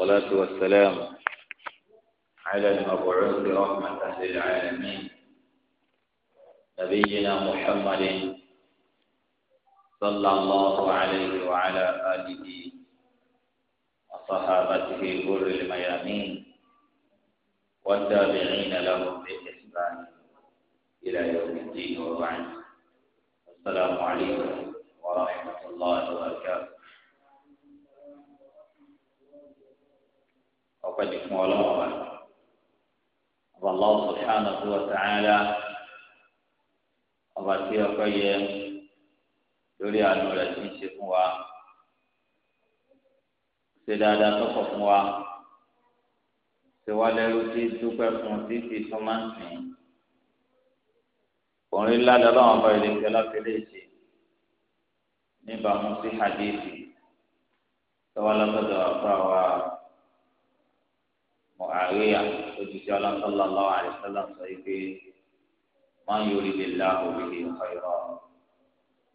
والصلاة والسلام على المبعوث رحمة للعالمين نبينا محمد صلى الله عليه وعلى آله وصحابته بر الميامين والتابعين لهم بإحسان إلى يوم الدين وبعد السلام عليكم ورحمة الله وبركاته ọpẹ́ ní fún ọlọ́wọ́ wa ọba lọ́wọ́ subhanahu wa ta'ala ọba tí ọpẹ́ yẹ lórí àánú rẹ̀ tí ń ṣe fún wa ṣe dáadáa tọkọ fún wa ṣe wá lẹ́rú tí dúpẹ́ fún tí fi máa ń sìn òun ńlá lọ́wọ́ ọba ìlẹ̀kẹ́ lápẹ́lẹ́ ìṣe níbàámu sí hadithi tọ́wọ́ lọ́sọ̀dọ̀ àfúrà wa. Muawiya ojúṣe sallallahu alaihi wasallam sọ pé man yuridillahu bihi khayran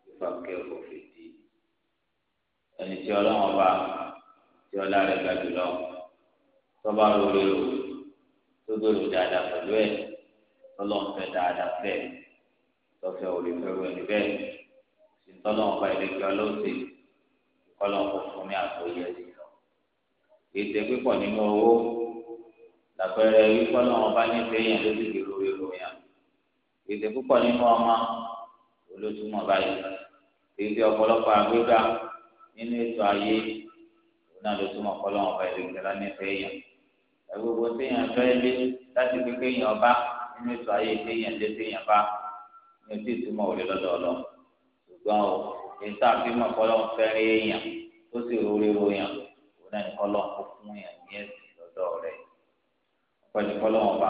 yufaqqihu fid-din ẹni tí ọlọ́run ọba tí ọlá rẹ̀ ga jùlọ tọ́ba lórí o tó gbèrò dáadáa pẹ̀lú ẹ̀ tọ́lọ́run fẹ́ dáadáa fẹ́ tọ́fẹ́ òrì fẹ́rù ẹni bẹ́ẹ̀ sì tọ́lọ́run ọba ọlọ́sẹ̀ kọ́lọ́run fún ní àgbóyè ẹ̀sìn nínú owó làpẹẹrẹ wípé ọlọ́run bá nífẹ̀ẹ́ yẹn ló sì dèrò èrò yẹn èdè púpọ̀ nínú ọmọ olótùmọ̀ báyìí èdè ọ̀pọ̀lọpọ̀ àgbéga nínú ètò ayé òun náà ló túmọ̀ ọlọ́run bá èdè ìjọba nífẹ̀ẹ́ yẹn gbogbo téèyàn fẹ́ lé láti pé kéèyàn bá nínú ètò ayé téèyàn lé téèyàn bá ní ojú ìtumọ̀ òde lọ́dọ̀ ọlọ́run ṣùgbọ́n o èyí tá a fi mọ̀ ọlọ́run fẹ́rẹ́ tó sì rúurú èèyàn òun náà ní ọlọ́run kó ní pẹ̀lú kọ́lọ́wọ́n bá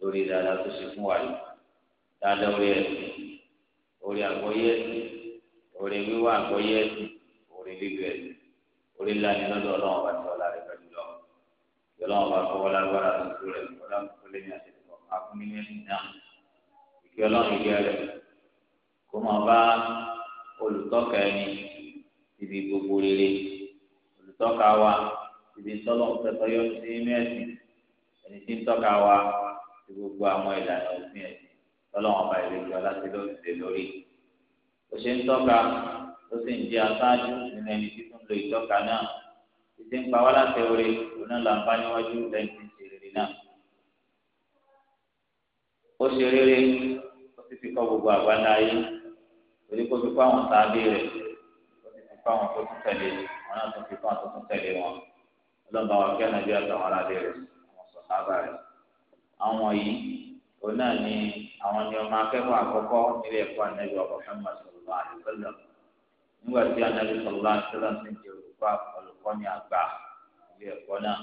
lórí dáadáa tó ṣe fún wa yìí dáadáa orí ẹ̀sìn orí àgbọ́yé ẹ̀sìn orí wíwá àgbọ́yé ẹ̀sìn orí lílo ẹ̀sìn orí lánìí lọ́dọ̀ ọlọ́wọ́n bá ti ọ̀la rẹ̀ pẹ̀lú lọ ìyọlọ́wọ́n bá fọwọ́ lágbára tuntun rẹ̀ kọ́lá kọ́lé ní àtẹ̀tẹ̀ akúnilé náà ìkẹ́ ọlọ́run ìkẹ́ rẹ̀ kó máa bá olùtọ́ka ẹni ibi gbogbo rere olùtọ́ka wa ibi tọ́lọ́ ẹni tí ń tọ́ka wa ti gbogbo àwọn ìlànà òfin ẹ̀ lọ́lọ́wọ́n ọba ìlẹ́jọ́ láti lọ́sẹ̀ lórí ó ṣe ń tọ́ka ó sì ń jẹ́ aṣáájú nínú ẹni tí tó ń lo ìtọ́ka náà títí ń pa wá láti orí òun là ń bá níwájú lẹ́yìn tí ń ṣe rere náà ó ṣe rere ó sì fi kọ́ gbogbo àgbáńlá ayé torí kó fi kọ́ àwọn sáábì rẹ̀ ó sì fi kọ́ àwọn tó tún tẹ̀lé wọn náà tún fi kọ́ àwọn tó tún tẹ̀lé wọn ọlọ́mọba wa kí ẹ̀nà bí ọ̀tọ̀ wọn ládé rẹ̀ bàbá rẹ̀ àwọn yìí òun náà ni àwọn ni ọmọ akẹ́kọ̀ọ́ àkọ́kọ́ nílé ẹ̀kọ́ ànábì ọkọ̀ fẹ́mà sọ̀rọ̀ àdìsọ́lọ̀ nígbà tí ànábì sọ̀rọ̀ àdìsọ́lọ̀ ti di olùkọ́ olùkọ́ni àgbà nílé ẹ̀kọ́ náà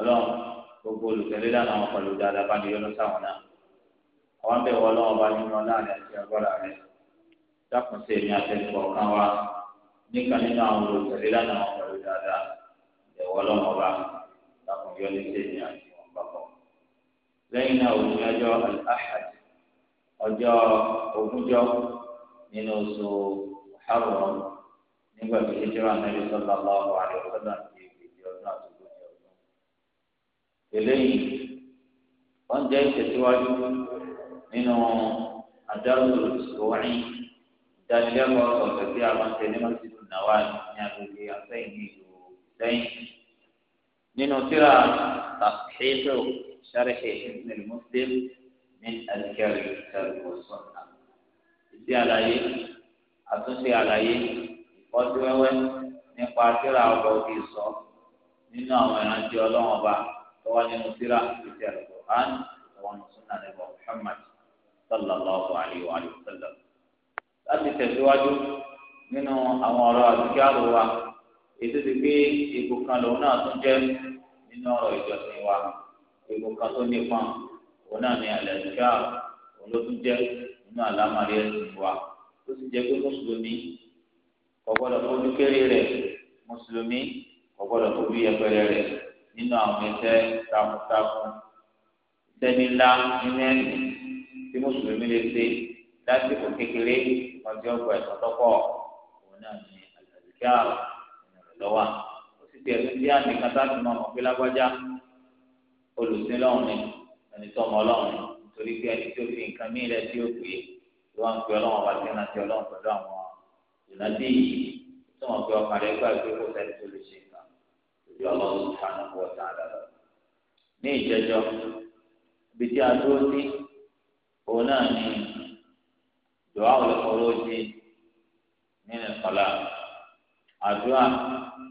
ọlọ́run gbogbo olùtẹ̀lé lánàá àwọn pẹ̀lú dáadáa bá ní yọ́nú sáwọn náà àwọn bẹ̀rẹ̀ wọ ọlọ́run bá nínú ọláàrẹ àti agbára rẹ dákun sí èmi àtẹnukọ̀ kan wá níkan nínú àwọn olùtẹ̀lé lánàá àwọn pẹ̀lú dáadáa yọlé sí èmi àti wọn papọ̀. lẹ́yìn náà òní ọjọ́ al-ahad ọjọ́ ogúnjọ́ nínú oṣù Muharram nígbà tí hijira nàbí sallallahu alaihi wasallam ti ìgbèjì ọdún àti ogójì ọdún. eléyìí wọ́n jẹ́ ìtẹ̀síwájú nínú adarul ìdánilẹ́kọ̀ọ́ ọ̀sẹ̀ tí a máa ń tẹ ní náwá ní agbègbè àfẹ́yìn ìlú nínú tíra tàfíìlù sàrìhì ìsìn mùsùlùm ní àdìkẹrì ìsàlù ọ̀sánà ìdí àlàyé àtúnṣe àlàyé ìfọ́síwẹ́wẹ́ nípa tíra ọ̀bọ̀ òkè sọ nínú àwọn ìrántí ọlọ́wọ́n ọba tó wá nínú tíra ìsàlù ọ̀hán ìwọ̀n sùnà níbọ̀ Muhammad sallallahu alayhi wa sallam láti tẹ̀síwájú nínú àwọn ọ̀rọ̀ àdìkẹ́ àrùwá ètò ti pé ipò kan lòun náà tún jẹ́ nínú ọ̀rọ̀ ìjọsìn wa ipò kan tó nípa òun náà ní alẹ́ ìṣá òun ló tún jẹ́ nínú àlámàrí ẹ̀sìn wa ó sì jẹ́ pé mùsùlùmí kò gbọ́dọ̀ fojú kéré rẹ̀ mùsùlùmí kò gbọ́dọ̀ fojú yẹpẹrẹ rẹ̀ nínú àwọn iṣẹ́ takuntakun sẹ́ni ńlá nínú ẹ̀sìn tí mùsùlùmí lè ṣe lásìkò kékeré ọjọ́ ọgbà ẹ̀sán òun náà ní alẹ́ ìṣá lọ́wọ́ òsì tiẹ̀ ló dé àmì kátà tó máa mọ̀ pé lágbájá olùsìn lọ́rùn ni ẹni tó ọmọ ọlọ́run ni torí pé ẹni tó fi nǹkan mí lẹ tí ó pè é tí wọ́n ń pe ọlọ́run ọba tí wọ́n ti ọlọ́run pẹ̀lú àwọn ìnádé yìí tí wọ́n pe ọkàn rẹ̀ gbà pé kò sẹ́ni tó lè ṣe nǹkan ìdí ọlọ́run tó fà náà lọ. ní ìjẹjọ ibi tí a dúró sí òun náà ni dùwà òlùkọ́ ló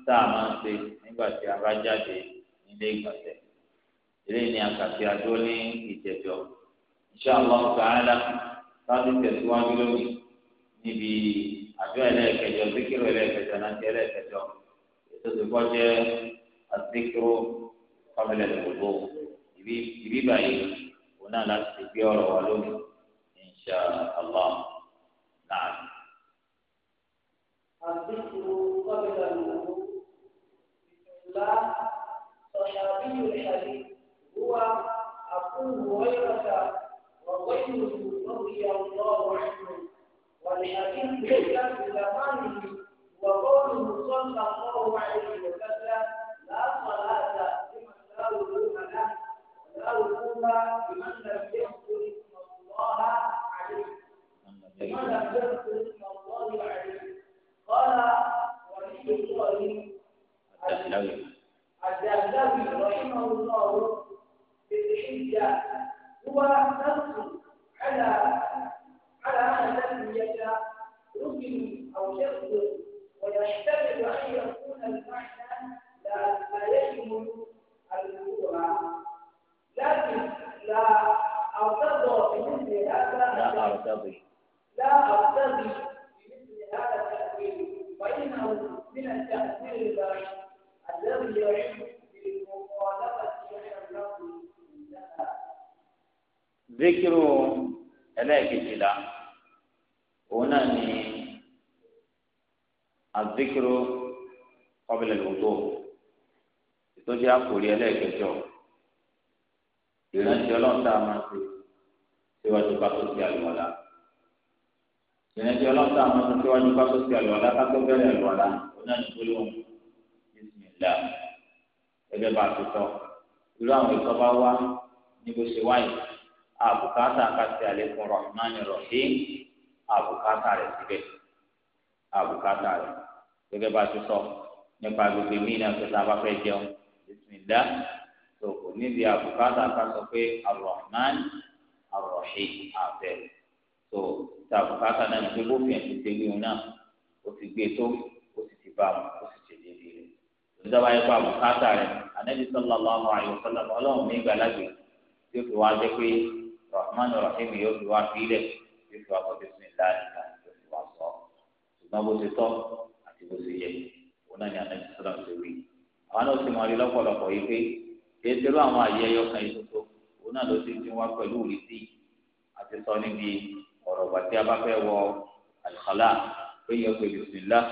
tá a máa ń ṣe nígbà tí a bá jáde nílé ìgbọ̀nsẹ̀ eléyìí ni àkàtì àdó ní ìjẹjọ iṣẹ́ àwọn ọ̀gáàlá láti tẹ̀síwájú lónìí níbi àjọ ẹlẹ́ẹ̀kẹjọ síkírò ẹlẹ́ẹ̀kẹjọ náà ti ẹlẹ́ẹ̀kẹjọ ètò ìkọ́ jẹ́ àsíkírò kọ́bílẹ̀ gbogbo ìbí báyìí òun náà láti ti gbé ọ̀rọ̀ wa lónìí insha Allah náà. àsíkírò kọ́bílẹ̀ gbogbo. صحابي الحديث هو أبو هريرة وغيره رضي الله عنه والحديث الكتاب زمانه وقوله صلى الله عليه وسلم لا صلاة لمن لا وجود له ولا وجود لمن لم يذكر اسم الله عليه لمن لم يذكر اسم الله عليه قال ولي الله الحديث الذهبي رحمه الله في الحجة هو نص على على أن التسمية ركن أو شرط ويحتمل أن يكون المعنى لا لا يشمل لكن لا أرتضى بمثل هذا لا أرتضي لا أرتضي بمثل هذا التأويل وإنه من التأثير البعيد الذي يعيش ذكر ẹlẹ́ẹ̀kejìlá òun náà ni àdìkìrò ọ̀bẹ̀lẹ̀ lòdò ìtọ́jú àkòrí ẹlẹ́ẹ̀kẹjọ ìrántí ọlọ́ọ̀tà máa ń ṣe síwájú pàtó sí àlùwàlá ìrántí ọlọ́ọ̀tà máa ń ṣe síwájú pàtó sí àlùwàlá pàtó bẹ̀rẹ̀ àlùwàlá òun náà ní gbólóhùn islam gẹ́gẹ́ bá a ti sọ irú àwọn ìtọ́ bá wá ní bó ṣe wáyé àbùkátà kàti àlékún rahman rahim àbùkátà rẹ̀ síbẹ̀ àbùkátà rẹ̀ gẹ́gẹ́ bá a ti sọ nípa gbogbo mí náà tó sábà fẹ́ jẹun bisimilá tó kò níbi àbùkátà ká sọ pé arahman arahim àfẹ́ tó tàbùkátà náà ní pé bófin ẹ̀ ti ṣe wíwọn náà ó ti gbé tó ó sì ti bá wọn ó sì ìjọba yẹn pa bùkátà rẹ̀ anabi sallallahu alayhi wa sallam ọlọ́run ní ìgbàlagbè yóò fi wá dé pé rahman rahim yóò fi wá fílẹ̀ yóò fi wá sọ bismillah nígbà yóò fi wá sọ ṣùgbọ́n bó ti tọ́ àti bó ti yẹ òun náà ni anabi sallam ti wí àwọn náà ti máa rí lọ́pọ̀lọpọ̀ yìí pé kéétérú àwọn àyè ẹyọkàn yìí tó òun náà ló ti ti wá pẹ̀lú ìrísí àti sọ níbi ọ̀rọ̀ bàtí abáfẹ́ wọ àlùkálà pé pé bismillah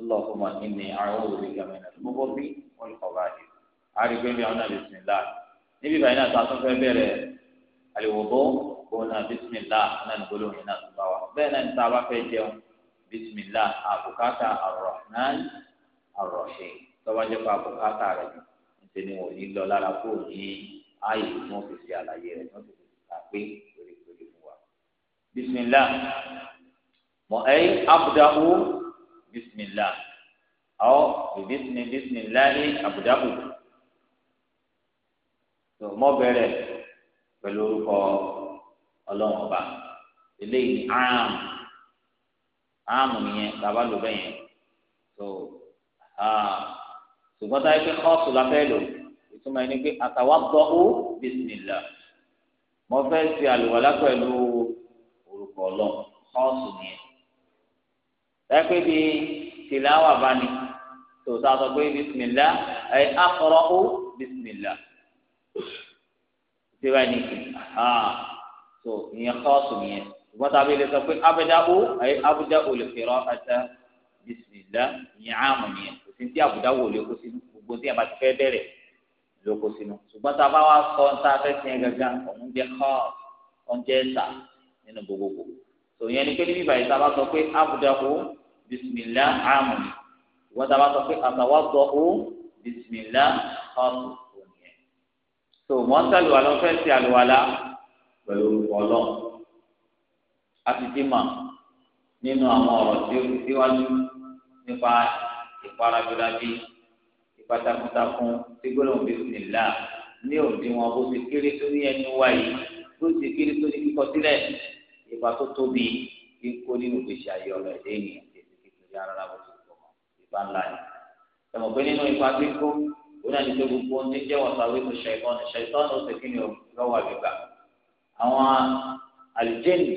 اللهم إني أعوذ بك من البغض والخبائث عارف بين بيعنا بسم الله نبي بينا تعطون في بير الوضوء هنا بسم الله أنا نقوله هنا سبحانه بينا أن في جيوم بسم الله أبوكاتا الرحمن الرحيم سواء جفا أبوكاتا رجل أنت نقول إلا لا رفوه آي نوفي سيالا يرى نوفي سيالا بسم الله مؤي أبدأ bisimilah aw bisimi bisimilahi abudabu tó mọ bẹ̀rẹ̀ pẹ̀lú orúkọ Ọlọ́run ọba eléyìí ni aam aam nìyẹn bàbá ló bẹyẹn tó ṣùgbọ́n táyé pé kọ́ọ̀sù la fẹ́ lò ìtumọ̀ ẹni pé àtàwọn gbọ́ ó bisimilah mo fẹ́ ṣe àlùwàlá pẹ̀lú orúkọ Ọlọ́run kọ́ọ̀sù nìyẹn ẹgbẹ́ bí tìláwà bá ní tó sá sọ pé bisimilá ẹ akọrọ ó bisimilá tí wàá ní kí tó ìyẹn kọ́ sùn yẹn ṣùgbọ́n tàbí lè sọ pé abẹ́dá ó ẹ abẹ́dá ó lè fẹ́rọ ẹ̀ta bisimilá ìyẹn àmọ̀ yẹn kò sí ti àbùdá wò lè kó sínú gbogbo tí a bá ti fẹ́ bẹ̀rẹ̀ ló kó sínú ṣùgbọ́n tá a sọ ní tá a fẹ́ sìn jẹ́ kọ́ ọ́n jẹ́ ẹ̀ta nínú gbogbogbò tòyẹn ni pé níbí báyìí tá a bá sọ pé abudahu bisimilá àmù ìwọ tá a bá sọ pé àtàwà sọ ó bisimilá ọ̀sùn òyìn tó wọ́n sàlùwàlá fẹ́ sí àlùwàlá pẹ̀lú orúkọ ọlọ́run a ti ti mà nínú àwọn ọ̀rọ̀ tí ó síwájú nípa ìparabílábí ìpátákútákún tí gbólóhùn bisimilá ní òdiwọ̀n bó ti kéré tó ní ẹni wáyé bó ti kéré tó ní kíkọ sílẹ̀ ipa tó tóbi tí ń kó nínú ìgbésí ayé ọmọ ẹ̀dá ènìyàn kéde kékeré arára bó ti pọ̀ ipa ńlá ni. ẹ̀mọ̀ pé nínú ipa tí ń kó òun náà ní pé gbogbo ohun tí ń jẹ́ wàsá wí fún ṣẹ̀tọ́n ṣẹ̀tọ́n ló ṣe kí ni lọ́wọ́ àgbègbà. àwọn àlìjẹ́nì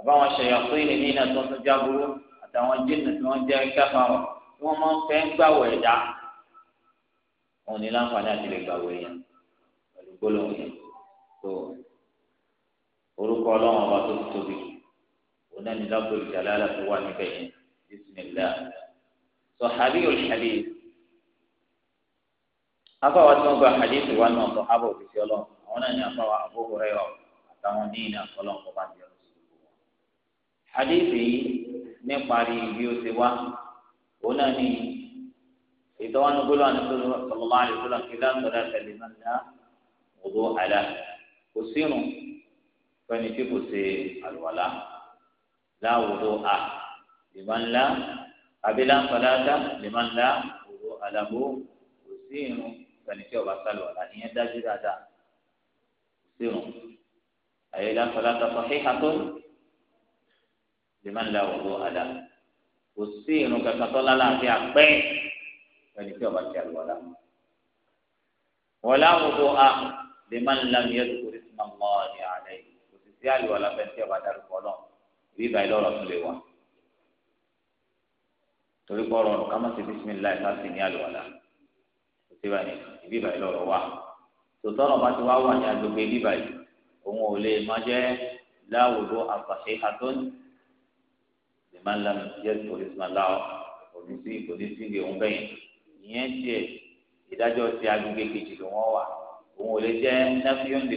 àbáwọn ṣẹ̀yàfún ìlú ní iná tó ń tún àtàwọn jẹ́nì tí wọ́n jẹ́ káfáwọn tí wọ́n máa ń fẹ́ gbàwọ̀ ẹ̀dá. òun ni láǹfààní àti lè gbàwọ̀ èèyàn pẹ̀lú gbólóhùn yẹn orúkọ ọlọ́run ọba tó tóbi onánilọ́gbọ̀n ìjàlá aláfi wà níbẹ̀ yẹn bisimilá sọ̀hábí olùhàbí afáwa tí wọ́n gba hadith wa náà sọ abọ̀ òfìsí ọlọ́run àwọn náà ní afáwa Abu Hurairah àtàwọn ní ìnà ọlọ́run kọ́ bá ti ọ̀rọ̀ sí gbogbo wọn. hadith yìí níparí bí ó ti wá òun náà ní ìtọ́wọ́nú gbọ́dọ̀ àti sọlọ́lá àti sọlọ́lá kí lásán fẹ́ni tí kò ṣe àlùwàlá láwùrọ̀ a lèman la abilá falata lèman la òwò àdàbò kò sí irun fẹ́ni tí ọba sálùwàlá ìyẹn dájú dáadáa kò sí irun àyẹlá falata sahihatu lèman la òwò àdà kò sí irun kankan tó lálàáfíà pẹ́ fẹ́ni tí ọba ti àlùwàlá wọlá òwò a lèman la yẹ kúrò sí màmá ọ̀nì àlẹ́ yìí sí àlùwàlá fẹ́ tí ọba darúkọ náà ìbí ìbàyí lọ́rọ̀ tún lè wà torí kọ́ rọrùn ká má ṣe bisimilayi ká sì ní àlùwàlá òṣèlú àyè ìbí ìbàyí lọ́rọ̀ wà tòtọ́rọ̀ bá ti wá wà ní agbègbè ìbí ìbàyí òun ò lè má jẹ́ láwùjọ àpàṣẹ àtọ́ni ìmọ̀lá yẹ polisiman láwọ polisi polisi lè ń bẹ̀yìn ìyẹn tiẹ̀ ìdájọ́ ti agbègbè kejì ló wà òun ò lè jẹ́ nafion de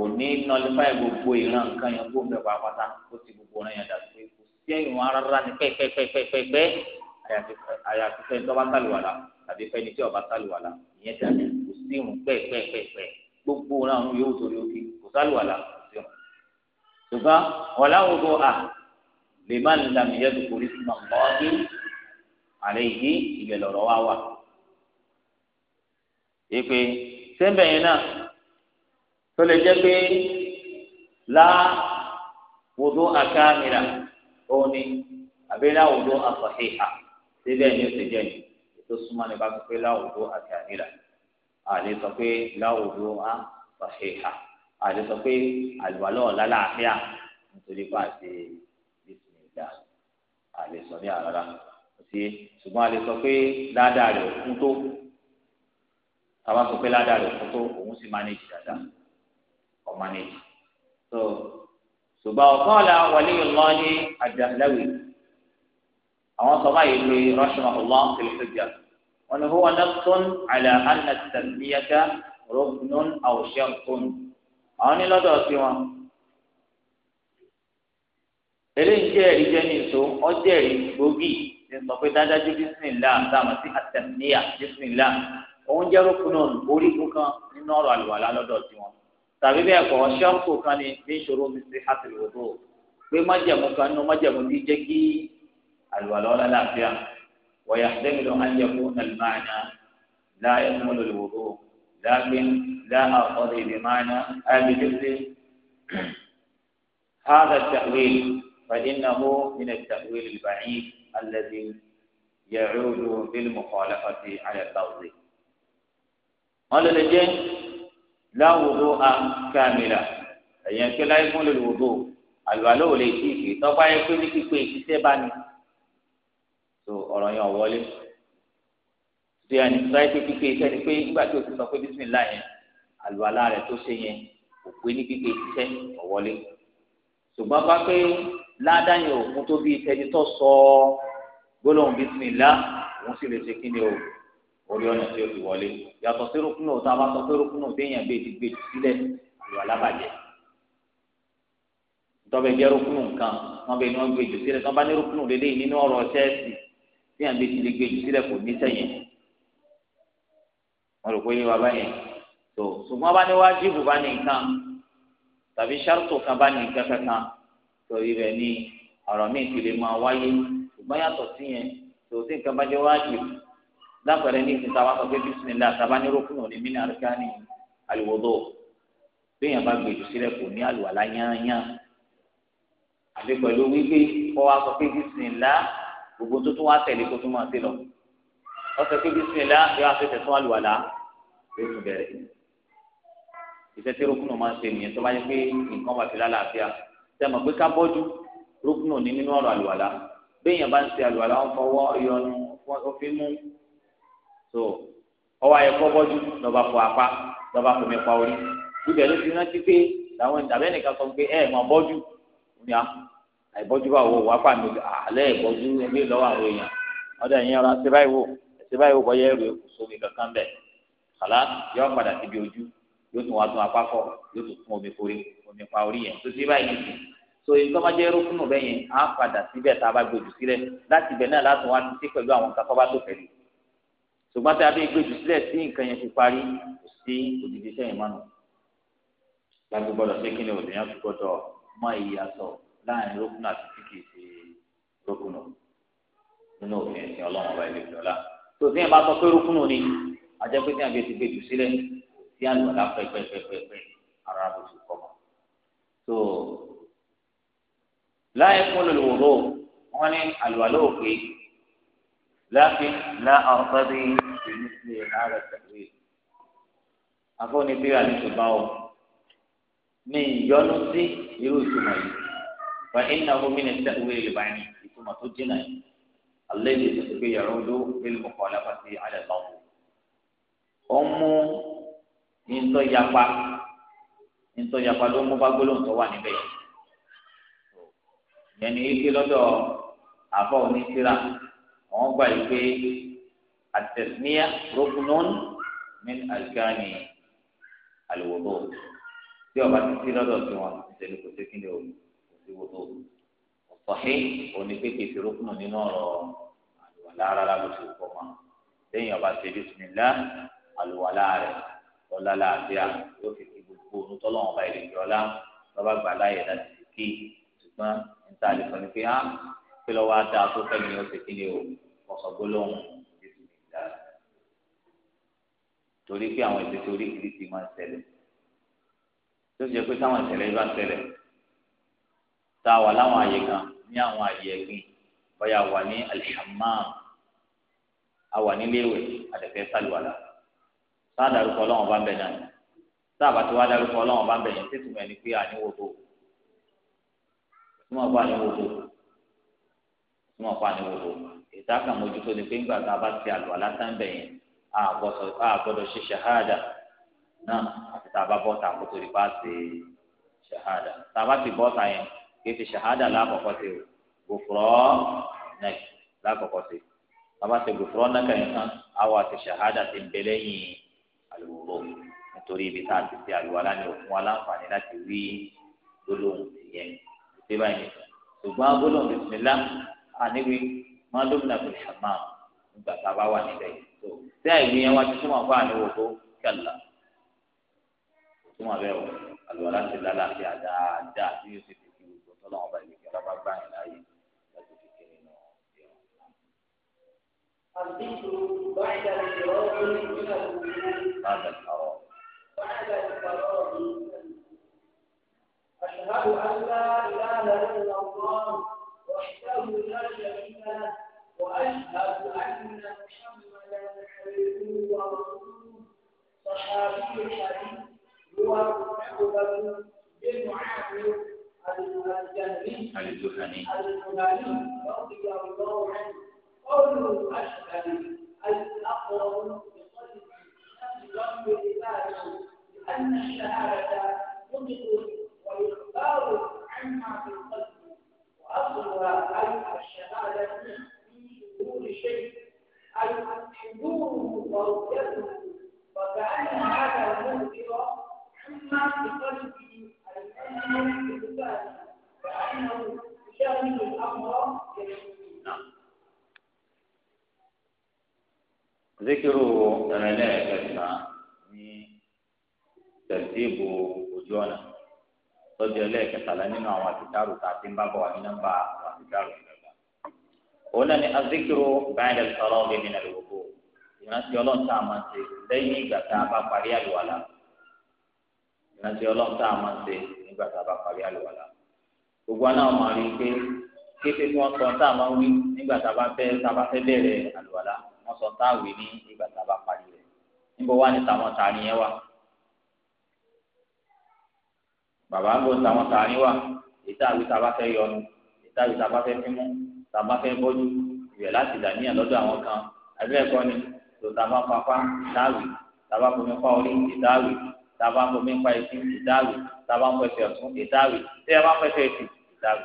òní nọlifáì gbogbo ìran nǹkan yẹn kó bẹ pàápàá kó ti gbogbo ọ̀ràn yẹn dàgbé kó sí ẹ̀yìn wọn rárá ní pẹ́ẹ́pẹ́ẹ́pẹ́ẹ́pẹ́ àyàfi fẹ́ tọ́ba sálùwàlà tàbí fẹ́ni tí ọba sálùwàlà ìyẹn dàgbé kó sí ìrùn pẹ́ẹ́pẹ́ẹ́pẹ́ gbogbo ọ̀ràn ọ̀run yóò torí òkè kó sálùwàlà kó sí ìrùn. ṣùgbọ́n ọ̀là òdo à lè má ní lam tó lè jẹ́ pé lá wòdó àkàmìlà òun ni àbí lá wòdó àfàhìhà síbẹ̀ ni ó ti jẹ́ ni ètò súnmọ́ ni bá sọ pé lá wòdó àkàmìlà àlè sọ pé lá wòdó àfàhìhà àlè sọ pé àlùbálọ̀ lálàáfíà nítorí bá a ṣe bísímìlá àlè sọ ní àrárá sí ṣùgbọ́n àlè sọ pé ládàá rẹ̀ kún tó àwọn sọ pé ládàá rẹ̀ kún tó òun sì máa ní ìjì dáadáa ọ̀mánéjì so ṣùgbọ́n ọ̀kan ọ̀la wàlẹ́ ìlọ́ ní àjàndáwì àwọn sọ báyìí lórí rọ́ṣùn ọ̀lá kìlìkìjà wọn ni huwa nafsun ala anna tasmiyata ruknun aw shartun àwọn ní lọ́dọ̀ sí wọn eléyìí jẹ́ ẹ̀rí jẹ́ ìṣó ọ jẹ́ ẹ̀rí gbòógì ti sọ pé dájájú bísímìlá dáhùn sí àtẹ̀míyà bísímìlá òun jẹ́ rúkúnù orígun kan nínú ọ̀rọ̀ àlùwàlá lọ́dọ̀ tiwọn tàbí bẹ́ẹ̀ kọ́ ṣọ́ọ̀kù kan ní bí ìṣòro mi ti hàtì lòdò pé májẹ̀mú kan nínú májẹ̀mú ti jẹ́ kí àlùwàlá lálàáfíà wọ̀yà sẹ́mìlò ayẹ̀kú nàlùmáàná láàyè múlò lòdò láàgbín láà ọ̀dọ̀ ìdìmáàná ayélujáfẹ́ هذا التأويل فإنه من التأويل البعيد الذي يعود بالمخالفة على التوضيح. قال لجين láwùdó a kàmìlà ẹ̀yàn pé láyé fún lè wùdó àlùbálò ò lè tí ì pè tọ́pá yẹ pé ní pípé ìṣiṣẹ́ bá ní. tó ọ̀rọ̀ yẹn wọlé tó yà ní sọ́yẹ́ pé pípé iṣẹ́ ni pé nígbà tí o ti sọ pé bísímìlá yẹn àlùbálà rẹ̀ tó ṣe yẹn kò pé ní pípé ìṣiṣẹ́ ọ̀wọ́lé. ṣùgbọ́n bá pé ládàáyìn òkun tó bí ìtẹ́ni tó sọ gbólóhùn bísímìlá òun sì lè ṣe kí ni o orí ọ̀nà tí o fi wọlé yàtọ̀ sí rúkúnù tá a bá sọ pé rúkúnù téèyàn bèè ti gbé jù sílẹ̀ ìwà lábàjẹ́ tọ́bẹ̀ jẹ́ rúkúnù nǹkan wọ́n bẹ ní wọ́n gbé jù sílẹ̀ tọ́ bá ní rúkúnù lélẹ́yìn nínú ọ̀rọ̀ ṣẹ́ẹ̀sì téèyàn bèè ti lè gbé jù sílẹ̀ kò ní sẹ́yìn wọ́n rò pé yín bàbá tó ṣùgbọ́n bá ní wájìbù bá ní nǹkan tàbí ṣàrùtò kan bá ní nǹkan kankan torí rẹ̀ ní ọ̀rọ̀ míì ti lè máa wáyé ṣùgbọ́n lápẹ̀rẹ̀ ní ìsìn sábà sọ pé bísímìlá sábà ní rókùnù ní mínà àríkánì àlùwòdò béèyàn bá gbèjù sílẹ̀ kò ní àlùwàlá yányán àfi pẹ̀lú wípé kọ́ wa sọ pé bísímìlá gbogbo tó tún wá tẹ̀lé kó tún máa ti lọ wọ́n sọ pé bísímìlá yóò wá fẹsẹ̀ tún àlùwàlá yóò tún bẹ̀rẹ̀ iṣẹ́ tí rókùnù máa ń ṣe nìyẹn tó bá yẹ pé nǹkan bá fi lálàáfíà sẹ́mọ̀ pé ká bọ́jú rókùnù ní nínú ọ̀rọ̀ àlùwàlá béèyàn bá ń ṣe àlùwàlá wọn fọwọ́ ìyọnu wọn fi mú so ọwọ́ ayẹ kọ́bọ́dú lọ́ba fọ apá lọ́ba fọ mẹ́pa orí ibẹ̀ ló ti rántí pé làwọn ìdàbẹ́ nìkan sọ pé ẹ ẹ̀ mọ̀ bọ́dú ní ah, àìbọ́dú bá wọ wápá mi àlẹ́ ìbọ́dú ẹbí lọ́wọ́ àwọn èèyàn ọ̀dọ̀ ẹ̀yìn ọ̀la ṣe báyìí wò ṣe báyìí wò bọ́yá ẹ̀rù ẹ̀kú sómi kankan bẹ̀ kàlá yọ padà síbi ojú yóò tún wá tún apá fọ yóò tún fún omi kórè omi pa orí yẹn tó ti báyìí nìyí so èyí tó máa jẹ́ rúkúnù bẹ́yẹn á padà síbẹ̀ tá a bá gbòdù sílẹ̀ láti ibẹ̀ náà láti wá sí pẹ̀lú àwọn kakọ́ bá tó fẹ̀lẹ̀ ṣùgbọ́n tí a bẹ gbèjú sílẹ̀ sí nǹkan yẹn ti parí kò sí òdìdí sẹ́yìn mánu gbàgbé gbọ́dọ̀ pé kí ni òdìyàn fi gbọ́dọ̀ mọ ìyàtọ̀ láàrin rókùnà àti tí kìí ṣe rókùnà nínú òfin ẹ̀sìn ọlọ́run ọba ìlú ìjọba tó tí yẹn bá sọ pé rókùnà ni àjẹ́ pé tí a bẹ ti gbèjú sílẹ̀ tí àlùbọ̀dá pẹ́pẹ́pẹ́pẹ́ ara bó ti kọ́ mọ́ tó láyé fún olùwòrò wọn ní àlùbọ̀dá òkè láàfin lá ọ̀rọ̀ مثل هذا التأويل àfọwọ́ni bí wàá ní ṣùgbọ́n o mi yọnu sí irú ìtumọ̀ yìí wà iná omi ní sẹ́wé ìlúbáyìí ìtumọ̀ tó jìnnà yìí alẹ́ yìí tó ti gbé yàrá odó ilmu kọ́lá pàṣẹ alẹ́ lọ́wọ́ ó mú ntọ́ yapa ntọ́ yapa ló mú bá gbólóhùn tó wà níbẹ̀ yìí ni ike lọ́dọ̀ àfọwọ́ni síra wọ́n gbà yìí pé. التسمية ركن من أركان الوضوء tí ọba ti sí lọ́dọ̀ tí wọn ìṣẹ̀lẹ̀ kò sí kíni o kò sí wòtó ọ̀sọ̀hìn òní pépè ti rókùnù nínú ọ̀rọ̀ àlùwàlá rárá ló ti kọ́ ma lẹ́yìn ọba ti bisimilá àlùwàlá rẹ̀ lọ́lá làbíà yóò fi kí gbogbo òun tọ́lọ́ wọn bá ìrìnkì ọlá lọ́ba gbà láyè láti fi kí ṣùgbọ́n níta lè sọ ni pé á pé lọ́wọ́ á dáa tó fẹ́ mi ó ti kíni o ọ̀sọ̀ gbólóhùn torí pé àwọn ìṣẹ̀lẹ̀ oríṣiríṣi máa ń ṣẹlẹ̀ tó ti jẹ́ pé táwọn ìṣẹ̀lẹ̀ bá ṣẹlẹ̀ tá a wà láwọn àyè kan ní àwọn àyè ẹ̀gbìn bóyá wà ní alhamam a wà níléèwẹ̀ àdẹ̀fẹ́ sálùwàlà tá a darúkọ ọlọ́wọ́n bá ń bẹ náà tá a bá ti wá darúkọ ọlọ́wọ́n bá ń bẹ yẹn tètè mọ̀ ẹni pé àníwò bò tí wọ́n bá àníwò bò tí wọ́n bá àníwò bò ìta kà mójútó ni pé ńgbà tá a bá ti àlùwàlà tá ń yẹn àgbọ́dọ̀ ṣe ṣahada náà àti tá a bá bọ́ta kó tó di bá ṣe ṣahada tá a bá ti bọ́ta yẹn kí ti ṣahada lákọ̀ọ́kọ́ ṣe o gbòfurọ́ nẹ́ẹ̀kì lákọ̀ọ́kọ́ ṣe tá a bá ṣe yẹn tán àwọn àti ṣahada ti ń bẹ lẹ́yìn àlùwòrò nítorí ibi tá a ti ṣe àlùwàlá ni òfin wa láti wí gbólóhùn ìyẹn ṣé báyìí ṣùgbọ́n gbólóhùn bisimilá àníwí má lómìnà bìlì nígbà tá a bá wà níbẹ̀ yìí. tí àìwí yẹn wá ti túmọ̀ fún àníwò tó kẹlà túmọ̀ bẹ́ẹ̀ o àlùwàlá ti lálàáfíà dáadáa tí yóò ti fi fi tó tọ́lá bá ilé kí bá gbà yín láàyè láti fi kéré nù ìrọ̀. àbíkú báyìí dára ìrọ̀ ó ní ìgbésẹ̀ òkú. بعد الفراغ أشهد أن لا إله إلا الله وحده لا شريك له وأشهد أن محمدا صحابي الحديث هو عقبة بن عامر الجهمي الجهني الجهني رضي الله عنه قوله أشهد أي أقرب بقلبي نفس لسانه لأن الشهادة نطق وإخبار عما في القلب وأصلها أي الشهادة في شهور شيء الحضور ورويته وكأن هذا المنكر حمى بقلبه المؤمن بلسانه كأنه يشاهد الأمر ذكر الملائكة ترتيب وجوانا tọ́jú ẹlẹ́ẹ̀kẹtàlá nínú àwọn àtìkárò tá a ti ń bá bọ̀ wá ní nọ́mbà àtìkárò yìí. òun náà ni azikiro báyìí lè sọ̀rọ̀ ọ̀gbìn mi náà lòókò ìrántí ọlọ́run tá a máa ṣe lẹ́yìn ìgbà tá a bá parí àlùwàlà ìrántí ọlọ́run tá a máa ṣe nígbà tá a bá parí àlùwàlà gbogbo aná ọmọ rí i pé kété tí wọ́n sọ tá a máa wí nígbà tá a bá fẹ́ tá a bá wọ́n sọ tá a wí ní ìgbà tá a bá parí rẹ̀ níbo wá ní tàwọn tààrí yẹn wà bàbá ń bò tàwọn tààrí wà ìtàwí tàbá fẹ́ bọ́jú ìwẹ̀ láti dàníyàn lọ́dọ̀ àwọn kan àbí ẹ̀kọ́ ni tó tàbá papá dáwì tàbá fomi pa orí ìdáwì tàbá fomi pa etí ìdáwì tàbá pẹ̀sẹ̀ ọ̀tún ìdáwì tí ẹ bá pẹ̀sẹ̀ etí ìdáwì.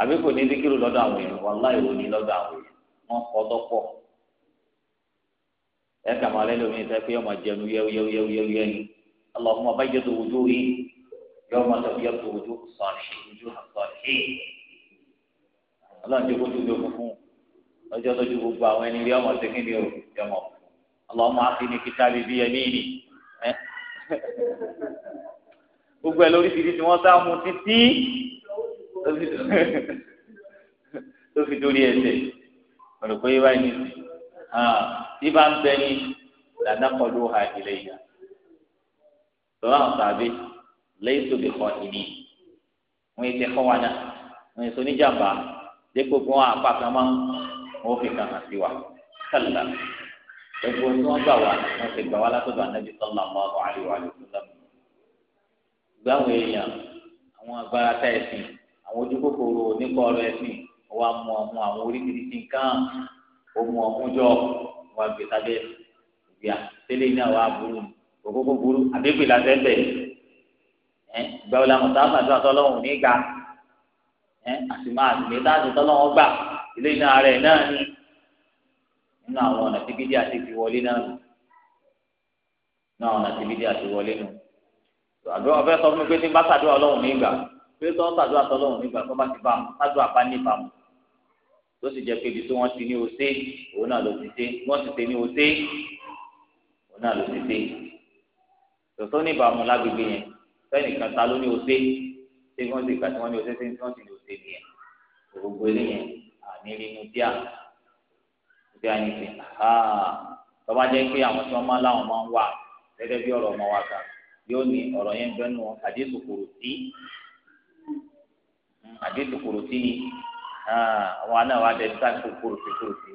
àbí kò ní díkìrù lọ́dọ̀ àwọn èèyàn wàhálà ìwò ní lọ́dọ̀ àwọn èèyàn wọ́n kọ́ dọ́pọ̀ ẹ kà máa lẹ́nu omi ìfẹ́ pé ọmọ jẹun yẹ́wúyẹ́wúyẹ́wúyẹ́ ni ọlọ́mọ bá jẹ́ tó wojú yìí yọ ọmọ tó yẹ tó wojú sọ̀rọ̀ ọlọ́run ti kótó tó funfun ọjọ́ lójú gbogbo àwọn ẹni rí ọmọ sẹ́kìn ní òòjọ́ mọ̀ ọlọ́mọ àti ní kíkà bíbí ẹ̀mí ni gbogbo ẹ̀ lórí ti di tí wọ́n sá mu títí tó fi dórí ẹsẹ̀ ọ̀rọ̀ pé wáyé ní tí bá ń bẹ ní lànà kọlu ha ìlẹ̀ yìí lọ́wọ́ àwọn sàbẹ̀ lẹ́yìn tó bẹ̀ kọ́ ìní wọ́n yẹ kẹ́ kọ́ wa náà wọ́n yẹ sọ níjàmbá dípò kí wọn apá kan mọ wọn fi kàn án sí wa kàlà gbogbo tí wọn gbà wá wọn ti gbà wá látọ̀dọ̀ anabi sọlá ọmọ ọmọ àríwá àlùfọlá gbà wọn èèyàn àwọn agbára tá ẹsìn àwọn ojú kòkòrò oníkọ ọ̀rọ̀ ẹsìn wọn á mú ọmọ àwọn oríṣiríṣi nǹkan ọmọ ọmọ wọn gbé sábẹ́ ìgbà tẹ́lẹ̀ náà wà á òkókó burú àbẹgbè làtẹ bẹ ẹ gbàwọlà mọtàbà tó àtọlọrun nígbà ẹ àti máa gbé láti tọ́lọ́wọ́ gbà ilé iná rẹ̀ náà ni nínú àwọn ọ̀nà tí bídíà ti fi wọlé náà nù nínú àwọn ọ̀nà tí bídíà ti wọlé nù. àdúrà ọ̀fẹ́ sọ fún mi pé tí n bá ṣàdúrà ọlọ́run nígbà pé tọ́ ṣàdúrà tọ́lọ́run nígbà tó bá ti bá ṣàdúrà bá ní ìbámu tó sì jẹ́ pé ibi tí wọ́n ti ní ose òun náà ló ti dé wọ́n ti ní ose òun náà ló ti dé tòótọ́ ní ìbámu lágbègbè yẹn fẹ́nìkan ta ló ní ose ṣé wọ́n ti gbà tí wọ́n ní ose ṣé wọ́n ti ní ose ṣe nìyẹn gbogbo eléyẹn àní nínú díà bí a yin fi ha tọ́ba jẹ́ pé àwọn tí wọ́n máa láwọn máa ń wà gẹ́gẹ́ bí ọ̀rọ̀ ọmọ wa kà yóò ní ọ̀rọ̀ yẹn bẹ́ẹ̀ nù àdéhùn kòrò sí àdéhùn kòrò sí ni ah, àwọn àna wa dẹ̀ sáà kòrò sí kòrò sí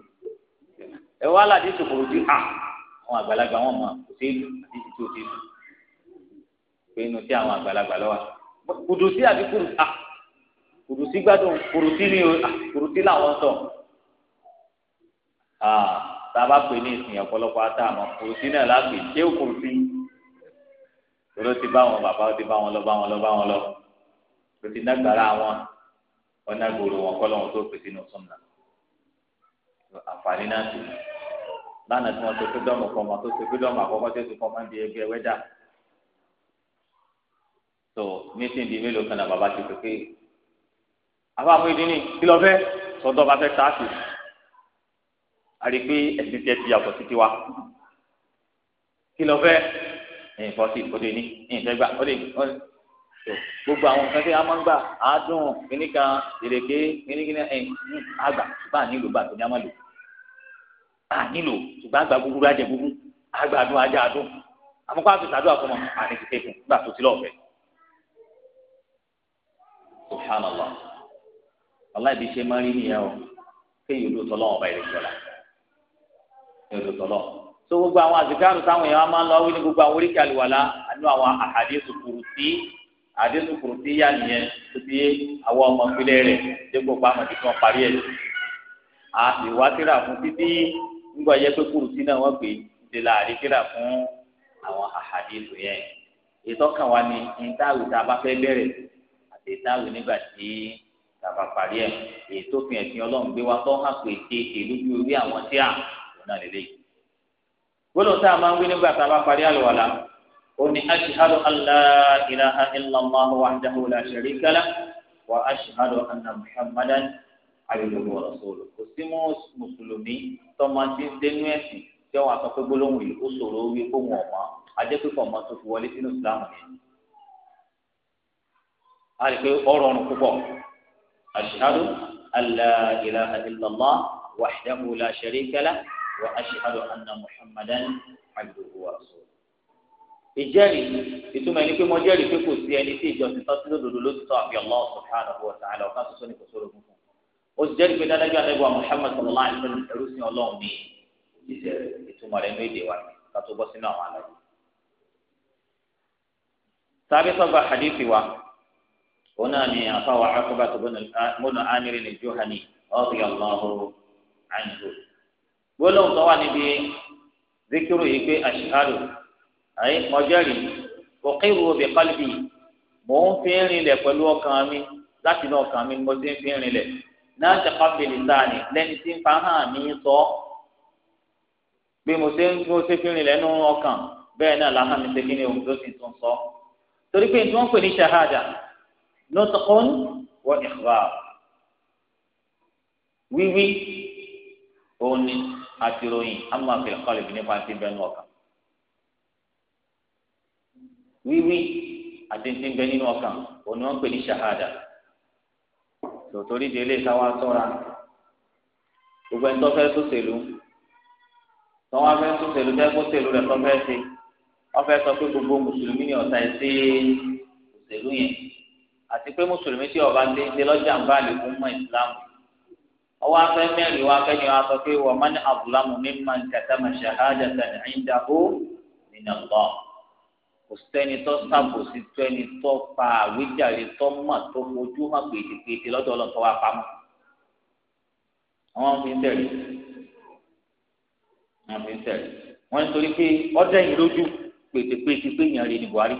ẹ wá láti sòkòrò sí a àwọn àgbàlagbà wọn mọ kò sí ìlú àti ìtú òsì ìlú pé inú sí àwọn àgbàlagbà lọ́wọ́ kùdù sí àbí kùdù a. Ah, kùrùsí gbádùn kùrùsí ni ah, kùrùsí làwọn sọ ah, tába pè ní ìsìn ọ̀pọ̀lọpọ̀ ata àmọ́ kùrùsí náà lápè ṣé ó kùrùsí lọ́dọ̀ ti bá wọn bàbá ti bá wọn lọ bá wọn lọ bá wọn lọ ló ti dágbára wọn ọ̀nà gbòòrò wọn kọ́ lọ́wọ́ tó pèsè ní ọ̀sán náà àǹfààní náà tó lánàá tí wọ́n tó fi dọ́mù kọ́ wọn tó fi fi dọ́mù àkọ́kọ́ tó fi kọ́ máa ń di ẹgbẹ́ wẹ́dà tó mítìn di mélòó kan náà bàbá ti pè àbáfọ ìdíní kí lọ fẹ́ sọdọ bá fẹ́ sáàsì àrígbé ẹsìn tiẹ̀ ti yàtọ̀ títí wa kí lọ fẹ́ ẹyìn fọsí òde ní ẹyìn fẹ́ gbà òde gbogbo àwọn nǹkan tí a máa ń gbà àádùn kìnnìkan ìrèké kìnnìkan ẹyìn àgbà bá a nílò bá a tó ní a máa lò a nílò ṣùgbọ́n àgbà gbogbo ajẹ gbogbo àgbà àdùn ajẹ àdùn àmọ́kọ́ àti sàdúrà fún wọn àti tètè kù gbà tó ti lọ́ọ̀fẹ́ subhanallah wàláì bí ṣe máa rí nìyẹn o kéèyàn ló tọ́lọ́ ọba ìrẹsọ̀lá kéèyàn ló tọ́lọ́ so gbogbo àwọn àzìkáàrù táwọn èèyàn máa ń lọ wí ní gbogbo àwọn oríkì àlùwàlá nínú àwọn àhàdísù kùrùsí àhàdísù kùrùsí yà nìyẹn tó ti yé àwọn ọmọ ìpínlẹ̀ rẹ̀ dépò pàmò tí wọ́n parí ẹ̀ a sì wá síra fún títí nígbà yẹ pé kùrùsí náà wọ́n pè é láàrin síra fún àwọn àhàdísù yẹn ìtọ́kàn ni ìtàwé tá a bá fẹ́ bẹ̀rẹ̀ àti ìtàwé nígbà tí tàbá parí ẹ̀ èyí tó fi ẹ̀sìn ọlọ́run gbé wa tó hàn pé ète èlójú orí àwọn tí à wọn náà lélẹ́yìí. gbọ́dọ̀ tá a máa ń wí nígbà tàbá parí àlùwàlà ó ní aṣíhádọ́ aláìlá ilàmọ́ wàhídáhù la ṣàríkà lá wà aṣíhádọ́ anna muhammadan ayélujára wa rasuluhu kò sí mùsùlùmí tọ́mọdé dénú ẹ̀sìn tí wọ́n sọ gbólóhùn yìí ó ṣòro wí kó wọn ọ̀mọ́ ọmọ tó fi wọlé sínú ìsìlámù yẹn. a lè pe ọ̀rọ̀ ọ̀run púpọ̀ أشهد أن لا إله إلا الله وحده لا شريك له وأشهد أن محمدا عبده ورسوله ìjẹ́rìí ìtumọ̀ ẹni pé mo jẹ́rìí pé kò sí ẹni tí ìjọsìn tọ́sí lódodo ló ti tọ́ àfi Allah subhanahu wa ta'ala ọ̀ká tuntun ní kò sóró fún fún ó sì jẹ́rìí pé dáadáa ẹgbẹ́ wa Muhammad sallallahu alaihi wa sallam ẹrú sí ọlọ́run ní ìṣe ìtumọ̀ rẹ̀ ní èdè wa ká tó bọ́ sínú àwọn aláìsí. sábẹ́ sọ́gbà hadithi wa هنا أعطاه عقبة بن عامر الجهني رضي الله عنه ولو طوال ذكر إيه أشهد أي مجالي أقر بقلبي mò ń fi ń rinlẹ̀ pẹ̀lú ọkàn mi láti inú ọkàn mi mo ti ń fi ń rinlẹ̀ náà ṣe káfíìnì sáàni lẹ́ni tí ń fa hàn mí sọ bí mo ṣe ń mo ṣe fi ń rinlẹ̀ nínú ọkàn bẹ́ẹ̀ náà làhàn mi ṣe kí ni òun tó sì tún sọ torí pé tí wọ́n pè ní ṣahada nutqun wa ikhbar wíwí òní àti ròyìn amma fil qalbi nípa ti bẹ ní ọkàn wíwí àti ti bẹ nínú ọkàn òní wọn pè ní shahada tòtòrí délé káwá ṣọ́ra gbogbo ẹni tó fẹ́ tó sèlú tó fẹ́ tó sèlú tẹ́ kó sèlú rẹ̀ tó fẹ́ ṣe wọ́n fẹ́ sọ pé gbogbo mùsùlùmí ni ọ̀tá ẹ̀ sí òṣèlú yẹn àti pé mùsùlùmí tí ọba lé lọ́jà ń bá lèkún mọ́ ìsìlámù ọwọ́ afẹ́ mẹ́rin wọ́n afẹ́ ni wọ́n sọ pé wọ́n mọ́ ní abúlámù mimman katama shahadatan indahu min Allah kò sẹ́ni tó sàbòsí tó ẹni tó pa àwíjàre tó mọ̀ tó fojú hàn pètèpètè lọ́dọ̀ ọlọ́tọ́ wa pamọ́ àwọn fi ń tẹ̀lé àwọn fi ń tẹ̀lé wọ́n ń torí pé ọdẹ lójú pètèpètè pé ìyàn rè Buhari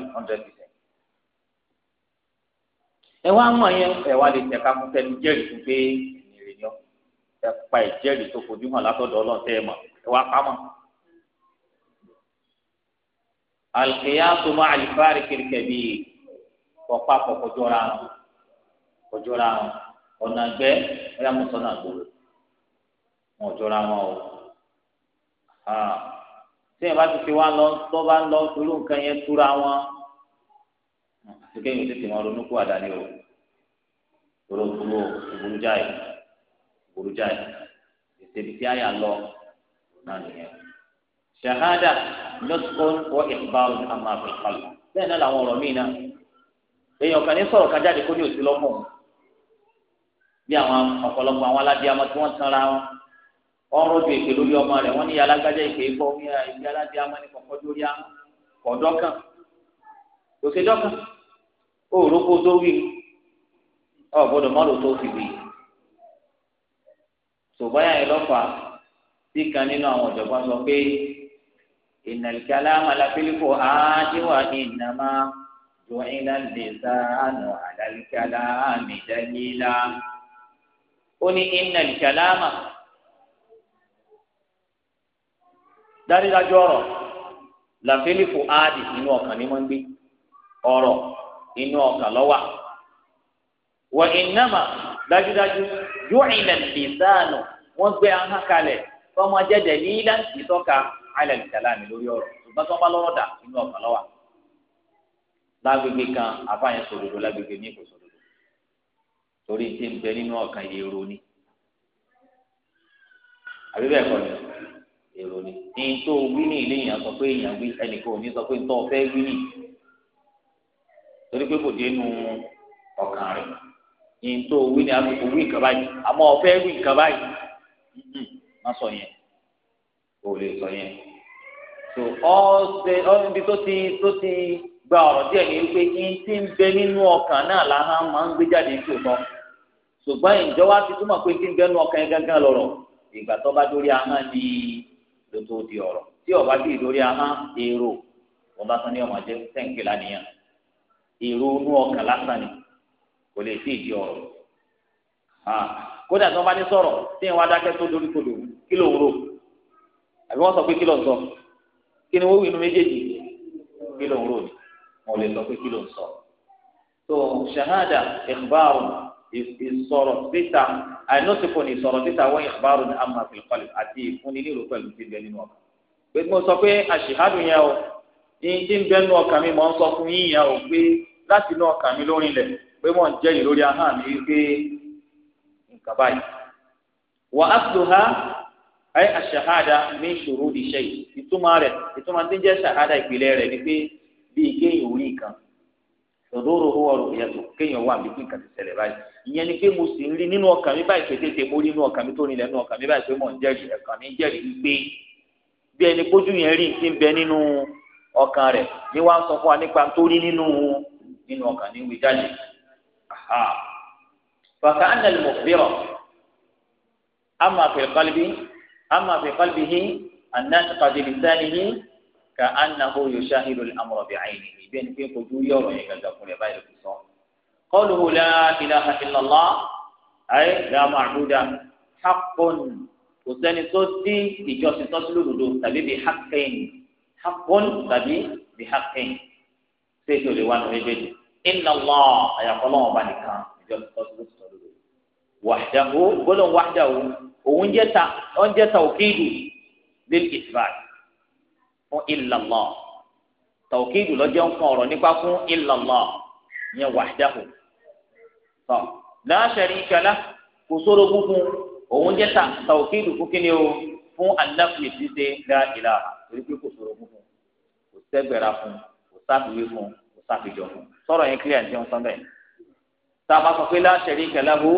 ẹ wá mọ̀ yẹn ẹ wá lè tẹ̀ka fún tẹnu jẹ́rìí fún pé èrè ni ọ ẹ pa ìjẹ́rìí tó fojú hàn látọ̀dọ̀ ọlọ́run tẹ́ ẹ mọ̀ ẹ wá pa mọ̀. alqiyasu ma alifari kirikẹbi kọpa kọkọjọra kọjọra ọ̀nà gbẹ ẹ̀yà mọ̀sánà gbòòrò wọn jọra wọn o ah. tí ẹ bá ti fi wá lọ tó bá lọ irú nǹkan yẹn túra wọn àti kéyìn tètè máa ronú kó àdáni o tóró burú o burú jáì burú jáì ètè ibi tí àyà lọ náà nìyẹn. shahada lọ́sọ̀kọ́ wọ ìbáwọ̀ àmọ́ àbẹ̀kọ́lù bẹ́ẹ̀ náà làwọn ọ̀rọ̀ míì náà èèyàn kan ní sọ̀rọ̀ kan jáde kó ní òsì lọ́mọ̀ bí àwọn ọ̀pọ̀lọpọ̀ àwọn aládìí amọ̀ tí wọ́n tanra wọn wọ́n rọ́jò èké lórí ọmọ rẹ̀ wọ́n ní alágbájá èké gbọ́ ní aládìí amọ̀ ní kọ̀kọ́ lórí àmọ́ kọ̀dọ́kàn kò òrókó tó wí ọ gbọ́dọ̀ mọlò tó fi wí ṣùgbọ́n yẹn lọ́fà tí kan nínú àwọn ọ̀jọ̀gbọ́n sọ pé ìnàlìkálá malafiliko àádéwà ní ìnàmá jọ̀yìnlá lẹ́sà àná àdàlìkálá àmìdánilá ó ní ìnàlìkálá mà dárídájú ọ̀rọ̀ làfiliko àádì nínú ọkàn ní wọ́n gbé ọ̀rọ̀ inú ọkàn lọ́wà wọ ìnáma dájúdájú yóò ilẹ̀ lìsánù wọ́n gbé ahọ́n kalẹ̀ tọmọ jẹ́jẹ́ ní ilá ìtọ́ka alẹ́ ìsàlámì lórí ọ̀rọ̀ ṣùgbọ́n tọ́ba lọ́rọ̀ dà inú ọkàn lọ́wà lágbègbè kan àfààyàn sòdodo lágbègbè ní ìkòsòd torí tí ń bẹ nínú ọkàn èrò ni àbí bẹ́ẹ̀ kọ́ ni èrò ni ní tó wí ní ilé èèyàn sọ pé èèyàn wí ẹnìkan torí pé kò dé nu ọkàn rẹ̀ yìí tó wí ni àgùkù wí nǹkan báyìí àmọ́ ọ̀fẹ́ wí nǹkan báyìí má sọ yẹn kò lè sọ yẹn tó ọ̀sẹ̀ ọ̀nbi tó ti tó ti gba ọ̀rọ̀ díẹ̀ ní wípé yìí ti ń bẹ nínú ọkàn náà láhán máa ń gbé jáde ní tòótọ́ ṣùgbọ́n ìjọba ti túmọ̀ pé ti ń bẹ nínú ọkàn yẹn gángan lọ̀rọ̀ ìgbà tó bá dórí ahán ni lótó di ọ̀rọ̀ tí ó bá dórí ahán èrò ọba tó ní ọmọ sẹ́ńkì lánìyàn èrò inú ọkàn lásán ni kò lè sí ìdí ọ̀rọ̀ kódà tí wọn bá ní sọ̀rọ̀ tí wọn adákẹ́ tó dorí kodò kí ló ń rò àbí wọn sọ pé kí ló ń sọ kí ni wọn wí inú méjèèjì kí ló ń rò ni wọn lè sọ pé kí ló ń sọ tó ṣahada ìgbàrò ìsọ̀rọ̀ síta àìnọ́sìkò ní ìsọ̀rọ̀ síta wọ́n ìgbàrò ní amafilkọ́lì àti ìfúnni nílùú pẹ̀lú ti bẹ nínú ọkàn pé sọ pé àṣìhádùn yẹn o yìí tí ń bẹ nú ọkàn mi mọ̀ ń sọ fún yín yẹn o pé láti inú ọkàn mi lórí ilẹ̀ pé mọ̀ ń jẹ́rìí lórí ahọ́n mi wípé nǹkan báyìí. wà á tó ha ayé àṣàhádà ní ìṣòro ìṣe yìí ìtumọ̀ rẹ̀ ìtumọ̀ tí ń jẹ́ ṣàhádà ìpìlẹ̀ rẹ̀ ni pé bíi kéèyàn orí nǹkan òdòdó owó ọrọ̀ ìyàtọ̀ kéèyàn wà bí nǹkan ti ṣẹlẹ̀ báyìí ìyẹn ni pé mo ọkàn rẹ̀ ní wàá sọ fún wa nípa tó rí nínú nínú ọkàn ní wí jáde fàkà ánàlì mọ̀fìrọ̀ àmà fìlkálbí àmà fìlkálbí yìí ànàtìkàdé lìsánì yìí kà ánàhó yòṣà ìlú àmọ̀rọ̀ bí àyìnì ìbí ẹni pé kojú yọ̀rọ̀ yẹn gàgà fún rẹ̀ báyìí lọ́sọ̀ kọ́lùhù láìláha ìlàlá ayé làmà àdúdà hàkùn kò sẹ́ni tó sí ìjọsìn tó sí lòdòdó tàbí bí hàkẹ́yìn hakun tàbí bihakin ṣé ètò ìlú wa nù méjèèjì iná lọ àyàfọ́ lọ́wọ́ ọba nìkan ìjọ tó tó tó lórí wàhídàwó gbọ́dọ̀ wàhídàwó òun jẹ́ta òun jẹ́ta òkèèdù lẹ́yìn ìsìláì fún iná lọ tàwùkèèdù lọ́jọ́ ń fún ọ̀rọ̀ nípa fún iná lọ yẹn wàhídàwó tọ́ láṣẹ̀rí ìkẹlá kò sóró fúnfún òun jẹ́ta tàwùkèèdù fún kíni o fún anáfíì ti ṣe dá ìlà torí pé kò sóró fúnfún sẹ́gbẹ̀rà fún kò sáfiwé fún kò sáfijọ fún sọ̀rọ̀ yẹn kílíà ti ń sọ bẹ́ẹ̀. tá a bá sọ pé la sharika lahu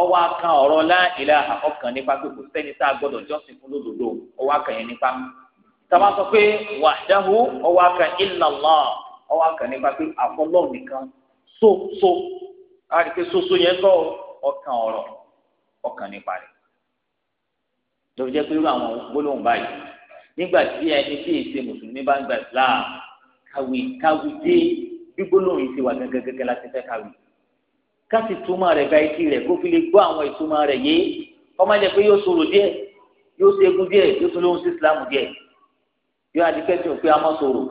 ọwọ́ akan ọ̀rọ̀ la ilaha ọkàn nípa pé kò sẹ́ni tá a gbọ́dọ̀ jọ́sìn fún lódodo ọwọ́ akan yẹn nípa. tá a bá sọ pé wahdahu ọwọ́ akan illa Allah ọwọ́ akan nípa pé àfọlọ́ nìkan so so a rí pé soso yẹn kọ́ ọkàn ọ̀rọ̀ ọkàn nípa rẹ̀. lọ́wọ́ jẹ́ pé irú àwọn gbólóhùn báyìí nígbà tí ẹni tí èsè mùsùlùmí bá ń gba islam kàwé kàwé dé gbígbólóhùn ìṣe wà gẹ́gẹ́gẹ́gẹ́ láti fẹ́ kàwé ká sì túmọ̀ rẹ̀ gba etí rẹ̀ kó fi lè gbọ́ àwọn ìtumọ̀ rẹ̀ yé ọmọ ilẹ̀ pé yóò sọ̀rọ̀ díẹ̀ yóò ṣẹ́gun díẹ̀ yóò tún lóhùn sí islam díẹ̀ yóò o òpin amọ́ sọ̀rọ̀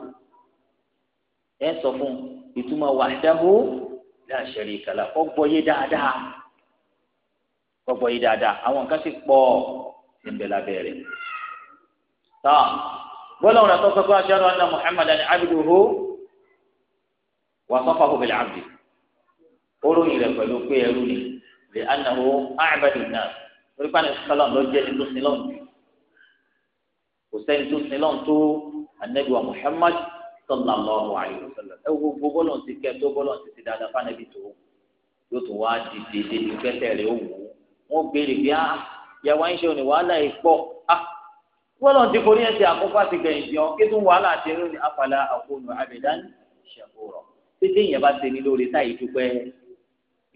ẹ̀ sọ fún ìtumọ̀ wahdahu la sharika lah kọ́ gbọ́ yé dáadáa kọ́ gbọ́ yé dáadáa àwọn nǹkan sì pọ̀ ṣẹ̀ńbẹ̀lábẹ́ rẹ̀ tọ́ gbọ́dọ̀ wọn àtọ́sọ pé aṣọ àwọn ọ̀nà Muhammad ní abiduhu wà sọ́fà hóbìlì abdi oróyìn rẹ̀ pẹ̀lú pé ẹrú ni lè anahu ahmed náà torí pàṣẹ sọlọ ló jẹ́ ní tó sin lọ́n jù kò sẹ́ni tó sin lọ́n tó anabi wa Muhammad sallallahu alayhi wa sallam ẹ gbogbo bọ́lọ̀ ti kẹ́ tó bọ́lọ̀ ti ti dáadáa fánabi tó yóò tó wá dìde débi kẹ́tẹ̀ rẹ̀ ó wù ú wọ́n gbére gbọ́dọ̀ ti kò ní ẹsẹ̀ àkọ́kọ́ àti gbẹ̀yìn fi hàn kí tún wàhálà àti inú ni afala àkóónù abẹ́dán ṣàkórọ̀ títí ìyẹn bá ṣe ní lórí táyì dúpẹ́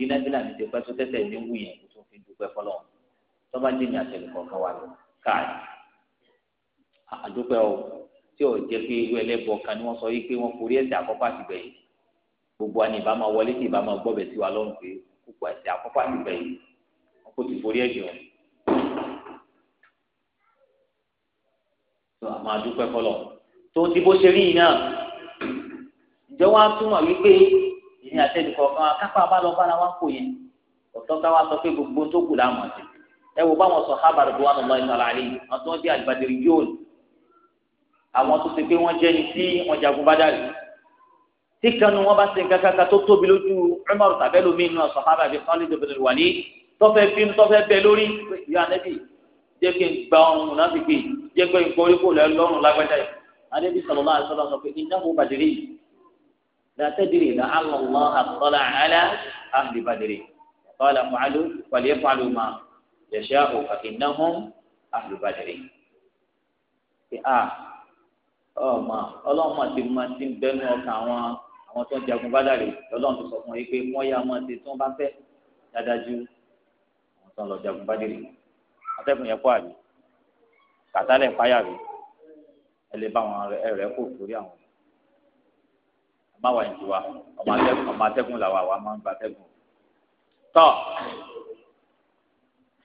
iná tí láti ṣe pẹ́ tó tẹ́tẹ́ ní wù yẹn kó tó fi dúpẹ́ fọlọ́ tọ́ba jẹ́ ní àtẹnukọ́ kan wà lọ káàdì àdúpẹ́ o tí ò jẹ́ pé irú ẹlẹ́bọ kan ni wọ́n sọ yìí pé wọ́n forí ẹsẹ̀ àkọ́kọ́ àti gbẹ̀yìn gbogbo àni ìbá máa wọlé tí ìbá máa gbọ́ bẹ̀ sí máa dúpẹ́ fọlọ́ tó ti bó ṣe rí yìí náà ìjọ wa túmọ̀ wípé ìrìn àtẹnukọ̀ kan akápá bá lọ bára wa kò yẹn ọ̀tọ́ ká wa sọ pé gbogbo tó kù láàmú ọ̀sẹ̀ ẹ wo báwọn sọ hábà rẹ̀ bó wà lọ́wọ́ ìtàlá àlẹ́ yìí wọ́n tó ń jẹ́ àlùbádìrì yóò àwọn tó ṣe pé wọ́n jẹ́ ni sí wọn jagun bá dàrí tí kanu wọn bá ṣe nǹkan kankan tó tóbi lójú Umaru tàbẹ́lómi nù ọ̀sọ̀ hábà bíi Khalid ibn al-Walid tọ́fẹ́ bínú tọ́fẹ́ bẹ lórí ìyá anẹ́bí jẹ́ kí n gba ọrùn mùnàfíkì jẹ́ kí n gbórí kò lẹ́ lọ́rùn lágbẹ́dẹ́ yìí adébí sọlọ́lá àṣọlá sọ pé ináwó bàdìrí látẹ́dìrí là àlọ́lá àtọ́lá àlá àhìlì bàdìrí qala fa'alu falyaf'alu ma yasha'u fa innahum ahlu bàdìrí. ṣe a ọmọ ọlọ́run máa ti máa ti bẹnu ọkàn àwọn àwọn tó ń jagun bádàrí ọlọ́run ti sọ fún yìí pé wọ́n yá máa ti tí wọ́n bá fẹ́ dáadáa ju àwọn tó ń lọ jagun bádàrí atẹ́gùn yẹn kọ́ àbí kàtàlẹ̀ fáyà rí ẹ lè bá àwọn ẹrẹ kò sórí àwọn ọmọ àwọn ẹ̀jẹ̀ wa ọmọ atẹ́gùn làwọn àwa máa ń gba atẹ́gùn tọ́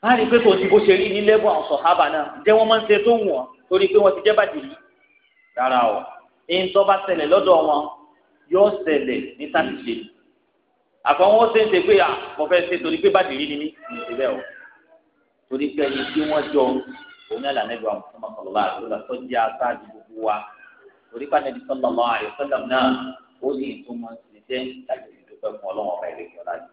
a rí i pé kò sí bó ṣe rí ní lẹ́bù àwọn sọ̀hábà náà jẹ́ wọ́n máa ń ṣe tó wù wọ́n torí pé wọ́n ti jẹ́ bàjẹ́ yìí rárá o ẹ̀yìn tó bá ṣẹlẹ̀ lọ́dọ̀ wọn yóò ṣẹlẹ̀ ní sátidé àfọwọ́n ṣe ń ṣe pé à ṣe torí pé bàjẹ́ yìí ni mí ìṣẹ̀lẹ̀ o torí pé ẹni tí wọ́n jọ òun náà lànà ìgbà Muhammad sallallahu alaihi wasallam tó jẹ́ aṣáájú gbogbo wa torí pé Ànábì sallallahu alaihi wasallam náà ó ní ìtumọ̀ ṣiṣẹ́ láti fi dúpẹ́ fún ọlọ́wọ́n ọba ìrèké ọ̀la yìí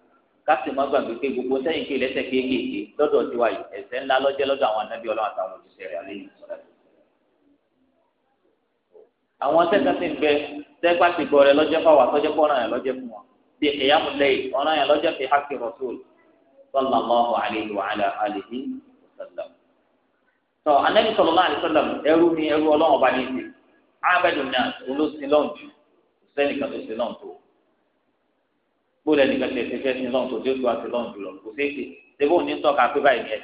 káṣí má gbàgbé pé gbogbo sẹ́yìn kí lẹ́sẹ̀ kéékèèké lọ́dọ̀ tiwa yìí ẹ̀ṣẹ̀ ńlá lọ́jẹ́ lọ́dọ̀ àwọn anábì ọlọ́run àtàwọn òṣìṣẹ́ rẹ̀ صلى الله عليه وعلى آله wa so tọ anabi sallallahu alayhi wa sallam ẹrú ni ẹrú ọlọ́wọ́n bá yẹn ti abẹ́dù náà olóṣèlú lọ́n ju sẹ́nìkan tó ṣe lọ́n tó gbọ́dọ̀ ẹnìkan tẹ̀ ṣe fẹ́ sí lọ́n tó tí ó tó àti lọ́n jù lọ kò sí èsì ṣébó ní tọ́ka pé báyìí ni ẹ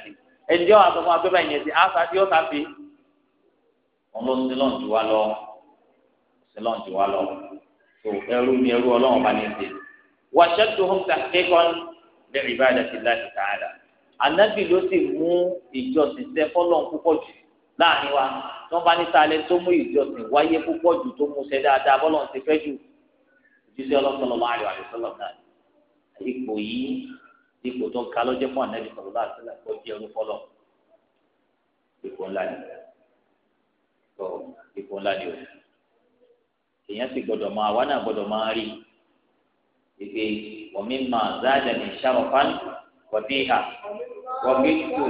ẹni tí ó àtọ́ fún wa pé àṣà tí ó ta fi wọn ló ju wa lọ ṣe lọ́n ju wa lọ tó ẹrú ni ẹrú ọlọ́wọ́n bá ní ṣe tó ń ta ní ìbádàtì láti tààdà ànábì ló sì mú ìjọsìn tẹ fọlọ́n púpọ̀ jù láàrin wa tí wọ́n bá ní sálẹ̀ tó mú ìjọsìn wáyé púpọ̀ jù tó mú ṣe dáadáa bọ́lọ̀ ti fẹ́ jù jíjẹ́ ọlọ́sọ̀lọ́ máa rí wàlẹ̀ sọ́lọ̀ náà ipò yìí ipò tó ń ka lọ́jọ́ fún ànábì sọ̀rọ̀ bá àtúnlá kó jẹ́ orú fọlọ́ ipò ńlá ni ipò ńlá ni o èèyàn sì gbọ́dọ̀ máa wá náà gbọ́dọ̀ máa rí i ìpè wọ́mí máa záàjà ní sàrọ̀fán wọ́bí ha wọ́bí tó.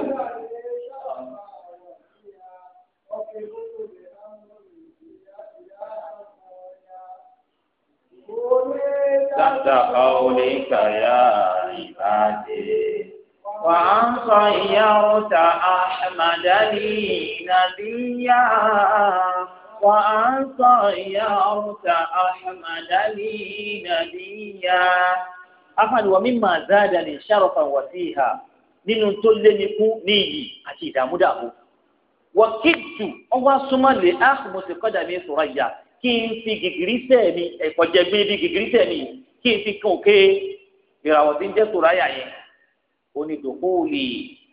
Sáta kọ́ọ̀lì kàyà ìbàdí. وعن صيرت أحمد لي نبيا وأن صيرت أحمد لي نبيا أحمد ومما زادني شرفا وفيها nínú tó lé mi kú ní iyì àti ìdààmúdààmú wọ́kìtù ọwọ́ súnmọ́lẹ̀ áàkùnmọ́sẹ̀ kọ́dà mi sọ̀rọ̀ ìyá kí n fi gègìrí sẹ́ mi ẹ̀kọ́jẹ́ n fi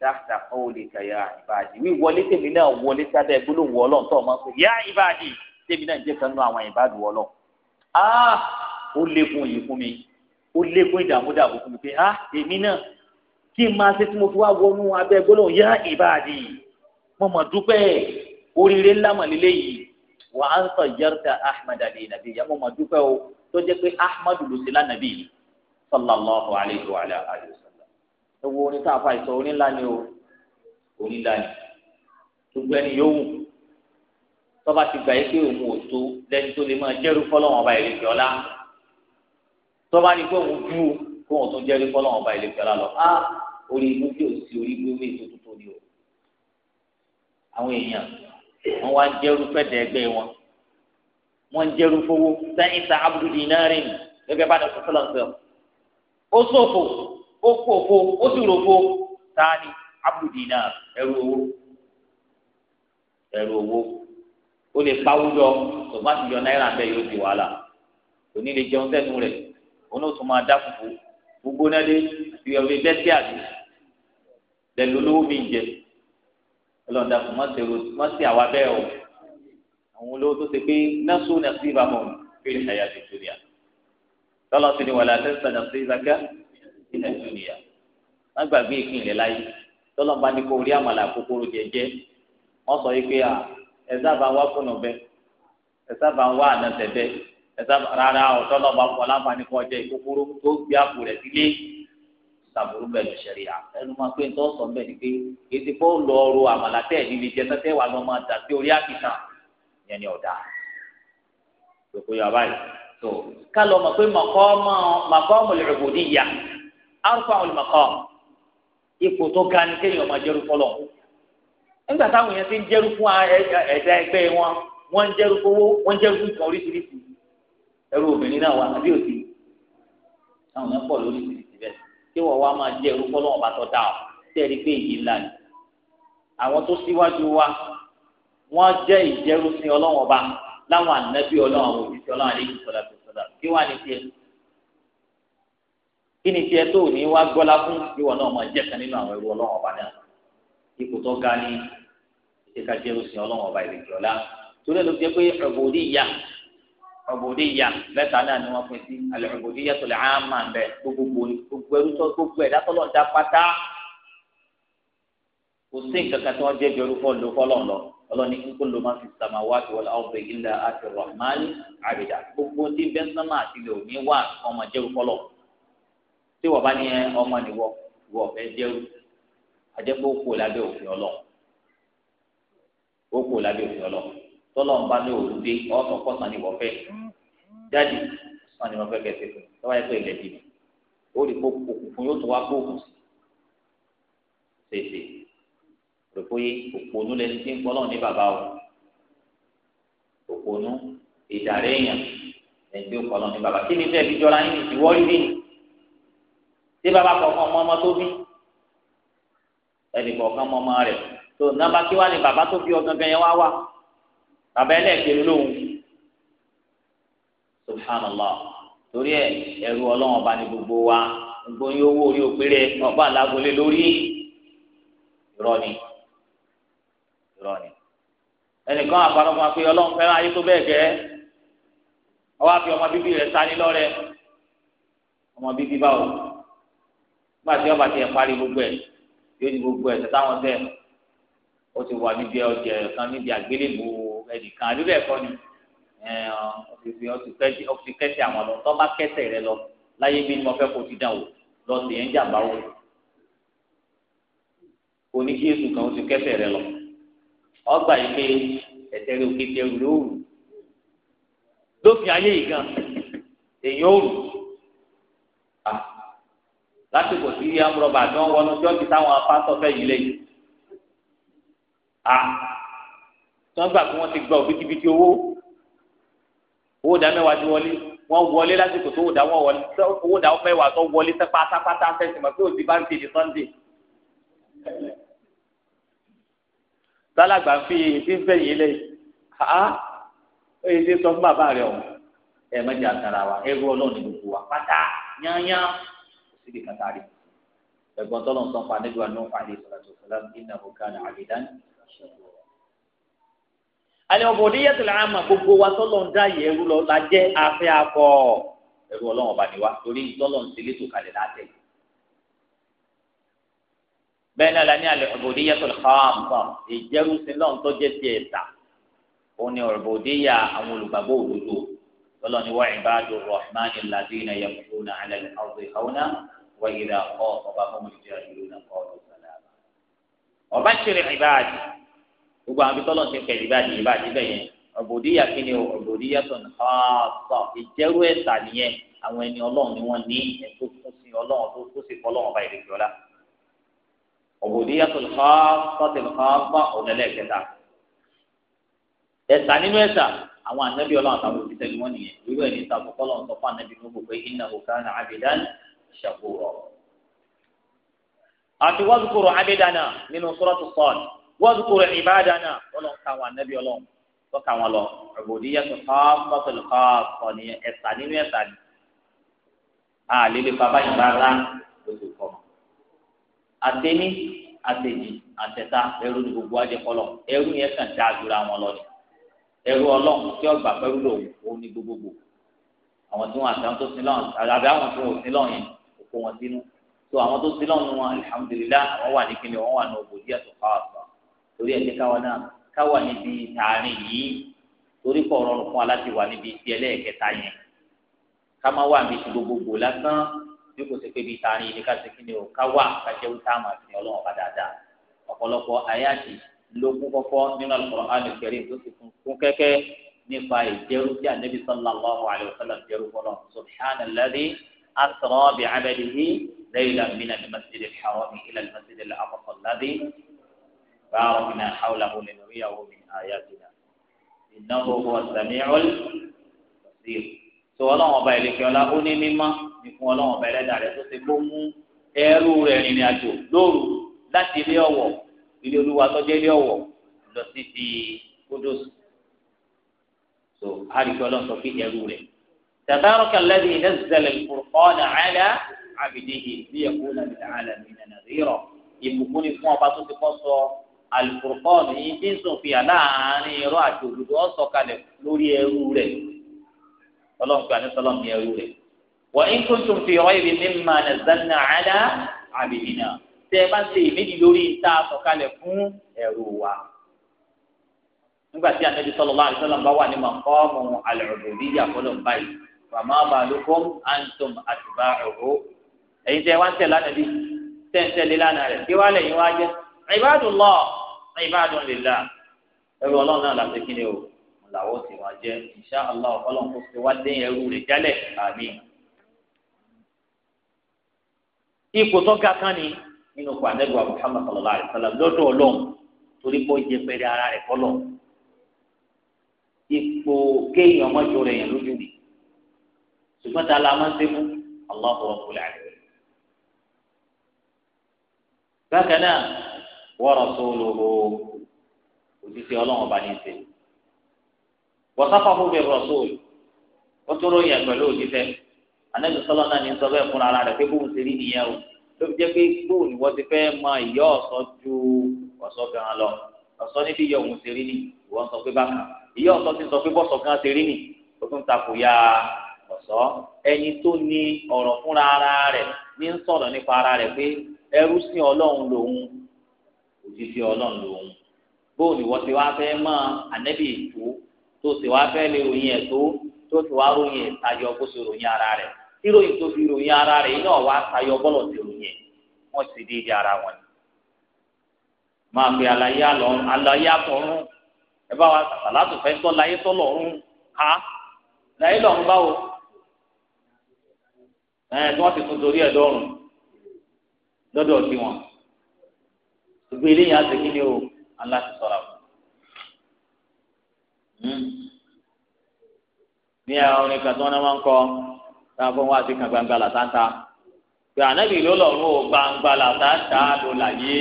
tahta qawlika ya ibadi wíwọlé tèmi náà wọlé sábẹ́ gbólóhùn ọlọ́run tó o máa ń pè ya ibadi tèmi náà jẹ́ kan nú àwọn ìbádù ọlọ́run ah ó lékún yìí fún mi ó lékún ìdààmú dààbò fún mi pé ah èmi náà kí n máa ṣe tí mo fi wá wọnú abẹ́ gbólóhùn ya ibadi mo mọ̀ dúpẹ́ oríire ńlá mọ̀ wà á ń sọ yẹ́rta ahmed ali nàbí yàmú mọ̀ dúpẹ́ o tó jẹ́ pé ahmed lùsílà nàbí sallallahu ẹwọ orin tá a fa ìsọ orin ńlá ni o orin ńlá ni gbogbo ẹni yóò wù tọ́ba ti gbà yí pé òun ò tó lẹ́ni tó lè máa jẹ́rú fọlọ́wọn ọba ìlú ìfẹ́ ọlá ni pé òun dúró kó òun tó jẹ́rú fọlọ́wọn ọba ìlú ìfẹ́ lọ á orí ibú bí òsì orí ibú bí èso tuntun ni o àwọn èèyàn wọn wá ń jẹ́rú fẹ́dẹ̀ ẹgbẹ́ wọn wọn ń jẹ́rú fowó sẹ́yìn sa abudu dinarin gẹ́gẹ́ bá dàgbà sọ́lá sọ ó ṣòfò ó kó òfo ó sì ròfo tani abudina ẹrù owó ẹrù owó ó lè pawó jọ tòmá ti yọ náírà bẹ́ẹ̀ yóò di wàhálà kò ní lè jẹun sẹ́nu rẹ̀ òun ó tún máa dá fufu gbogbo náà dé àti ọ̀rẹ́ bẹ́tí àbí lẹ́nu olówó mi jẹ ọlọ́dà kò má sí àwa bẹ́ẹ̀ o àwọn olówó tó ṣe pé nọ́ọ̀sù náà sí ìbámu fílẹ̀ àyà tuntun yà tọ́lọ́sìn ni wàlá tẹ́sán náà sí ilẹ̀ lónìyà má gbàgbé ìpínlẹ̀ láyé tọ́lọ́mọba ní kó rí àmàlà kókóró jẹjẹ wọ́n sọ yìí pé à ẹ sábà ń wá fóònù bẹ́ ẹ sábà ń wá ànàtẹ̀ bẹ́ ẹ sábà rárá ọ̀ tọ́lọ́mọba fún ọlámàní kọ́ jẹ ìkókóró tó gbé àpò rẹ̀ sílé sàbùrù bẹ́ẹ̀ ló ṣẹlẹ̀ à ẹnu máa pé nítorí sọ bẹ́ẹ̀ ni pé ètò ìfọ́ lọ ọrọ̀ àmàlà tẹ́ẹ̀ nílé jẹ tẹ́tẹ́ wà arúgbó àwọn olùmọ̀kọ́ ipò tó ga ni kéèyàn máa jẹ́rú fọlọ́ nígbà táwọn èèyàn ti ń jẹ́rú fún ẹ̀dá ẹgbẹ́ wọn wọ́n ń jẹ́rú fowó wọ́n ń jẹ́rú fún ìtàn oríṣiríṣi ẹrú obìnrin náà wà àbí òsì àwọn èèyàn pọ̀ lóríṣiríṣi bẹ́ẹ̀ kí wọ́n wá máa jẹ́rú fọlọ́ ọba tó dáa tẹ́ẹ̀rí pé èyí ńlá ni àwọn tó síwájú wa wọ́n jẹ́ ìjẹ́rú sí ọlọ́wọ́n ọba láwọn ànábì ọlọ́wọ́n òbí sí ọlọ́wọ́n àdéhùn kí ni tiẹ̀ tó ní wá gbọ́lá fún ìwọ náà máa jẹ́ kan nínú àwọn ẹrú ọlọ́run ọba náà ipò tó ga ní ìṣèkà jẹ́ òsìn ọlọ́run ọba ìrètí ọ̀la torí ẹ̀ ló jẹ́ pé ubudiyya ubudiyya mẹ́ta náà ni wọ́n pín sí al-ubudiyya tó lè á máa bẹ gbogbo gbogbo ẹrú tó gbogbo ẹ̀dá tó lọ́ọ̀dá pátá kò sí nǹkan kan tí wọ́n jẹ́ bí orúkọ ló fọ́lọ́ lọ ọlọ́ni kíkó ló máa fi sàmà wá ti wọlé ọ̀bẹ ilẹ̀ rahman abidà gbogbo tí bẹ́ńsánmà àti lè òní wà ọmọ tí wọ́n bá ní ọmọ nìwọ wọ ọ̀fẹ́ jẹ́rú àjẹpọ̀ òkú lábẹ́ òfin ọlọ́run òkú lábẹ́ òfin ọlọ́run tọ́lọ̀ ń bá ní òrùlé ọ̀sán kọ́sán nìwọ fẹ́ jáde kọ́sán nìwọ fẹ́ kẹsẹ̀ fún tọ́wọ́ ẹ̀ pé ilẹ̀ dìbò ó rí kó kó fún yóò tó wá kó kù sí tètè rò pé òpònú lẹni tí ń gbọ́ náà ní bàbá o òpònú ìdàrẹ́yàn ẹ̀ńdí ó kọ́ náà ní bàbá kí ni fẹ́ẹ́ fi jọra yín ìwọ́rí bíi tí bàbá kọ̀ọ̀kan ọmọ ọmọ tó bí ẹnì kọ̀ọ̀kan ọmọ ọmọ rẹ̀ tó nàbà kí wá ní bàbá tó bí ọ yẹn wá wà bàbá ẹlẹ́ẹ̀kẹ́ lóhùn subhanallah torí ẹ ẹrù ọlọ́run ọba ní gbogbo wa gbogbo yín owó orí òpèrè ọba àlágolé lórí irọ́ ni irọ́ ni ẹnìkan àfarọ́mọ pé ọlọ́run fẹ́ràn ayé tó bẹ́ẹ̀ gẹ́ ọwọ́ àfi ọmọ bíbí rẹ̀ sani lọ́rẹ́ ọmọ bíbí báwo gbàtí ọba tiẹ̀ parí gbogbo ẹ̀ yóò di gbogbo ẹ̀ tẹ̀táwọn tẹ̀ ó ti wà níbi ọjà kan níbi àgbélébù ẹnìkan àdúrà ẹ̀kọ́ ni ọtí kẹsẹ̀ àwọn lọ tọ́ bá kẹsẹ̀ rẹ lọ láyé bí mo fẹ́ kó ti dàn wò lọ sí ẹ̀ ń jàmbá wò oní kí èsù kan ó ti kẹsẹ̀ rẹ lọ ọgbà yìí pé ẹ̀sẹ̀ rẹ òkè tẹ̀ rú lóòrù lófin ayé yìí gan èèyàn òòrù lásìkò tí yíyá rọba tí wọn wọnú jọ́ọ̀kì táwọn apásọ fẹ́ yìí lẹ́yìn. a ah, tí wọn gbà pé wọn ti gba òbítíbitì owó owó dá mẹ́wàá ti wọlé wọn wọlé lásìkò tó owó dá wọn wọlé owó dá mẹ́wàá tó wọlé tẹ pátápátá fẹsẹ̀ mọ̀ pé òsì bá ń fi di sunday. sálàgbà fi fífẹ́ yìí lẹ́yìn a ah, ó yẹ kí sọ fún bàbá rẹ ọ̀hún ẹ̀ mẹ́jọ àtàrà wa ẹ̀rú ọlọ́run síbi kàtàrí ẹ̀gbọ́n tọlọ ń sọpa níbi wàá nùfà àdé sọlátù sọlá nínú àbùkà ní àbídán àní ọbọ òdíyẹ tó làá mà gbogbo wa tọlọ ń dá yẹrù lọ la jẹ afẹ akọ ẹrù Ọlọ́run ọba ni wa torí tọlọ ń sílé tó kalẹ̀ látẹ bẹ́ẹ̀ náà la ní alẹ ọbọ òdíyẹ tó làá mà ìjẹrù sílọ ń tọjẹ tiẹ̀ ta òun ni ọbọ àwọn olùgbàgbọ́ òdodo tọlọ ni wà ìbáàdùn rọhmánì làdínà yẹ وإذا خاطبهم الجاهلون قالوا سلاما وبشر عبادي gbogbo àwọn abitọ́lọ̀ ti pẹ̀lú ìbàdí ìbàdí bẹ́ẹ̀ yẹn ọ̀bùdíyà kìíní o ọ̀bùdíyà tó ń ha sọ ìjẹ́rú ẹ̀sà nìyẹn àwọn ẹni ọlọ́run ni wọ́n ní ẹ̀tọ́ tó sin ọlọ́run tó tó sì fọ́ ọlọ́run ọba ìrètí ọ̀la ọ̀bùdíyà tó ń ha sọ ń ha ọ̀nẹ́lẹ̀ kẹta ẹ̀sà nínú ẹ̀sà àwọn ànábì ọlọ́run ṣàkóso. àti wọ́n zukuru abidana nínú sọ́rọ́tù sọ́ọ̀nù wọ́n zukuru ìbádana ọlọ́run káwọn anábì ọlọ́run tó káwọn lọ ọ̀bùdíyà tó kọ́ọ̀kọ́tòlù kọ́ọ̀kọ́ ní ẹ̀sà nínú ẹ̀sà ni. àlele bàbá yìí rárá lóṣù kọ́ àtẹni àtẹjì àtẹta ẹrú ni gbogbo ajẹ kọlọ ẹrú yẹn kàn dáa ju ra wọn lọ ni ẹrú ọlọ́run tí ọgbà pẹ̀lú lòun òun ni gbogbogbò àwọn tí wọn àtàwọn tó sin lọ́run àbí àwọn tí wọn ò sin lọ́run yẹn kó wọn sínú tó àwọn tó sílọ̀ nù wọn alihamudulilá àwọn wà ní kíni wọn wà ní òbòdì ẹ̀sùn káwàsà torí ẹ̀jẹ̀ káwa náà káwa níbi tààrin yìí torí kọ̀ rọrùn fún wa láti wà níbi ti ẹlẹ́ẹ̀kẹta yẹn ká má wà níbi gbogbogbò lásán bí kò sí pé ibi tààrin yìí ní ká ṣe kíni o káwa kájẹ́ wúta àmà sí ọlọ́run bá dáadáa ọ̀pọ̀lọpọ̀ ayáàtì lógún kọ́kọ́ nínú Al-Qur'an al tó ti kún kẹ́kẹ́ nípa ìjẹ́rú tí Ànábì sallallahu alaihi wasallam jẹ́rú fọlọ́ أسرى بعبده ليلا من المسجد الحرام إلى المسجد الأقصى الذي باركنا حوله لنريه من آياتنا إنه هو السميع البصير سو الله ọba ìlẹ̀kẹ̀ ọlá ó ní mímọ́ nìkún ọlọ́run ọba ẹlẹ́dàá rẹ̀ tó ti kó mú ẹrú rẹ̀ rìnrìn àjò lóru láti ilé ọ̀wọ̀ ilé olúwa tọ́jú ilé ọ̀wọ̀ lọ sí ti kódòsù so àríkẹ́ ọlọ́run sọ pé ẹrú rẹ̀ تبارك الذي نزل الفرقان على عبده ليكون للعالمين نذيرا ìbùkún ni fún ọba tó ti kọ́ sọ alifurukọ́ọ̀nù yìí tí ń sòfìyà láàrin irọ́ àti òdodo ọ̀sọ̀ kalẹ̀ lórí ẹrú rẹ̀ ọlọ́run pé àti sọlọ́ọ̀mù ẹrú rẹ̀. wa in kuntum fi raybi mimma nazzalna ala abidina tẹ́ ẹ bá ṣe ìméjì lórí ìta sọ̀kalẹ̀ fún ẹrú wa. nígbà tí Ànábì sallallahu alaihi wasallam bá wà ní maqamu al-ubudiyya fàmà bàlùkùm àǹtùm àtùbà òhó ẹ̀yin tẹ́ wá ń tẹ̀lé ànábì tẹ́ ń tẹ̀lé lánàá rẹ̀ kí wá lẹ́yìn wá jẹ́ ibadullah ibadun lillah ẹrú ọlọ́run náà làbẹ́ kí ni o làwọn ti wá jẹ́ insha Allah ọlọ́run kò ti wá dé ẹrú rẹ̀ jálẹ̀ àmín. ipò tó ga kan ni nínú kó anẹ́gbà sallallahu alayhi wa sallam lọ́dọ̀ ọlọ́run torí pé ó jẹ pẹ̀lẹ́ ara rẹ̀ kọ́lọ̀ ipò kéèyàn ọmọ jọ yẹn lójú mi ṣùgbọ́n tá a la máa ń sẹ́mu Allahu Rabbul Alamin. bákan náà wa rasuluhu òṣìṣẹ́ ọlọ́run ọba ní ìṣe. wasafahu bi rasul ó tó ròyìn ẹ̀ pẹ̀lú òṣìṣẹ́ anabi sọlọ náà ní sọ bẹ́ẹ̀ fún ara rẹ̀ pé bóun ṣe rí nìyẹn o ló fi jẹ́ pé bóun ni wọ́n ti fẹ́ mọ ìyá ọ̀sọ́ ju ọ̀sọ́ gan lọ ọ̀sọ́ níbi ìyá òun ṣe rí nì ìwọ́n sọ pé bákan ìyá ọ̀sọ́ ti sọ pé bọ́sọ̀ gan ṣe rí nì ó tún takò ya sọ ẹni tó ní ọ̀rọ̀ fúnra ara rẹ ní ń nípa ara rẹ pé ẹrú sí ọlọ́run lòun òjijì ọlọ́run lòun bóun ni ti wá fẹ́ mọ́ ànẹ́bì ètò tó ti wá fẹ́ lè ròyìn ẹ̀ tó ti wá ròyìn ara tí ròyìn tó fi ròyìn ara iná wá tayọ ti ròyìn ti ara wọn. máa àlàyé ẹ bá wa sàlátù láyé láyé ẹ tí wọn ti tún torí ẹ lọ́rùn lọ́dọ̀ tiwọn gbogbo eléyìí á ti kí ni o aláti ṣọ́ra fún hmm. ní àwọn orin kan tí wọn máa ń kọ táwọn fún wa ti kan gbangba làtàtà pé ànábì ló lọ́rùn o gbangba làtàtà ló láyé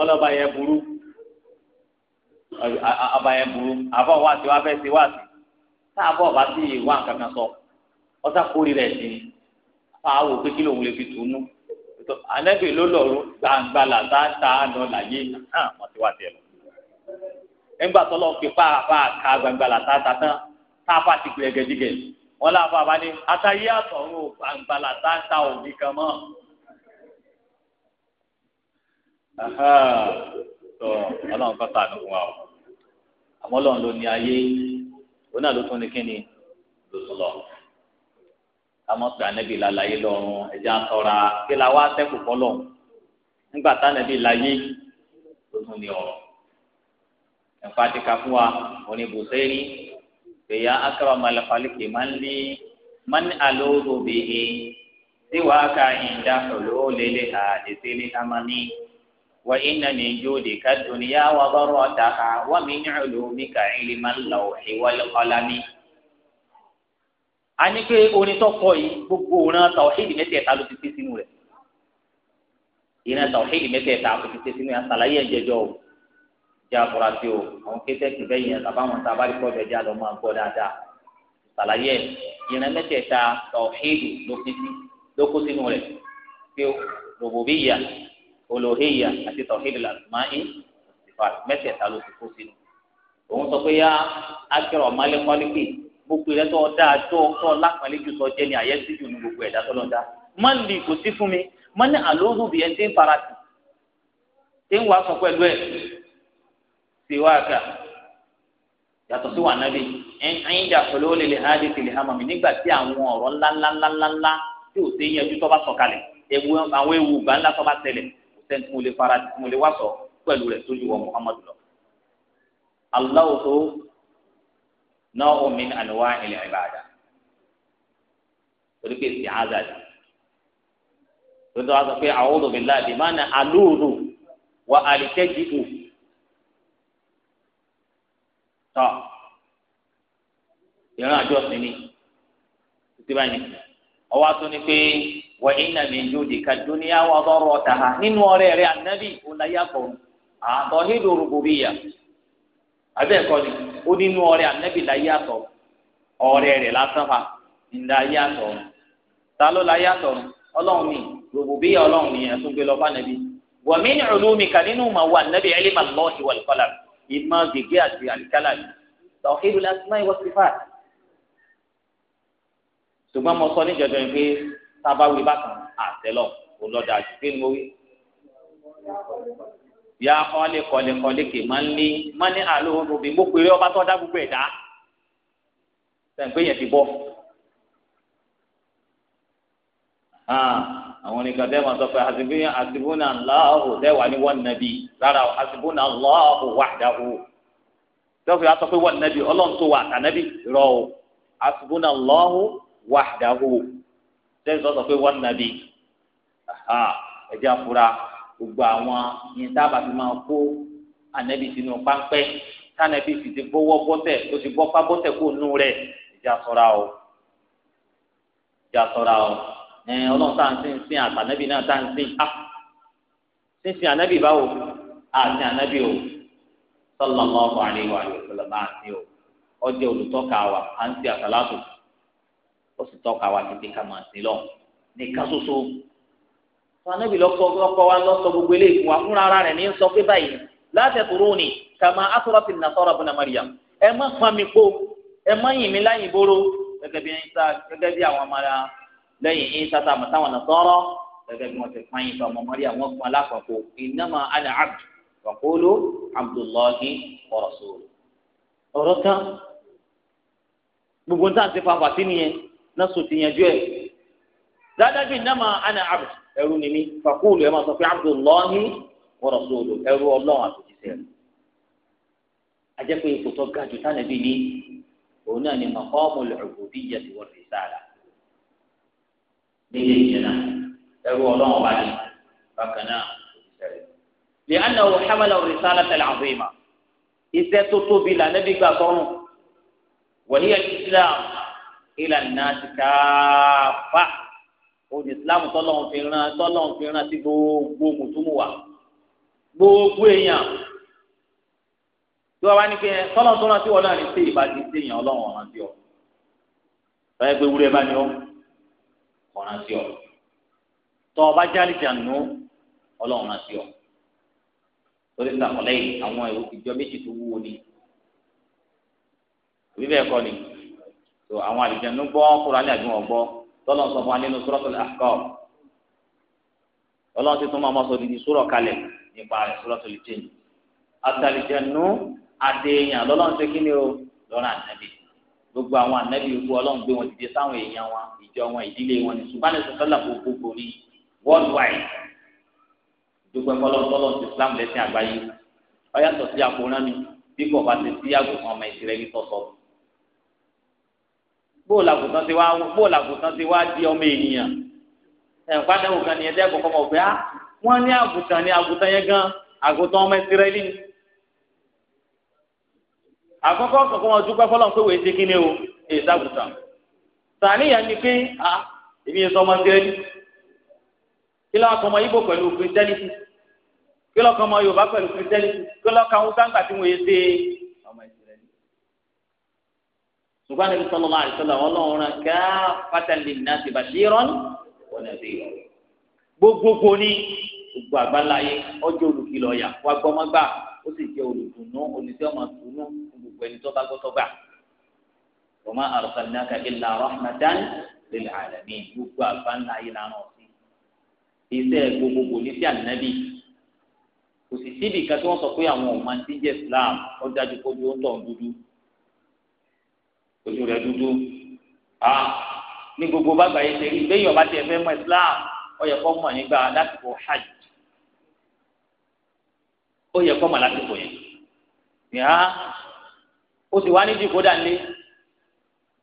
ọlọ́ba yẹn burú ọba burú àbọ̀ wá sí wá fẹ́ sí wá sí táàbọ̀ bá sì wá nǹkan kan sọ ọ̀sà kórè rẹ̀ sí ni fáà wò pé kí lòun lè fi tùnú ànẹ́bì ló lọ̀rọ̀ gbangba làtà ta lọ láyé hàn wọ́n ti wá tiẹ̀ lọ. nígbà tó lọ fi fáàfà ka gbangba làtà ta tán táàfà ti gbẹ gẹdígẹ wọn láfa bá ní àtàyé àtọ̀run gbangba làtà ta òbí kan mọ́. ọlọ́run kọ́ sànù fún wa o àmọ́ ọlọ́run ló ní ayé òun náà ló tún ní kíni ló tún lọ àmọ́ pé ànábì lálàyé lọ́rùn ẹ̀jẹ̀ àtọ́ra kí la wá sẹ́kù kọ́lọ̀ nígbà tánábì láyé ló tún ní ọ̀rọ̀ ẹ̀fọ́ àti kakú wa òun ni bùsẹ́rì fèyà akẹ́wà malẹ̀fàlìkì máa ń lé mani alóòrò bèè tí wàá ka ìdá pẹ̀lú ó lélẹ̀ ha ètè ní hamani. وإن من جودك الدنيا وضرتها ومن علومك علم اللوح والقلم ani pé orin tó kọ yìí gbogbo òran tàwọ́hídì mẹ́tẹ̀ẹ̀ta ló ti fi sínú rẹ̀ ìran tàwọ́hídì mẹ́tẹ̀ẹ̀ta ló ti fi sínú rẹ̀ àtàlàyé ẹ̀jẹ̀jọ́ o jẹ́ afurasí o àwọn kétẹ́kì bẹ́ẹ̀ yẹn tàbá àwọn tá a bá rí kọ́ọ̀dù ẹja lọ máa gbọ́ dáadáa àtàlàyé ìran mẹ́tẹ̀ẹ̀ta tàwọ́hídì ló fi sí ló kó sínú rẹ̀ pé rògbòbíyà olùhíyà àti tọ̀hídì làtúmáì òsìfà mẹ́tẹ̀ẹ̀ta ló ti kó sínú. òun sọ pé yá akérò málẹ́kọ́lẹ́kì gbogbo ìrẹ́ tó dáa tó ọkọ lápẹ́lẹ́ jù sọ jẹ́ ní àyẹ́sí jù ní gbogbo ẹ̀dá tọ́lọ́ dá. má ń lè kò sí fún mi má ní àlóhù bí ẹ ti ń farati ti ń wá sọ pẹ̀lú ẹ̀ sí wá kà yàtọ̀ sí wà nábì ẹ̀yìn jà pẹ̀lú ó lè lè hádìí tìlẹ̀ hàmàmì nígbà tí àwọn ọ̀rọ̀ ńláńláńláńlá tí ò sí yẹn ju tó bá sọ̀kalẹ̀ àwọn ewu gbà ńlá tó bá tẹ̀lẹ̀ sẹ́ńtì mo lè fara mo lè wá sọ pẹ̀lú rẹ̀ tójú wọ muhammadu lọ. aláwo tó náà omi àníwá ilẹ̀ ìbàdàn torí pé ìsìn azàdì tòtò wá sọ pé a'udhu billahi bí máa na alóòdù wà àlìkẹ́jì kù tọ́ ìran àjọ sí ni títí báyìí ọwọ́ á tún ní pé wà iná mi lòdì ká dúníyà wà bọ́rọ̀ ta ha nínú ọ̀rẹ́ rẹ ànábì ọ̀làyàpọ̀ àtọ̀ hídò rògbòbíyà abẹ́ ẹ̀kọ́ ni ó nínú ọ̀rẹ́ ànábì láyàtọ̀ ọ̀rẹ́ rẹ lásán fa ńláyàtọ̀ ta ló láyàtọ̀ ọlọ́run mi rògbòbíyà ọlọ́run ni ẹ̀sùn gbé lọ fún ànábì wà mí ìrùlùmí kà nínú mà wà ànábì ẹlẹ́mà lọ́ọ̀hì wà lùkọ́lá ìmọ̀ gègé àti àlìkálà ni tọ̀hídò lásán náà wọ́n ti fà ṣùgbọ́n mo sọ níjọ́jọ́ yìí pé sábàwí bákan àtẹlọ olọdà àtúgbé ni mo wí. yà ọlẹ kọlẹ kọlẹ kè máa ń lé máa ní àlọ òbí mo pèrè ọba tó dá gbogbo ẹ dá sẹńpé yẹn ti bọ. Ah, àwọn oníkan tẹ́ máa sọ pé hasibuna Allahu tẹ́ wà ní wọ́n nàbí rárá hasibuna Allahu wahdahu tẹ́wọ́fẹ́ wa sọ pé wọ́n nàbí ọlọ́run tó wà tànàbí rọ o hasibuna Allahu wahdahu lẹ́yìn tó sọ pé wọ́n nàbí ẹ̀jẹ̀ àfúrà gbogbo àwọn yìí tá a bá fi máa kó ànábì sínú páńpẹ́ tánàbì sì ti bọ́wọ́ bọ́tẹ̀ tó ti bọ́ pábọ́tẹ̀ kó nú rẹ̀ ẹ̀jẹ̀ àsọ̀ra o ẹ̀jẹ̀ àsọ̀ra o ẹ̀ ọlọ́run tá à ń sìn sìn àtànábì náà tá à ń sìn á ah! sínsìn ànábì báwo àti ànábì o sallallahu alaihi wa sallam àti o ọjọ́ olùtọ́ka wa à ń sìn àtàlátò ó sì tọ́ka wa títí ká máa sí lọ nìkan ṣoṣo fún anábì lọ́kọ́ wa lọ́sọ gbogbo eléyìí fún wa fúnra ara rẹ̀ ní sọ pé báyìí láti ẹ̀tùrú ni kàmá asọ́rọ́tì nàṣọ́rọ́ abúlé mariam ẹ má pọn mi kó ẹ má yìn mí láyìn bóró gẹ́gẹ́ bí ẹ̀yin sá gẹ́gẹ́ bí àwọn ọmọ rẹ̀ lẹ́yìn ẹ̀yin sá táwọn táwọn nàṣọ́rọ́ gẹ́gẹ́ bí wọ́n ti pọn yín sọ ọmọ mariam wọ́n pọn alákọ̀ọ́kọ́ ìnáma alẹ́ abd wàkúlù abdullahi ọ̀rọ̀ sọ̀rọ̀ ọ̀rọ̀ kan gbogbo nǹkan ti fa fàtí nìyẹn náà sùn ti yanjú ẹ̀ dáadájú innama ana abd ẹrú ni mí fàkúùlù ẹ máa sọ pé abdullahi wa rasulu ẹrú ọlọ́run àtòjíṣẹ́ rẹ̀ ajẹ́pẹ́ ipò tó ga jù tánàbí ni òun náà ni maqamul ubudiyyati war risala nílé ìjìnà ẹrú ọlọ́run bá ní bákan náà òjíṣẹ́ rẹ̀ li'annahu hamala ar-risalata al-'azima tó tóbi là nẹ́bí gbà sọ́run wa hiya al-islam ilà náà ti káfà òní ìsìláàmù tọ́lọ́hún fi rán tọ́lọ́hún fi rán sí gbogbo mùtúmùwà gbogbo èèyàn tí wọ́n wá ní pé tọ́lọ́hún tó rán sí wọn náà ní sí ìbàdí sí èèyàn ọlọ́run ọ̀ràn sí ọ báyẹ̀ pé wúrẹ́ bá ní ọ ọ̀ràn sí ọ tọ́ ọ bá jáde jàǹdù ọlọ́run ọ̀ràn sí ọ lórí sàkọlẹ́yìn àwọn ìjọ méjì tó wúwo ni òbí bẹ́ẹ̀ kọ́ ni so àwọn àlìjẹnu gbọ́ Kùránì àbí wọn gbọ́ tọ́lọ̀ sọ fún wa nínú Suratul Ahqaf ọlọ́run ti tún máa mọ́sọ dídí sọ̀rọ̀ kalẹ̀ nípa rẹ̀ Suratul Jinn àtàlìjẹnu àtẹ̀yìn lọ́lọ́run ṣe kí ni o lọ́rọ̀ ànábì gbogbo àwọn ànábì ikú ọlọ́run gbé wọn dìde sáwọn èèyàn wọn ìjọ wọn ìdílé wọn ní subahana sọsọlá gbogbogbò ní worldwide dúpẹ́ kọ́lọ́kọ́lọ́ ti Islam lẹ́sìn àgbáyé ọyàtọ̀ sí àkóràn mi bí kò bá ti sí àgùntàn ọmọ ìsirẹ́lì tọ̀tọ̀ bóòlù àgùntàn ti wá bóòlù àgùntàn ti wá di ọmọ ènìyàn ẹnìkan náà kan ní ẹdẹ àkọ́kọ́ mọ pé á ah, wọn ní àgùntàn ní àgùntàn yẹn gan àgùntàn ọmọ ìsirẹlì ni àkọ́kọ́ kọ́kọ́ wọn dúpẹ́ fọlọ pé wòye ṣe kí ni o èyí sàgùntàn sàníyàn ni pé a ah, èmi yẹn sọ ọmọ ìsirẹlì kí lọ́wọ́ kọ́ ọmọ ibo pẹ̀lú kìrìtẹ́nìtì kí lọ́wọ́ kọ́ ọmọ yorùbá pẹ̀lú kìrìtẹ́nìtì kí lọ́wọ́ kọ́ ṣùgbọ́n Ànábì sallallahu alaihi wasallam ọlọ́run rán kaffatan linnasi bashiran wa nadhira gbogbogbò ní gbogbo àgbáláyé ọjọ́ olùkìlọ̀ ọ̀yà wà gbọ́mọ́gbà ó sì jẹ́ olùdùnnú olùsẹ́ ọmọ tùnú gbogbo ẹni tó bá gbọ́tọ́ gbà. wa ma arsalnaka illa rahmatan lil alamin gbogbo àgbáláyé lànà ọ̀sìn. iṣẹ́ gbogbogbò ní sí ànábì kò sì síbi kan tí wọ́n sọ pé àwọn ọmọ ti jẹ́ Islam ó dájú ó tọ̀ dúdú ojú rẹ̀ dúdú a ní gbogbo bàgbà yìí ṣe rí lẹ́yìn ọba tí ẹ fẹ́ mọ̀ islam ó yẹ kó mọ̀ nígbà lásìkò hajj ó yẹ kó mọ̀ lásìkò yẹn ní a ó sì wá ní dìkódà ńlé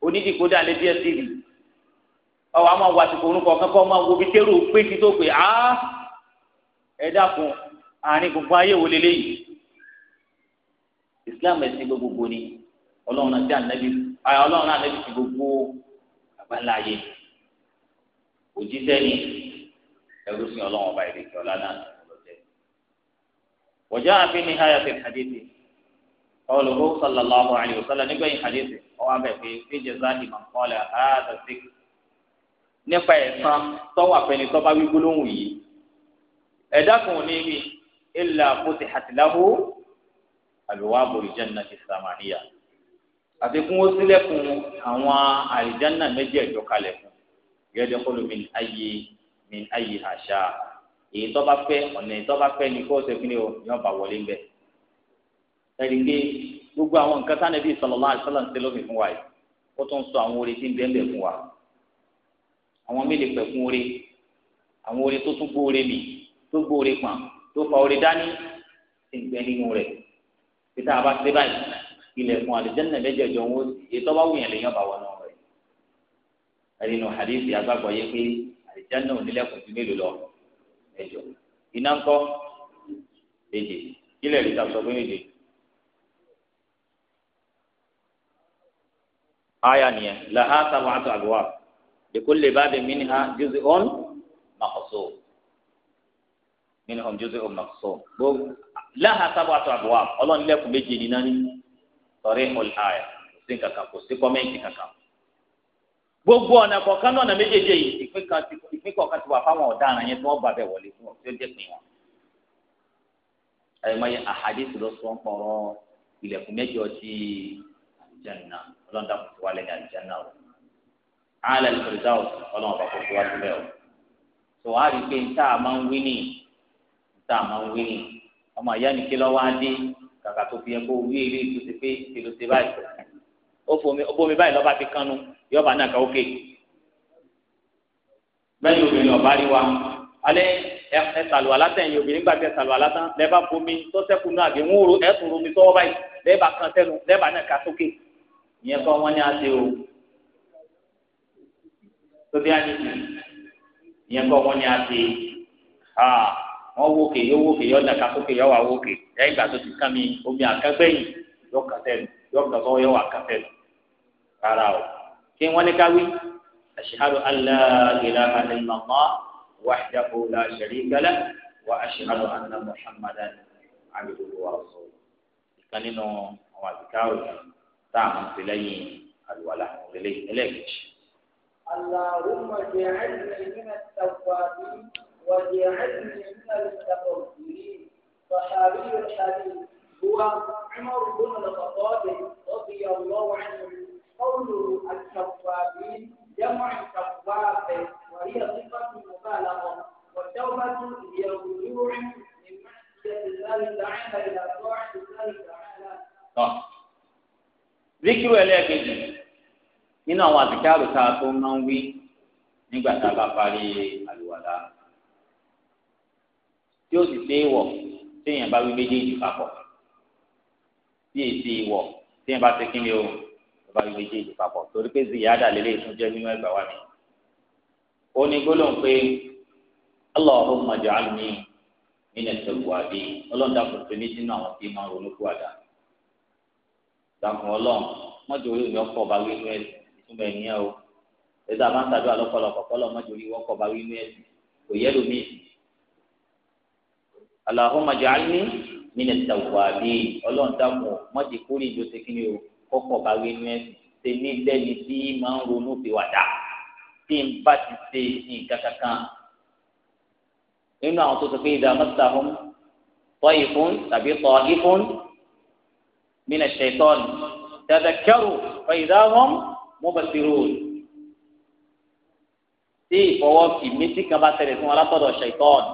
onídìkódà ńlé dstv ọwọ́ àwọn àwọn àsìkò orúkọ kankan máa wo bí kérò pé ti tó pé a ẹ dákun àárín gbogbo ayé wo lélẹ́yìí islam ẹ̀sìn gbogbogbò ni ọlọ́run àti ànábì àyà ọlọ́run náà lẹ́bi ti gbogbo àgbáńlá ayé òjíṣẹ́ ni ẹrú sí ọlọ́run ọba ìrèké ọlá náà lọ́jẹ́. wọ́jà àfi ní háyà fi hadithi ọlọ́hu sallallahu alayhi wa sallam nígbà yìí hadithi ọwọ́ abẹ́ pé fíjẹ záàdì máa kọ́ ọ́lẹ̀ àádọ́ sí. nípa ẹ̀sán tọ́wọ́ àfẹnì tọ́ba wí gbólóhùn yìí ẹ̀dá kan ò ní wí ilà kó ti hàtìláhù àbíwá àbòrìjẹ́ nà ti sàmàníyà àfikún ó sílẹ̀kùn àwọn àlìjánà méjì ẹjọ kalẹ̀ fún gẹdẹ kọlu mi ayé mi ayé àṣà èyí tó bá fẹ́ ọ̀nà èyí tó bá fẹ́ ni kó ṣe fún mi o bá wọlé ń bẹ ẹni pé gbogbo àwọn nǹkan tá nàbí sallallahu alaihi ń tẹ fún wa yìí ó tún sọ àwọn oore tí ń bẹ́ẹ̀ bẹ́ẹ̀ fún wa àwọn mí lè pẹ̀ fún oore àwọn oore tó tún gbóore mì tó gbóore pọ̀n tó fa oore dání ti ń nínú rẹ̀ ilẹ̀kùn àlùjẹ́nà mẹ́jẹ̀ẹ̀jọ ń wó ètò ọba wù yẹn lè yàn bá wọn náà rẹ̀ ẹni nù hadithi agbàgbọ́ yẹ pé àlùjẹ́nà onílẹ̀kùn ju mélòó lọ mẹ́jọ iná ń kọ́ méje ilẹ̀ rí ta sọ pé méje aya nìyẹn làhá sábà àti àlùwà lèkólè bá bẹ mí ní ha jùzí ọ̀n màkòsó mí ní ọ̀n jùzí ọ̀n màkòsó gbogbo làhá sábà àti àlùwà ọlọ́ọ̀nilẹ̀kùn méje ní náà sọrí ọláyà kò sí kankan kò sí kọ́mẹ́ǹtì kankan. gbogbo ọ̀nà kọ̀ọ̀kan náà ọ̀nà méjèèjì yìí ìpín kan ti ìpín kọ̀ọ̀kan ti wà fáwọn ọ̀daràn yẹn tí wọ́n bá bẹ̀ wọlé fún ọ tí ó jẹ́ pin wọn. ẹ̀rọ yẹn àhádìsì ló sọ ń pọ̀rọ̀ ilẹ̀kùn mẹ́jọ ti àlùjánnà ọlọ́dà kò ti wá lẹ́yìn àlùjánnà o. alẹ́ lùfẹ̀dáwò ọlọ́run bá ni kí lọ́wọ́ kàkà tó fi yẹ kó wí ilé ìlú ti pé ìlú ti báyìí ó fomi ó bomi báyìí lọ́ba fi kánú yọba náà ká ókè bẹ́ẹ̀ ni obìnrin ọ̀bá rí wa alẹ́ ẹ sàlùwà látẹ̀ yìí obìnrin gbàgbé sàlùwà látàn lẹ́ẹ̀bà bomi tó sẹ́kù náà àbí ń ro ẹ̀sùn romi sọ́wọ́ báyìí lẹ́ẹ̀bà kan sẹ́nu lẹ́ẹ̀bà náà ká sókè ìyẹn kọ́ wọ́n ní àti o tóbi á ní ìyẹn kọ́ wọ́n ní àti ha wọ́n wókè yóò wókè yóò nàka sókè yóò wà wókè ẹ ìgbà tó ti kán mi omi àkágbẹ́yìn yọ kàtẹ́nu yọ kàtọ́ yọ wà kàtẹ́nu rárá o kí wọ́n ní káwí ashhadu an la ilaha illallah wahdahu la sharika lah wa ashhadu anna muhammadan abduhu wa rasuluhu ìkan nínú àwọn àbíkáwò tá a máa fi lẹ́yìn àlùwàlà ẹlẹ́ẹ̀kejì. اللهم اجعلني من التوابين واجعلني من المتقبلين صحابي حديث هو عمر بن الخطاب رضي الله عنه قوله التوابين جمع تواب وهي صفة مبالغة والتوبة هي الرجوع من معصية الله تعالى إلى طاعة الله تعالى. ذكر إليك nínú àwọn àtìkáàrò tá a tó máa ń wí nígbà tá a bá parí àlùwàlá tí ó sì ṣe é téèyàn bá wí méjèèjì papọ̀ bí èsì ìwọ̀ téèyàn bá ti kíni o bá wí méjèèjì papọ̀ torí pé ziyada lélẹ̀ tún jẹ́ nínú ẹgbàá wa mi. ó ní gbólóhùn pé Allahumma ja'alni min at-tawwabin ọlọ́run dàpọ̀ tó ní sínú àwọn tí máa ń ronú kú àdá. dàpọ̀ ọlọ́run mọ́jọ orí mi ọkọ̀ bá wí inú ẹ̀sìn ìtumọ̀ ẹ̀ o Allahumma ja'alni minat tawwabin ọlọ́run dàpọ̀ mọ́tì kórè ìjọ ṣe kíni o kọ́kọ́ bá wí ní ẹ̀sìn ṣe ní lẹ́ni tí máa ń ronú pé wàdà tí n bá ti ṣe nǹkan kankan nínú àwọn tó sọ pé idha massahum ta'ifun tàbí ta'ifun minash shaytan tadhakkaru fa idha hum mubsirun tí ìfọwọ́sí méjì kan bá tẹ̀lé fún alátọ̀dọ̀ ṣẹ̀tọ́ọ̀nù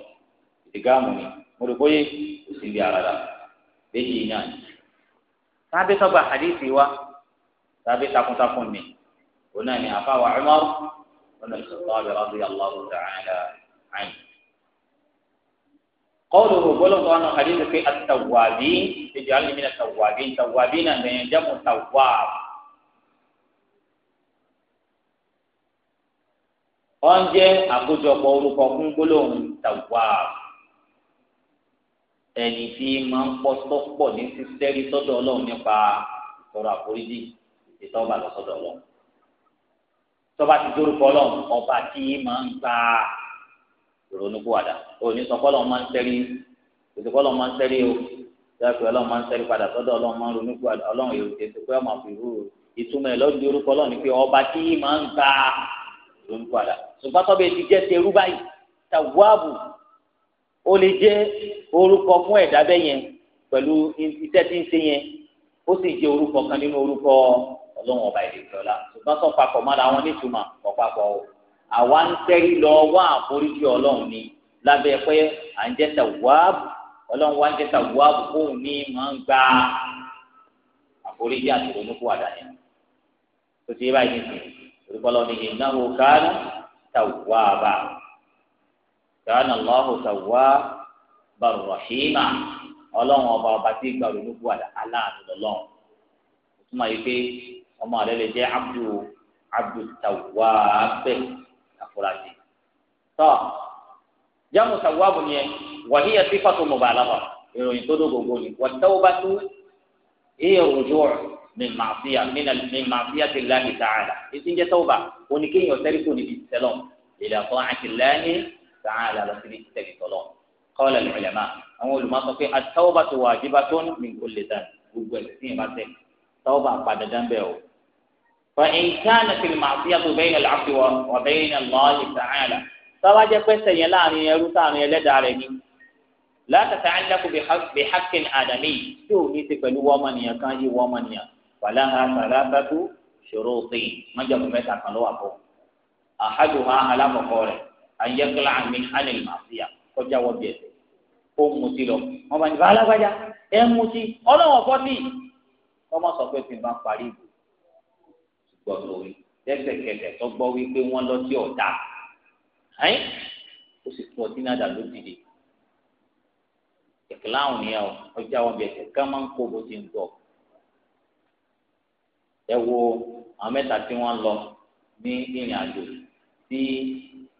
ìgáàmù ni mo rò bóyá kò sí ibi àràrà méjì yìí náà ni. sábẹ́ tó gba hadithi wa sábẹ́ takuntakun ni òun náà ni àfàwà Umar ọ̀nà ìṣòro àbẹ̀ radiyallahu ta'ala anhu. قوله بلغ أن حديث في التوابين اجعلني من التوابين توابين من جمع تواب wọ́n jẹ́ àkójọpọ̀ orúkọ fún gbólóhùn tàwáàbù ẹni tí máa ń pọ́ sọ́pọ̀ ní sísẹ́rí sọ́dọ̀ ọlọ́run nípa ìtọ́rọ̀ àforíjì ìtọ́ba lọ sọ́dọ̀ ọlọ́run tọ́ba ti dórúkọ ọlọ́run ọba tí máa ń gba ìrònúkúwàdà òní sọ kọ́lọ́ máa ń sẹ́rí òsì kọ́lọ́ máa ń sẹ́rí o dáàbò ọlọ́run máa ń sẹ́rí padà sọ́dọ̀ ọlọ́run máa ń ronúkúwàdà ọlọ́run èrò tètè pé ọmọ àfi rú ìtumọ̀ ẹ̀ lọ́dún orúkọ ọlọ́run ni pé ọba tí máa ń gba ìrònúkúwàdà ṣùgbọ́n tọ́ba ti jẹ́ ti erú báyìí tàwáàbù ó lè jẹ́ orúkọ fún ẹ̀dá bẹ́ẹ̀ yẹn pẹ̀lú iṣẹ́ tí ń ṣe yẹn ó sì jẹ́ orúkọ kan nínú orúkọ ọlọ́run ọba ìdèkè ọ̀la ṣùgbọ́n tó papọ̀ mọ́ra wọn nítumọ̀ ọ̀pápọ̀ o àwa ń tẹ́rí lọ wá àforíjì ọlọ́run ni lábẹ́ pé à ń jẹ́ tàwáàbù ọlọ́run wá ń jẹ́ tàwáàbù fóun ní máa ń gba àforíjì àti ronúkú àdáyé tó ti yé báyìí nìyí orúkọ ọlọ́run ni ìnáwó kánú tàwáàbà kàánà Allahu tawwabur rahima ọlọ́run ọba ọba tí gbàrú lóko aláàánú lọ́lọ́run ó túmọ̀ yìí pé ọmọ rẹ lè jẹ́ abdu abdu tawwab àfúrásì tọ́ jamu tawwab yẹn wàhíyà sífàtò mubalagha ìròyìn tó dógógó ni wat-tawbatu hiya ar-ruju' min ma'siyah min ma'siyati Allahi ta'ala ìsìnjẹ́ tawba oníkéyìn ọ̀sẹ́rì kò níbi sẹlọ̀m ila ta'ati Allahi ta'ala lọ síbi títẹ̀lé tọ́lọ́ qala al-ulama àwọn olùmọ̀sọ pé at-tawbatu wajibatun min kulli dhanb gbogbo ẹ̀sìn tí yẹn bá tẹ̀ tọ́wọ́bà padà dánbẹ́ o. fa in kanat al-ma'siyatu bayna al-'abdi wa bayna Allah ta'ala tọ́wọ́ jẹ́ pẹ́sẹ̀ yẹn láàrin ẹrú sáàrin ẹlẹ́dàá rẹ̀ ni la tata'allaqu bi haqqin adami tí ò ní ti pẹ̀lú wọ́mọnìyàn kan yí wọ́mọnìyàn walaha thalathatu shurutin mọ́jọ́ mẹ́ta kan ló wà fún un àhájò máa alákọ̀ọ́kọ́ rẹ̀ ayẹkẹlẹ àmì ànil màsíyà kọjá wọ bí ẹsẹ ó mutí lọ wọn bá ní bá alágbájá ẹ ń mutí ọlọ́wọ́n fọ́tì ọmọ sọ pé tí n bá parí ìbò gbọ́ lórí lẹ́sẹ̀kẹsẹ̀ tó gbọ́ wípé wọ́n lọ sí ọ̀dà ẹ́n ó sì fún ọtí náà dà lójijì kẹ̀kẹ́ láwọn yẹn ọjà wọn bí ẹsẹ̀ ká máa ń kó bó ti ń gbọ́ ẹ wo àwọn mẹ́ta tí wọ́n lọ ní ìrìn àjò sí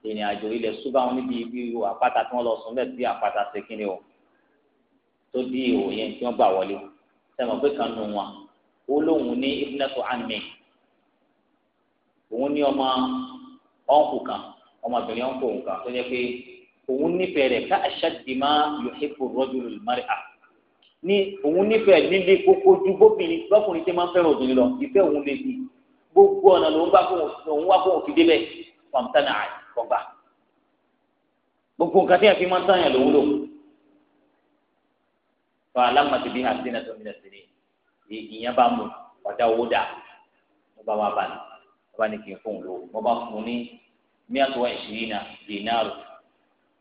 ìrìn àjò ilẹ̀ ṣúgbà wọn níbi ibi àpáta tí wọ́n lọ sùn lẹ́sí àpáta ṣèkínni o tó di ìhò yẹn tí wọ́n gbà wọlé sẹ́wọ̀n pé kan nù wọn ó lóun ní ibùdókò àmì òun ní ọmọ ọ̀nkù kan ọmọbìnrin ọ̀nkù òun kan tó yẹ pé òun nífẹ̀ẹ́ rẹ̀ ká aṣáàdìmá yòókù rọ́jò lùmárì à ní òun nífẹ̀ẹ́ líle kókó ju bóbìnrin bọ́kùnrin tí máa ń fẹ́ràn obìnrin lọ ìfẹ́ òun lè di gbogbo ọ̀nà lòun wá kó òun fi débẹ̀ pàmtánà àti ọgbà gbogbo nǹkan tí yẹn fi máa ń tàn yẹn ló wúlò fún alámọ̀tì bí hàn sínú ẹ̀tọ́ mílẹ̀ sílẹ̀ ìyẹn bá mú ọ̀dà owó dà mo bá wà bá ní mo bá ní kí n fóun lò mo bá fún un ní miatu wa ishirina dinaru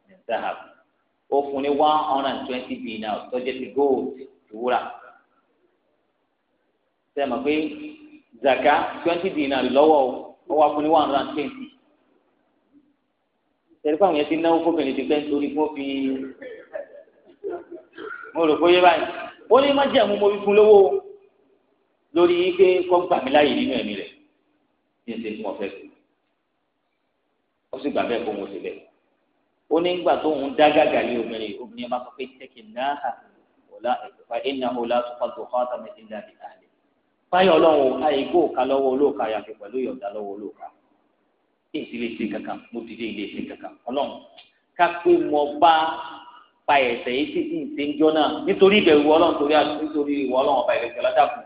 ní ó fún ní one hundred and twenty dinaru tó ti gold ti wúrà sẹ́mi pé zaka twenty dinaru lọ́wọ́ ó wá fún ní one hundred and twenty tẹ̀lé fún àwọn yẹn ti náwó fóbìnrin ti pẹ́ nítorí kó fi mo rò bóyá báyìí ó ní má jẹ́ àwọn ọmọ fífún lówó lórí pé kọ́ gbà mí láàyè nínú ẹ̀mí rẹ̀ ní ẹsẹ̀ fún ọ̀fẹ́ fún ó sì gbà bẹ́ẹ̀ kó mo sì bẹ́ẹ̀ ó ní gbà tó ń dá gàgà lé obìnrin obìnrin máa sọ pé tẹ́kì náà ọ̀la ẹ̀fà ẹ̀nà ọ̀la tó fà tó kọ́ta mẹ́tẹ́lá bìtà lẹ̀ fáyọ̀ ọlọ́run àyè èsì lè ṣe kankan mo dìde ilé ṣe kankan ọlọ́run ká pé mo bá pa ẹ̀ṣẹ̀ yìí títí ìṣe ń jọ náà nítorí ìbẹ̀rù ọlọ́run torí nítorí ìwọ ọlọ́run ọba ìrẹsì ọlọ́dàkùn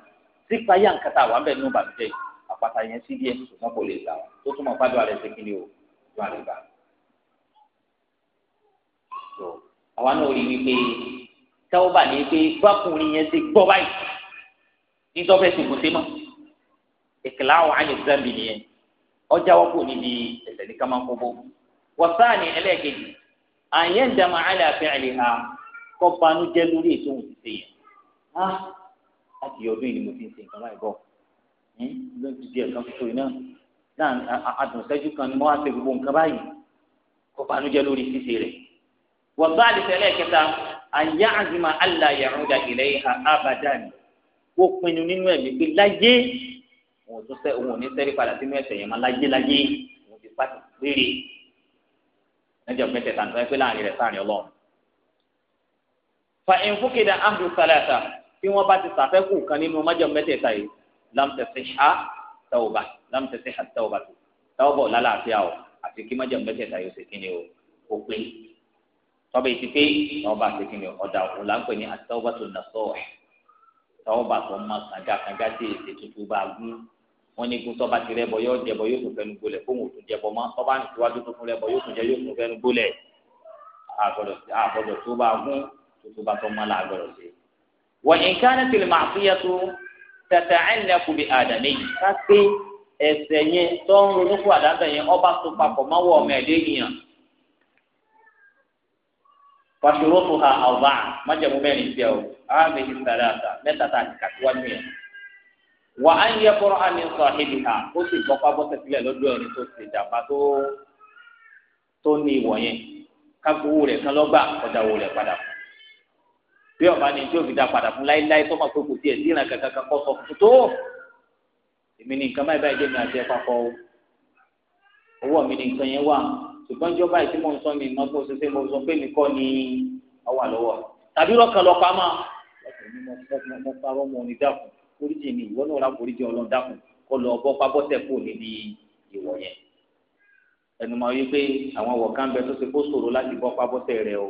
sípa yá nǹkan tá a wà ń bẹ̀ nínú ìbànújẹ́ yìí àpáta yẹn sí díẹ̀ ṣùgbọ́n kò lè gbà wọ́n tó túmọ̀ pàdé àrẹ ṣe kíni o ló àrẹ gbà. àwa náà rí wípé táwọn bá ní pé gbákùnrin yẹn ti gbọ́ báyìí nítorí fẹ́ẹ́ kò ọjà wọn kò níbi ẹsẹ̀ ní kama kóbó wọ́sáàni ẹlẹ́ẹ̀kejì àyẹn dàmà àlẹ́ àfẹ́rẹ́ ha kọ́ banú jẹ́ lórí ètò òun ti sèyàn á ah, láti ọdún yìí ni mo ti ń ṣe nǹkan láì bọ̀ hmm, ló ti di ẹ̀kan tuntun yìí náà náà àdùnsẹ́jú kan ni mo wá ṣe gbogbo nǹkan báyìí kọ́ banú jẹ́ lórí ṣíṣe rẹ̀ wọ́sáàni ẹlẹ́ẹ̀kẹta àyà àzìmọ̀ àlàyé ọ̀dà òun tó sẹ òun ò ní sẹ́rí padà sínú ẹ̀ṣẹ̀ yẹn máa lájélájé òun ti pàtó péré lẹ́jọ́ mẹ́tẹ̀ẹ̀ta tó ẹ pé láàrin rẹ̀ sáàrin ọlọ́run. fa ìfúkìdá ahlu salasa tí wọ́n bá ti sàfẹ́kù kan nínú májọ̀ mẹ́tẹ̀ẹ̀ta yìí lámtẹ̀sẹ̀ ṣá tàwùbà lámtẹ̀sẹ̀ ṣá tàwùbà tó tàwùbà lálàáfíà o àti kí májọ̀ mẹ́tẹ̀ẹ̀ta yìí ó ṣe kí ni o kò pé tọ́ba ti pé tàwùbà ṣe kí ni ọ̀dà òun là ń pè ní àtàwùbà tó nà sọ́ọ̀ tàwùbà tó má kàńgá kàńgá tí èsì bá gún wọn ní kó sọba ti rẹ bọ yóò jẹbọ yóò tún fẹnu gbolẹ kó wọn ò tún jẹbọ mọ sọba ní tiwájú tó tún rẹ bọ yóò tún jẹ yóò tún fẹnu gbolẹ àgbọ́dọ̀ tó bá gún tó tó bá tó mọ la àgbọ́dọ̀ sí. wọ nǹkan ní tìlímà àfihàn tó tẹtẹ ẹnlẹ kù bí àdàmé yìí ká pé ẹsẹ yẹn tó ń ronú fún àdàbẹ yẹn ọba tó papọ̀ má wọ ọmọ ẹ̀dẹ́ yìnyàn. pàṣẹ rọ́tò ha àwọn wà á yẹ kọ́rọ́ àmì sọ àhìbì hà ó sì gbọ́ pábọ́sẹ̀ sílẹ̀ lọ́dọ̀ ẹni tó ti jàmbá tó tó ní ìwọ̀ yẹn kágbówó rẹ̀ kan lọ́gbà ọjà wo rẹ̀ padà fún bí ọba ni tí o fi da padà fún láéláé tó máa tó kù tiẹ̀ dínà kankan kọ́ sọ fún tó èmi ni nǹkan báyìí báyìí mi àti ẹ̀ papọ̀ o owó mi ni nǹkan yẹn wà ṣùgbọ́n ìjọba yìí tí mò ń sọ mi máa tó mo sọ pé mi kọ́ ni ọ lọ́wọ́ tàbí rọ́ọ̀kan lọ pa máa mo parọ́ mo ní dàkún foríjì mi ìwọ náà rà foríjì ọlọ́run dákun kọ́ lọ bọ́ pábọ́tẹ̀ kò níbi ìwọ yẹn ẹnu máa yí pé àwọn ọ̀wọ̀ kan bẹ tó ṣe kó ṣòro láti bọ́ pábọ́tẹ̀ rẹ o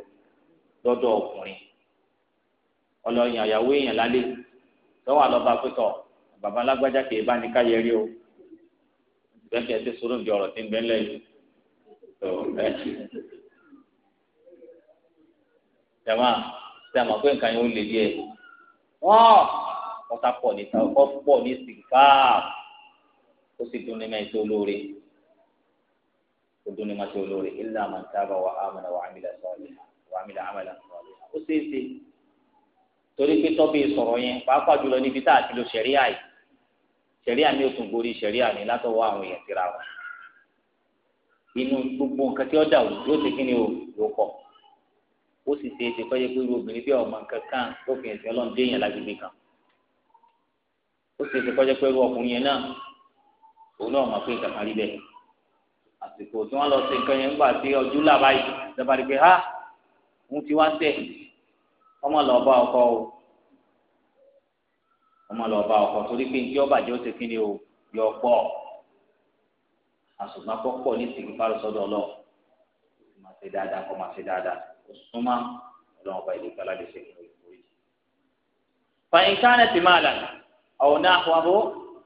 lọ́dọ̀ ọkùnrin ọlọ́yin àyàwó èèyàn lálẹ́ lọ́wọ́ àlọ́ba pẹ́tọ̀ bàbá alágbájá kì í bá ní káyẹ rí o bẹ́ẹ̀ kí ẹ ti sọ̀rọ̀ di ọ̀rọ̀ tí ń bẹ́ ńlẹ̀ yìí jama sẹ́wọ̀n pé nǹkan yẹn ó lè díẹ̀ wọ́n kọ́sá pọ̀ ní sáà kọ́ pọ̀ ní sìgá ó sì dún ní mẹ́rin tó lóore ó dún ní mẹ́rin tó lóore ilé àmà ń sábà wà ámàlà wà ámìlà sọ̀rọ̀ wà ámìlà ámàlà sọ̀rọ̀ ó ṣeé ṣe torí pé tọ́bí sọ̀rọ̀ yẹn pàápàá jùlọ níbi tá a ti lo ṣẹ̀ríà yìí ṣẹ̀ríà mi ò tún borí ṣẹ̀ríà mi látọwọ́ àwọn èèyàn síra wọn inú gbogbo nǹkan tí ó dà yóò ṣe kí ni o ló kọ ó sì ṣe é ṣe kọ́ yẹ pé irú obìnrin bí ọmọ nǹkan kan lófin ẹ̀sìn ọlọ́run dé èèyàn lágbègbè kan ó si ṣe kọjá pé ọkùnrin yẹn náà òun náà mọ̀ pé ìkàkà rí bẹ́ẹ̀ àsìkò tí wọ́n lọ sí nǹkan yẹn nígbà tí ọjọ́ là báyìí rí pé ha òun ti wá tẹ̀ ọmọ lọ bá ọkọ o ọmọ lọ bá ọkọ torí pé njẹ́ ọbàjẹ́ ó ṣe kí o yọ pọ̀ àsùnmọ́ pọ̀ ní ìsìnkú fáró sọ́dọ̀ ọlọ́ọ̀ máa ṣe dáadáa kọ́ máa ṣe dáadáa ó súnmọ́ ọlọ́run ọba ìlú ṣe kí fàyínká náà ti máa ọ̀hún náà wà bó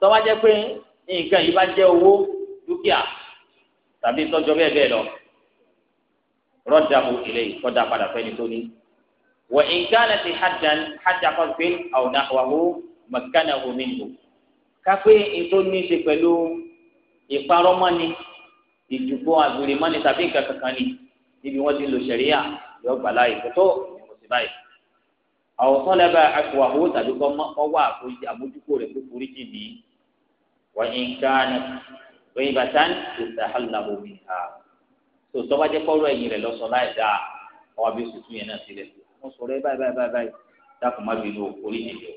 tọ́wá jẹ́ pé nǹkan yìí bá jẹ́ owó dúkìá tàbí tọ́jọ́ bẹ́ẹ̀ bẹ́ẹ̀ lọ rọ́dàmù ilé ìkọ́dà padà fẹ́ni tó ní. wọ nǹkan ti hajjan hajjan kan pé ọ̀hún náà wà bó mọ̀kánà omi nù. kápé ètò ní ṣe pẹ̀lú ìparọ́mọ́ni ìdìbò àgbèrè mọ́ni tàbí nǹkan kankan ni níbi wọ́n ti lò ṣẹ̀ríyà yọ gbàlá ìfọ́tò ìmọ̀sí àwòsàn lẹ́bàá àkùwà owó tàbí kọ́ ọwọ́ àbójúkò rẹ̀ kó forí jì mí wà ní nǹkan lóyìn bàtà ní ìta àlàbò mi ha tó tọ́ bá jẹ́ kọ́rọ́ ẹ̀yìn rẹ̀ lọ́sọ̀ láì dáa ọwọ́ bí oṣù tún yẹn náà sílẹ̀ wọ́n sọ̀rọ̀ ẹ báyìí báyìí báyìí dákun má bínú forí jì mí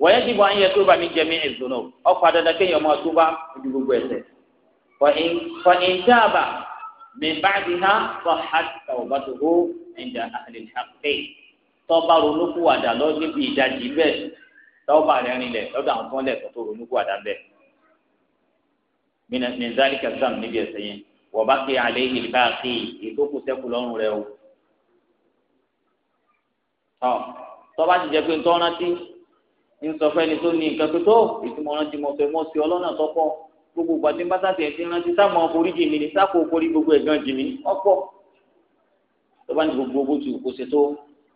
wọ́n yẹn ti bọ̀ ayé tó bá mi jẹ mí ìdùnnú ọkọ̀ àdàdà kéèyàn máa tó bá ojú gbogbo ẹ̀ṣẹ̀ fa tọ́ba ronúkúwàdà lọ níbi ìdajì bẹ́ẹ̀ tọ́ba rẹ̀ rinlẹ̀ lọ́dọ̀ àwọn tó ń lẹ̀ tó ronúkúwàdà bẹ́ẹ̀. min zalika zam níbi ẹ̀sẹ̀ yẹn wa baqi alayhi al-baqi ètò kù sẹ́kù lọ́rùn rẹ̀ o. tọ́ba ti jẹ́ pé ntọ́ rántí ń sọ fẹ́ni tó ní nǹkan tó ìtumọ̀ rántí mọ̀ fẹ́ mọ̀ sí ọlọ́nà tọ́pọ̀ gbogbo gbàdé bá sáfì ẹ̀sìn rántí sáàmù ọkùnrí jìmì ní sáàkó ọkùnrí gbogbo ẹ̀gán jìmì ọ̀pọ̀ tọ́ba ní gbogbo bó ti ṣe tó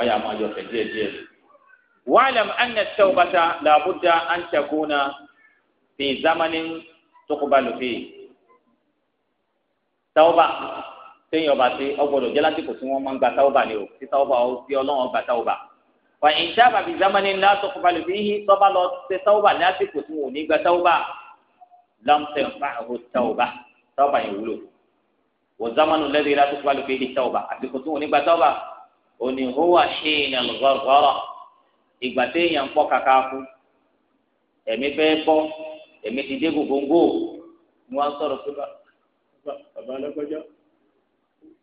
ọyà máa yọ fẹ̀ díẹ̀ díẹ̀. wàhálàm ẹnna tẹ́wọ́bàtà làbújá àǹtẹ̀kùnà fi zamani tókùbálùfì. tẹ́wọ́bà sẹ́yìn ọba sí ọgbọ́dọ̀ jẹ́ lásìkò tí wọ́n máa ń gba tẹ́wọ́bà ni o tí tẹ́wọ́bà ó fi ọlọ́run gba tẹ́wọ́bà. wà ìṣá bàbí zamani ńlá tókùbálùfì yìí tọ́ba lọ ṣe tẹ́wọ́bà lásìkò tí wọn ò ní gba tẹ́wọ́bà lamtẹn fáwọn tẹ́wọ́bà tẹ́wọ́bà yẹn wúlò. wò zamanu lẹ́dí òní huwa ṣéyìn alùpàgọ́rọ̀ ìgbà téèyàn ń pọ́ kàkà kú ẹ̀mí fẹ́ bọ́ ẹ̀mí ti dé gògóńgò ni wọ́n sọ̀rọ̀ pé bàbá alágbájá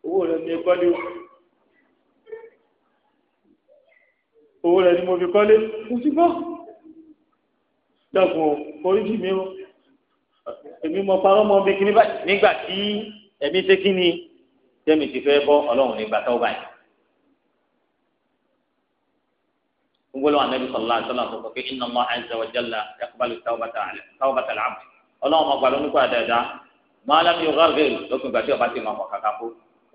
owó rẹ̀ ni ẹ̀kọ́ ni owó rẹ̀ ni mo fi kọ́lé mo ti gbọ́ dàgbọ́n oríṣi mi o èmi mọ parọ́ mọ bí kíní báyìí nígbà tí ẹ̀mí ṣe kíni tẹ́mi ti fẹ́ bọ́ ọlọ́run nígbà tó báyìí. gbogbo anabi sọlá sọlá sọ pé iná mọ azza wa jalla yakubalu tawbata al'abd ọlọ́run ọgbà ló ní kó àdáadáa maala mi ọgá rẹ lókun gbàtí ọba ti máa mọ kàkà kó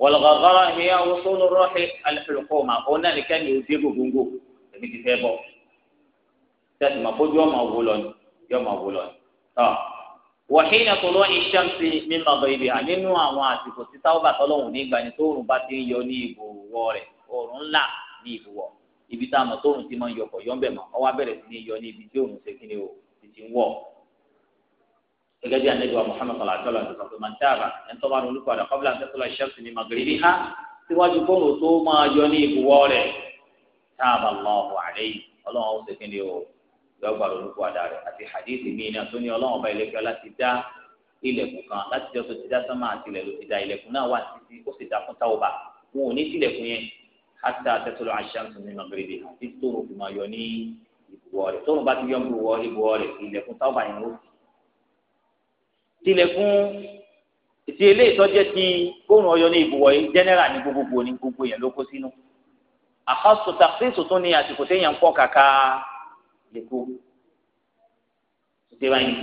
wọlọgọgọrọ ìyá wosónú rọhẹ alifilkoma òun náà nìkan ni òde gbogbo èmi ti fẹ́ bọ tẹsí ma fojú ọmọ wò lọ ni yọmọ wò lọ ni tọ wàhíìnà tòló ìṣàǹsì mímọ bọ ibi à nínú àwọn àsìkò tí tawbata ọlọ́run nígbà ni tóorùn bá ti ń yọ ní ìbòwọ rẹ òòrùn ńlá ní ìbòwọ ibi tá a mọ̀ tóorùn ti máa ń yọkọ̀ yọ̀ ń bẹ̀ mọ́ ọ wá bẹ̀rẹ̀ sí ní yọ ní ibi tí òun ṣe kíni o ti ti ń wọ̀ gẹ́gẹ́ bí anagba Muhammad sallallahu alaihi wa sallam mantaaba ẹ̀ńtọ́ bá ronú padà kọ́bílà ń tẹ́tọ́ la ṣẹ́fù ní magrebi ha síwájú kóòrò tó máa yọ ní ìbúwọ́ rẹ̀ táàbà Allahu alayhi ọlọ́run ó sèké ni o ilẹ̀kùn kan láti jọ́ tó ti dá sánmà àti ilẹ̀ ló ti dá ilẹ̀kùn náà wà títí ó sì dá fún táwọ̀bà wọn ò ní tilẹ̀kùn yẹn hátà tẹ́tọ́lọ́ aṣáǹtì ní magrebe àti tóun fi máa yọ ní ìbùwọ́ rẹ̀ tóun bá ti yọ ìbùwọ́ ìbùwọ́ rẹ̀ ilẹ̀kùn táwọn àyàn ó sì tilẹ̀kùn ti eléyìí tọ́jẹ́ ti kóun ọyọ ní ìbùwọ̀ yìí jẹ́nẹ́rà ní gbogbogbò ní gbogbo yẹn ló kó sínú àkọsùn tàkìsù tún ní àsìkò téèyàn ń kàkà lẹ́kọ́ ṣe báyìí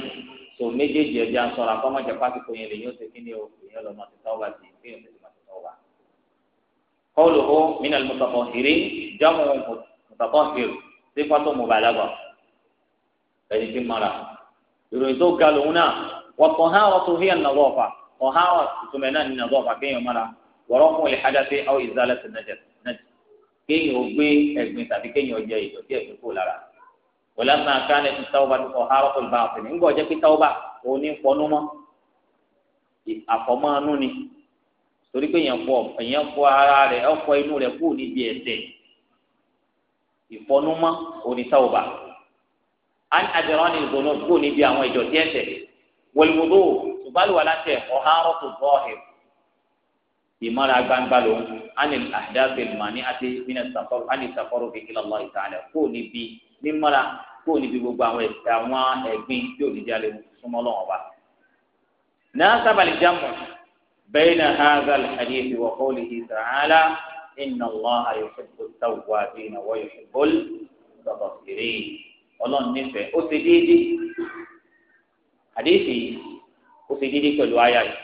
tó méjèèjì ẹ̀jẹ̀ ń sọ̀rọ̀ àkọ́mọ̀jẹ̀ pásítọ̀ yẹn lè yóò ṣe kí ni o èèyàn lọ́mọ ti tọ́wọ́ bá ti kéèyàn قوله من المتطهرين جمع متطهر صفة مبالغة ẹni tí mara ìròyìn tó ga lòun náà wọ́n kàn hàn wọ́n tó hí ẹ̀nà wọ́ọ̀fà kàn hàn wọ́n tuntun náà nínú wọ́ọ̀fà kéèyàn mara wọ́rọ́ fún ìhádàfẹ́ àwọn ìzálẹ̀ tó nàjẹ̀ kéèyàn ó gbé ẹ̀gbin tàbí kéèyàn jẹ ìdọ̀tí ẹ̀gbin kó lára wọ́n lásán àkáńlẹ̀ tó táwọ́bà tó kàn hàn wọ́n tó bá àfẹ́ nígbà ọjọ́ pé táwọ́bà òun ní fọnú mọ́ àfọmọ́ anú ni torí pé èèyàn fọ èèyàn fọ ara rẹ̀ ọkọ inú rẹ̀ kú níbi ẹ̀ṣẹ̀ ìfọnúmọ́ onítàwọ̀bà án àjọrán ní ìgbóná kú níbi àwọn ìjọ tí ẹ̀ṣẹ̀ wọlúwọlú ṣùgbọ́n aláṣẹ ọ̀hánrọ̀ tó bọ́ ẹ̀ ìmọ̀ra gbangba ló ń ani àdáṣe màní àti mina sàkọrọ ani sàkọrọ kékeré lọ ìtàlẹ̀ kú níbi mímọ́ra kú níbi gbogbo àwọn ẹ̀gbin tí ò ní jáde súnmọ́ lọ́wọ́ bá. náà sábàlì jámù بين هذا الحديث وقوله تعالى إن الله يحب التوابين ويحب المتطهرين ọlọ́run nífẹ̀ẹ́ ó ti dídí àdéhìí ó ti dídí pẹ̀lú àyà yìí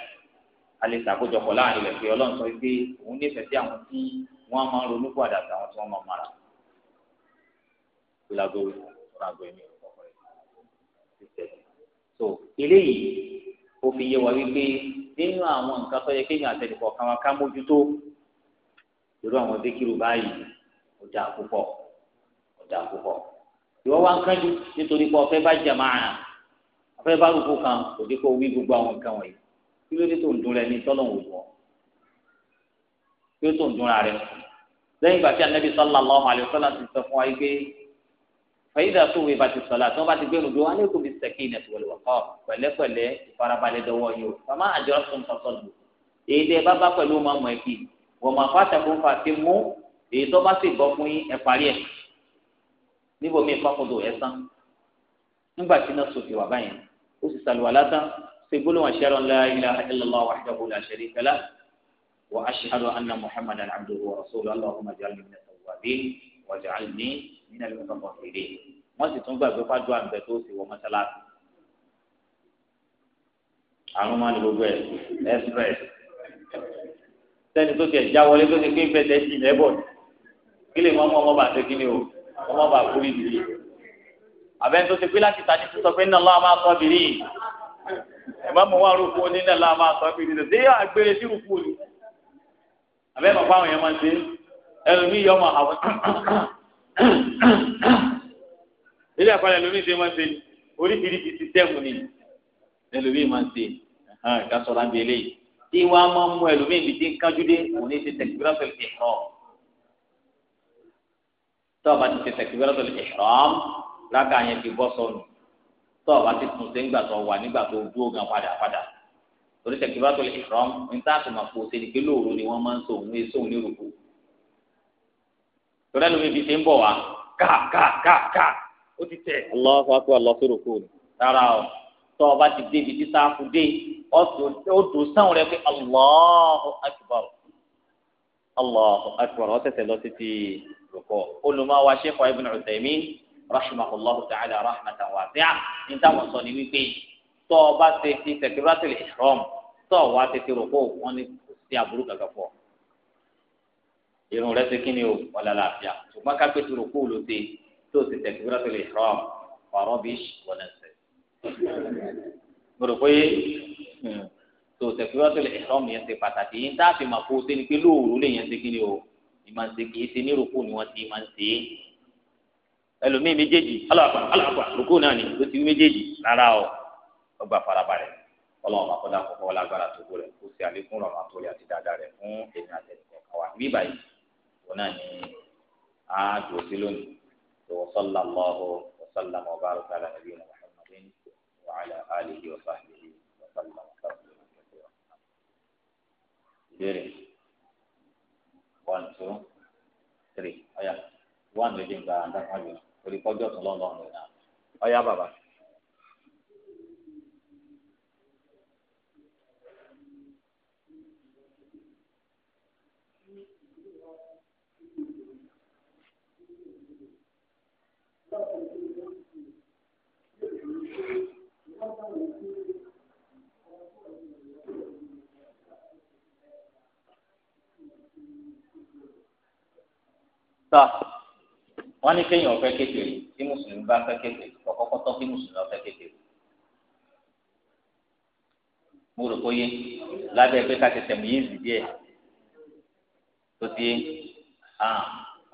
a lè ṣàkójọpọ̀ láàrin rẹ̀ pé ọlọ́run sọ pé òun nífẹ̀ẹ́ sí àwọn tí wọ́n máa ń ronú padà sí àwọn tí wọ́n máa mara ìlàgbọ̀ ìlàgbọ̀ ẹ̀mí ọ̀pọ̀ rẹ̀ so eléyìí ó fi yé wa wípé nínú àwọn nǹkan tó yẹ kéèyàn àtẹnukọ̀ kan wá ká mójútó irú àwọn dékìrù báyìí ó dáa púpọ̀ ó dáa púpọ̀ ìwọ wá ń kánjú nítorí pé ọ̀fẹ́ bá jàmá àrà ọ̀fẹ́ bá rúkú kan kò dé kó wí gbogbo àwọn nǹkan wọ̀nyí kí ló dé tó ń dun rẹ ní tọ́lọ̀ wò wọ́n kí ló tó ń dunra rẹ lẹ́yìn ìgbà tí anabi sallallahu alaihi wasallam ti sọ fún wa yìí fẹyìndà tó wẹ bàtí sọlá tí wọn bá ti gbẹrù dúró wọn lẹkọọ bí sẹkẹ ilẹ tó wọlé wọkọ pẹ̀lẹ́pẹ̀lẹ́ ìfarabalẹ̀ dọ́wọ́ yìí o fama àjọ sùn sọsọ lù èyí tẹ bá bá pẹ̀lú ọmọ ọmọ ẹkì wọn máa fà tẹkùn fà ti mú èyí tó bá sì gbọ́ fún yín ẹ parí ẹ níbo mi fọkùdù ẹ sán nígbà tí náà sòfì wà báyìí ó sì sàlùwà látàn ṣe gbólóhùn àṣẹ ọlọ́lá ilà illallah nínú ẹgbẹ́ kan kan fèrè wọ́n sì tún gbàgbé fájú àǹbẹ tó sì wọ mọ́ṣáláṣí. àrùn máa ní gbogbo ẹ̀ express sẹ́ni tó tiẹ̀ já wọlé tó ti pín fẹsẹ̀ sí ilẹ̀ bọ̀ kí lè mọ ọmọ ọmọ bá ṣe kí ni o ọmọ bá kú ní ìdílé àbẹ́ tó ti pín láti ta ní sísọ pé náà lọ́wọ́ máa sọ bìrì ẹ̀mọ́ mọ̀ wá rúkú ní náà lọ́wọ́ máa sọ bìrì ṣé àgbèrè sí rúkú ni àbẹ́ mọ̀ fáwọn yẹn máa ṣe ẹlòmíì yọ ọmọ àwọn ilé àpárá ẹlòmíì ṣe máa ń ṣe oríṣiríṣi sísẹ́mù ni ẹlòmíì máa ń ṣe ká sọ̀rọ̀ àbí eléyìí tí wàá máa ń mú ẹlòmíì bìí tí ń kájú dé òní ṣe tẹkibirasọ̀lì ìṣọ̀ tó o bá ti ṣe tẹkibirasọ̀lì ìṣọ̀ lága yẹn ti bọ́ sọnù tó o bá ti tún ṣe ńgbà tó wà nígbà tó dúró gan padà padà torí tẹkibirasọ̀lì ìṣọ̀ níta tó máa fò ṣe ni pé lóòrò ni wọ́n máa ń sọ òun èso òun ní rògbò tọ́lá ló fi ṣe ń bọ̀ wá ká ká ká ká ó ti tẹ̀. aláwọ̀ akọ́ àlọ́sọ̀rọ̀ kò ní. rárá o tọ́ ọ bá ti débi tí sáfù dé ó dùn sáwọn rẹ pé Allahu akbar Allahu akbar ó tẹ̀sẹ̀ lọ sí ti rúkọ olùmọ̀wá Sheikh Ibn Uthaymeen rahimahullahu ta'ala rahmatan Taala ní táwọn sọ ni wípé tọ́ ọ bá ṣe ti takbiratul ihram tọ́ ọ wá ṣe ti rúkọ wọn ni kò sí àbúrú kankan irun rẹ ṣe kí ni o wàlá làáfíà ṣùgbọ́n kápẹ́ tó rò kó ló dé tó ti tẹ̀ kíkúrẹ́ tó lè rọ ọ̀rọ̀ bí wọlé ṣe. mo rò pé hmm, tó tẹ̀ kíkúrẹ́ tó lè rọ mi yẹn ṣe pàtàkì yín tá a fi máa kó o ṣe ni pé lóòrò lè yẹn ṣe kí ni o ìmọ̀ ṣe kì í ṣe ní rògbò ni wọ́n ti máa ń ṣe é. ẹlòmíì méjèèjì aláàbà aláàbà rògbò náà ni ló ti wí méjèèjì tó kó rẹ̀ kó ṣe àlékún rọ̀mọ́ àtòlẹ́ àti dáadáa rẹ̀ fún èmi àtẹnìkọ̀ọ̀kan wa bíbáyìí náà ní àádùn sí lónìí tó sọlá lọ́hùn sọlá mọ́ bá rúkà lánàá bí wọn. وعلى آله وصحبه وسلم تسليما كثيرا Jadi, one, two, three. Ayah, one lagi yang dah anda kau jadi kau jauh tolong tolong ni nak. Ayah bapa. rahimahullah wọn ní kéèyàn ọfẹ kékeré tí mùsùlùmí bá fẹ́ kékeré kọkọkọ tọ kí mùsùlùmí ọfẹ kékeré mo rò kó yé lábẹ́ pé ká tẹsẹ̀ mú yéèzì díẹ̀ tó ti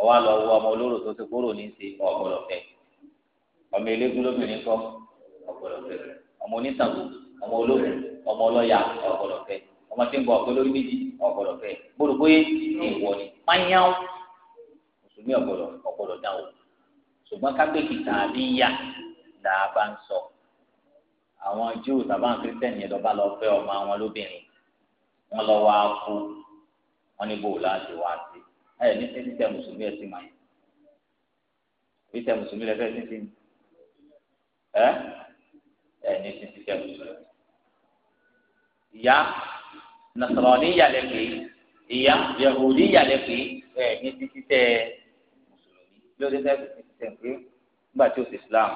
ọwọ́ àlọ́ wo ọmọ olóró tó ti kúrò ní ti ọ̀gbọ̀dọ̀ fẹ́ ọmọ eléégún lóbìnrin kọ́ ọ̀gbọ̀dọ̀ fẹ́ ọmọ onítàgbò ọmọ olóògùn ọmọ ọlọ́yà ọ̀gbọ̀dọ̀ fẹ́ ọmọ tí ń bọ̀ ọ̀pẹ lórí méjì ọ̀gbọ̀dọ̀ fẹ́ mo rò kó ìwọ ni pányáwó mùsùlùmí ọ̀gbọ̀dọ̀ ọ̀gbọ̀dọ̀ dá o ṣùgbọ́n kápẹ́kì tàbí yá là á bá ń sọ àwọn Júù tàbá àwọn kírísítẹ́nì yẹn lọ́ba lọ fẹ́ ọmọ àwọn lóbìnrin wọn lọ wá kú wọn ní bòwò láti wá sí ẹ ní sí títẹ mùsùlùmí ẹ sí máa yẹ títẹ mùsùlùmí rẹ fẹ́ sí ẹ ẹ ní sí títẹ mùsùlùmí ìyá nasọ̀rọ̀ níyàlẹ́ pé ìyá yahudi yàlẹ́ pé ẹ ní sí títẹ lórí tẹ́sí ti tẹ̀ pé nígbà tí ó ti Islam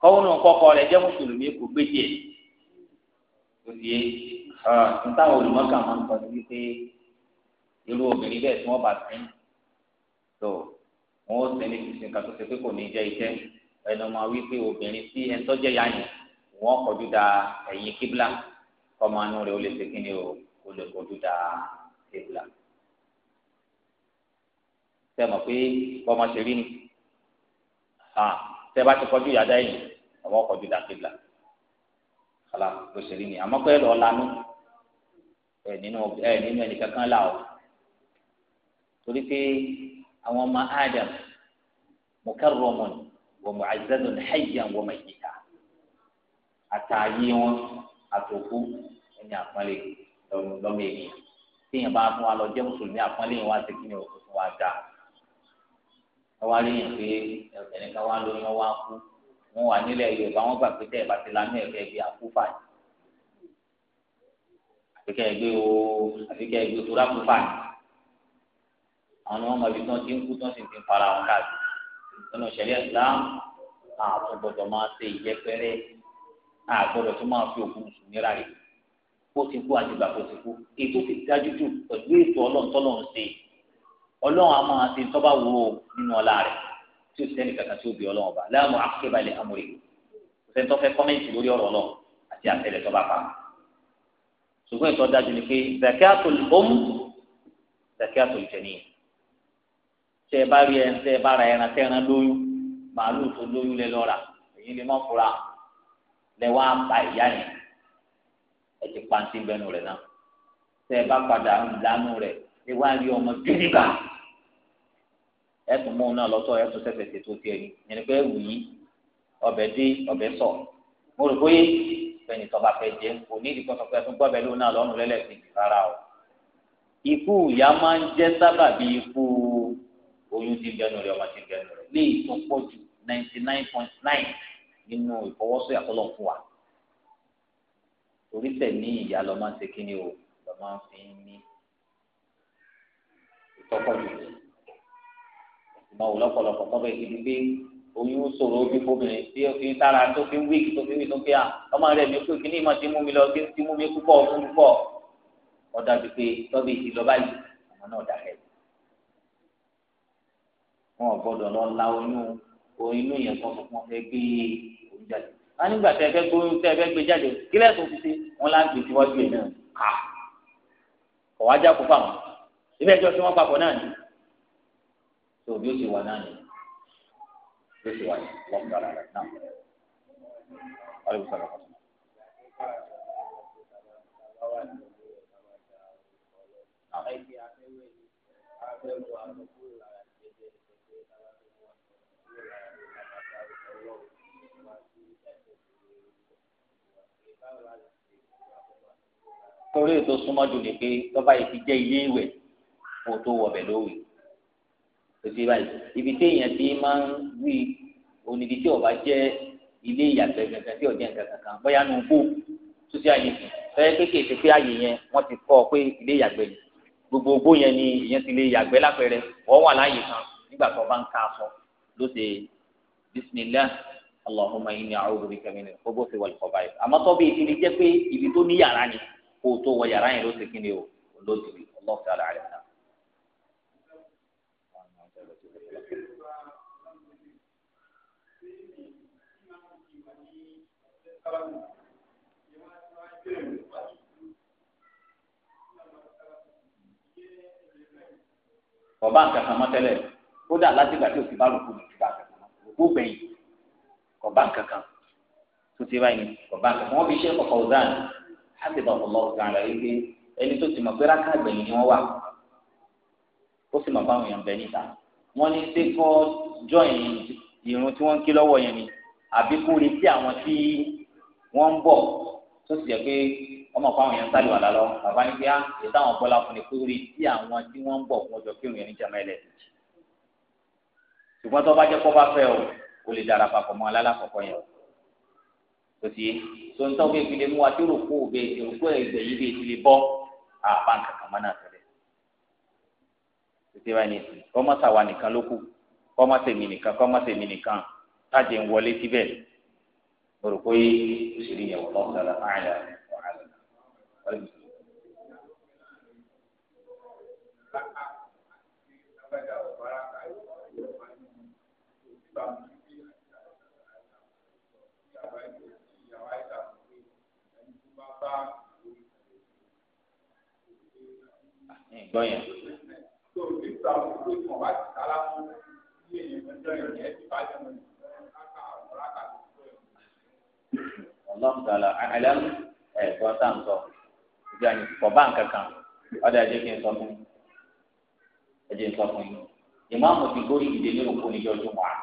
kọ́wọ́nù kọ́kọ́ rẹ̀ jẹ́ mùsùlùmí kò gbéjì ẹ̀ kò sí ẹ̀ nítawọn olùmọ́kà máa ń sọ ní wípé irú obìnrin bẹ́ẹ̀ tí wọ́n bá sin tó wọ́n ó sin ní kìsìn kan tó ṣe pé kò ní jẹ́ iṣẹ́ ẹnu máa wí pé obìnrin tí ẹni tó jẹ́ yanni wọ́n kọjú da ẹ̀yìn kíbla kọ́ máa nú rẹ̀ ó lè ṣe kí ni o ó lè kọjú da kíbla tẹ mọ̀ pé bọ́mọ ṣe rí ni tẹ bá ti kọjú yàda yìí àwọn kọjú dàkìlà kàlà ló ṣe rí ni àmọ́ pé lọ́ọ́ lanú ẹ nínú ẹ nínú ẹnìkankan là ọ́ torí pé àwọn ọmọ Adam mukarramun wa mu'azzazun hayyan wa mayyita àtàyé wọn àtòkú ẹni àpọ́nlé lọ́mọ ènìyàn téèyàn bá fún wa lọ jẹ́ mùsùlùmí àpọ́nlé yẹn wá kí ni òkú fún wa dáa káwá rí yàn pé ẹnì kan wá lóyún wá kú wọn wà nílẹ̀ Yorùbá wọn gbà pé tẹ ẹ bá ti lanú ẹgbẹ bíi àkúfà ni àfikẹ ẹgbẹ o àfikẹ ẹgbẹ tó lákúfà ni àwọn ni wọn mọ ibi tí wọn ti ń kú tí wọn sì ti ń fara wọn káàkiri nínú ìṣẹ̀lẹ̀ Islam àtúgbọ́dọ̀ máa ṣe ìjẹpẹrẹ àgbọ́dọ̀ tó máa fi òkú mùsùlùmí rárẹ kó ti kú àti ìgbà kó ti kú ètò ti dájú jù pẹ̀lú ètò ọlọ́ntọ́lọ́run ṣe ọlọ́run àmọ́ àti ntọ́ba wo nínú ọlá rẹ̀ tí o sẹ́ni kankan tí o bí ọlọ́run ọba láàmú akébalẹ̀ amúre kò sẹ́ni tó fẹ́ kọ́mẹ́ǹtì lórí ọ̀rọ̀ náà àti àtẹ̀lẹ̀ tọ́ba pa ṣùgbọ́n ìtọ́ dájú ni pé zakatul om um, zakatul jẹni tẹ bá rí ẹran tẹ bá ra ẹran tẹ ẹran lóyún màálùú tó lóyún lẹ lọ́ra èyí lè mọ́ fura lẹ wá pa ìyá yẹn ẹ ti pa ń ẹtù mú un náà lọ́tọ̀ ẹtù sẹ̀sẹ̀ ṣètò tiẹ̀ ni ẹni pé ẹ̀wù yìí ọbẹ̀ dé ọbẹ̀ sọ̀ mo rò bóyá bẹ́ẹ̀ni tọ́ba fẹ́ jẹ́ kò ní ìdíkọ́ sọ̀kẹ́ tó gbọ́ bẹ́ẹ̀ lóun náà lọ́rùn lẹ́lẹ́sìn rárá o ikú ìyá máa ń jẹ́ sábàbí ikú oyún ti bẹnu rẹ̀ ọmọ ti bẹnu rẹ̀ lè tó pọ̀ ju ninety nine point nine nínú ìfọwọ́sọ̀yà tó lọ fún wa torí tẹ̀ ní ìyá lọ́ máa ń ṣe o lọ́ máa ń ní ìtọ́kọ̀ jù lọ ṣùgbọ́n wò lọ́pọ̀lọpọ̀ tó bẹ́ẹ̀ gidi pé oyún sòrò bí fóbìnrin tí ó fi sára tó fi ń wíìkì tó fi ń wí tó fi à ah, ọmọ rẹ̀ mi pé kíní ìmọ̀ ti mú mi lọ kí ti mú mi púpọ̀ púpọ̀ ọ̀dà bíi pé tọ́bí ìlọ báyìí ọmọ náà dàkẹ́ wọn ò gbọdọ̀ lọ la oyún oyún yẹn kan fún wọn fẹ́ gbé oyún jáde wọn nígbà tẹ fẹ́ gbé oyún tẹ fẹ́ gbé jáde kílẹ̀ tó fi ṣe wọn lá gbé síwájú ẹ̀ náà kà kọ̀wájà kó fáwọn ibẹ̀ jọ sí wọn papọ̀ náà ni tó bí ó ti wà náà nìyẹn bí ó ti wà yìí wọ́n gbára rẹ̀ náà wọ́n lè sọ̀rọ̀ kọ́tù. torí ètò súnmọ́jú ni pé tọ́ba yìí ti jẹ́ ilé kó tó wọbẹ̀ lówìí tòtí báyìí ibi tí èèyàn ti máa ń wí onídìí tí ọba jẹ́ ilé ìyàgbẹ́ kankan tí ọjà nǹkan kankan bóyá nù kó tó sí àyè sùn fẹ́ẹ́ kéèké pé àyè yẹn wọ́n ti kọ́ pé ilé ìyàgbẹ́ yìí gbogbo ogbó yẹn ni èèyàn ti lè yàgbẹ́ lápẹ̀rẹ̀ wọ́n wà láàyè kan nígbà tó bá ń ka aṣọ ló ṣe bismillah allahumma inni a'udhu bika min al-khubuthi wal khaba'ith àmọ́ tó bíi ìdílé jẹ́ pé ibi tó ní yàrá yẹn kó o tó wọ yàrá yẹn ló ọba nkankan mọ tẹ́lẹ̀ kódà láti gbà tí òsì bá lòkù lòkù bá nkankan lòkù gbẹ̀yìn ọba nkankan tó ti báyìí ọba nkankan wọn fi ṣe kọkọ ọdán láti bá ọkọ ọgbà rẹ wípé ẹni tó ti mọ pé rákà gbẹ̀yìn ni wọn wà ó sì mọ pé àwọn èèyàn bẹ níta wọn ní ṣé kọ jọyìn irun tí wọn ń kí lọ́wọ́ yẹn ni àbí kó retí àwọn tí wọ́n ń bọ̀ tó sì jẹ́ pé ọmọ fáwọn èèyàn sáré wà lálọ́ bàbá ní pé á ah, èyí táwọn bọ́lá fún ni pé orí tí àwọn tí wọ́n ń bọ̀ fún ọjọ́ kírun yẹn ní jama ẹlẹ́dẹ̀ẹ́jì ṣùgbọ́n tó bá jẹ́ kó bá fẹ́ o kò lè dára papọ̀ mọ́ alálàkọ̀kọ́ yẹn o tó ti tó ń tọ́ bí ìpìlẹ̀ mú wa tí òrùkú òbẹ òrùkú ẹgbẹ́ yìí bí ìpìlẹ̀ bọ́ àbá nǹkan kan mọ́ náà tẹ̀lé tó báyìí kọ́mọ́sà wa nìkan ló kù kọ́mọ́sà èmi nìkan kọ́mọ́sà èmi nìkan tájẹ̀ ń wọlé síbẹ̀ ورقوي سرية والله تعالى أعلى وأعلم gbọ́yẹn. tó o ti ọlọ́mùsàlà àlẹ́mú ẹ̀gbọ́n tá ìgbà yìí kọ̀ bá kan ọ̀dà ẹ̀jẹ̀ kí n sọ fún ẹ̀jẹ̀ ń sọ fún yín ìmáàmù ti gbórí ìdè ní òkú níjọ́ jùmọ̀ à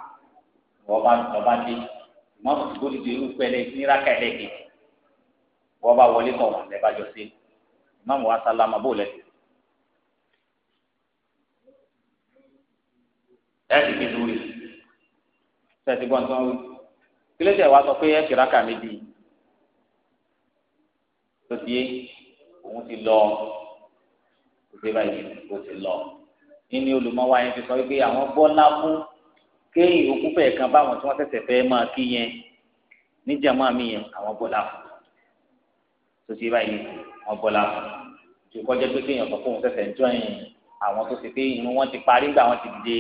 wọ́n bá dé ìmáàmù ti gbórí ìdè ní òkú ẹ̀lẹ́ níraka ẹ̀lẹ́kẹ̀ wọ́n wọlé kọ̀ wọ́n lẹ́ẹ̀ sí ìmáàmù wa sálámà bó kílẹ̀sẹ̀ wa sọ pé ẹ ti rákà méjì tó ti yé òun ti lọ kó ti báyìí kó ti lọ nínú olùmọ̀wá yẹn ti sọ pé àwọn bọ́lá fún kéyìn okúfẹ̀ kan báwọn tí wọ́n tẹ̀sẹ̀ fẹ́ máa kí yẹn níjàmá mi yẹn àwọn bọ́lá fún tó ti báyìí wọ́n bọ́lá fún ju kọjá pé kéyìn ọ̀sán fóun tẹ̀sẹ̀ ń jọ yẹn àwọn tó ti pé inú wọn ti parí gbà wọn ti dìde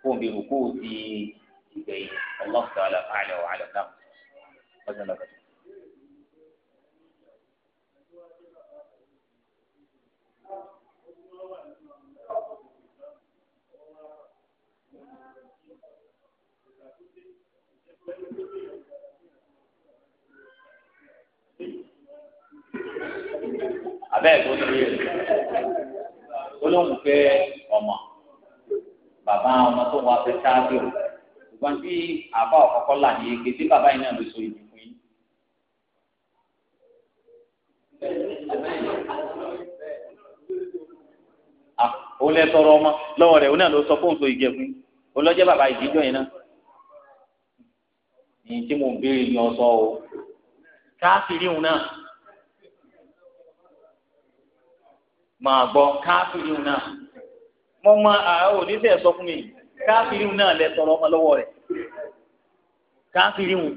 fóun bí rúkú ti ìgbẹ́ yìí ọlọ́ọ̀tà àlẹ́ àlẹ́ àlẹ́ náà ọjọ́ lọ́kọ̀. abẹ́ ẹ̀gbọ́n ti rí olóhùn pé ọmọ bàbá ọmọ tó wà fẹ́ sáájú wọn tí àbá ọ̀kọ̀kọ̀ là ní ege tí bàbá yìí náà ló so ìdí fún yín. ó lẹ tọrọ ọmọ lọ́wọ́ rẹ̀ ó náà ló sọ fóun so ìjẹ fún yín ó lọ jẹ́ bàbá ìdíjọ́ yẹn náà. ní tí mo béèrè ní ọsọ o káàkiri òun náà máa gbọ́ káàkiri òun náà mo máa àwọn onífẹ̀ẹ́ sọ fún mi yìí. káfíìrìhùn náà lẹ tọrọ ọmọ lọ́wọ́ rẹ̀ káfíìrìhùn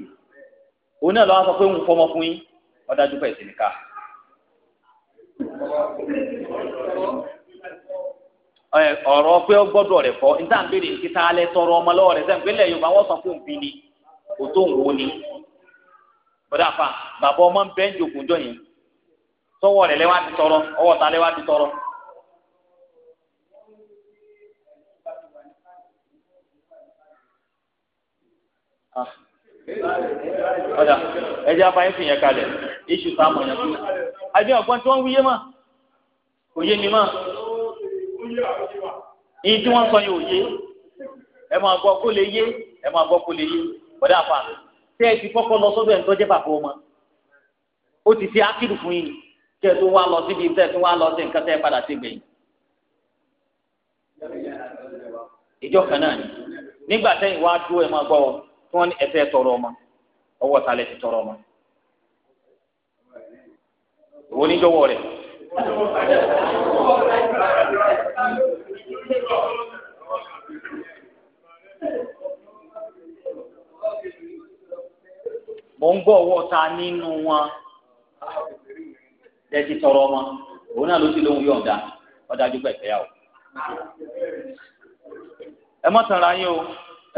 òun náà lọ́wọ́ sọ pé òun fọmọ fún yín ọ̀dájú pẹ̀ sí nìka. ọ̀rọ̀ pé ó gbọ́dọ̀ rẹ̀ fọ́ níta ń béèrè kí táa lẹ ọmọ lọ́wọ́ rẹ̀ sẹ́yìn yorùbá wọ́n sọ fún òbí ni òun tọrọ. ọ̀dà ẹ̀jẹ̀ apáyé fi yẹn kalẹ̀ iṣu sáàmù yẹn fún mi. àbí ọ̀gbọ́n tí wọ́n wí yé mà mi mà ìyí tí wọ́n sọ yẹn ò ẹ máa gbọ kó lè yé ẹ máa gbọ́ kó lè yé ẹ ti kọ́kọ́ lọ sọ́dọ̀ ẹ̀ ń ti fi ákìlù fún yín kí ẹ tó wá lọ síbi tẹ́ ẹ tó wá lọ sí nǹkan tẹ́ ẹ padà sí ìjọ kan náà nígbà tí wọ́n ní ẹ̀fẹ́ tọrọ ọmọ ọwọ́ ta lẹ ti tọrọ ọmọ òwò mo ń ta nínú wọn lẹ ti tọrọ ọmọ ló ti lóhun yọ̀ǹda ọ̀dájú pẹ̀lú ẹ̀yà o. ẹ yín o.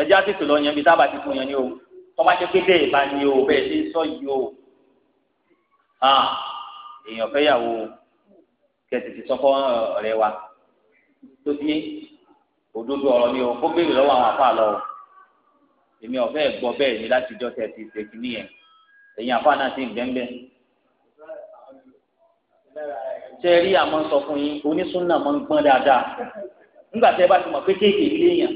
ẹjẹ́ àtìtò lọ yẹn bí sábà ti fún yẹn ní o tọ́ba jẹ́ pé bẹ́ẹ̀ bá ní o bẹ́ẹ̀ ṣe ń sọ yìí o èèyàn fẹ́ yàwó kẹ̀tì sọ́kọ́ eh, ọ̀rẹ́ wa tó bí òdodo ọ̀rọ̀ ni o kó béèrè lọ́wọ́ àwọn àfa lọ o èmi ọ̀fẹ́ gbọ́ bẹ́ẹ̀ ni láti jọ́ tẹ̀ ti ṣe kìíní yẹn èyàn àfa náà ti ń gbẹ́ngbẹ́ ṣe rí àmọ́ sọ fún yín onísùn náà ń gbọ́n dáadáa nígbà tẹ́ bá ti mọ̀ pé kéèké ilé yẹn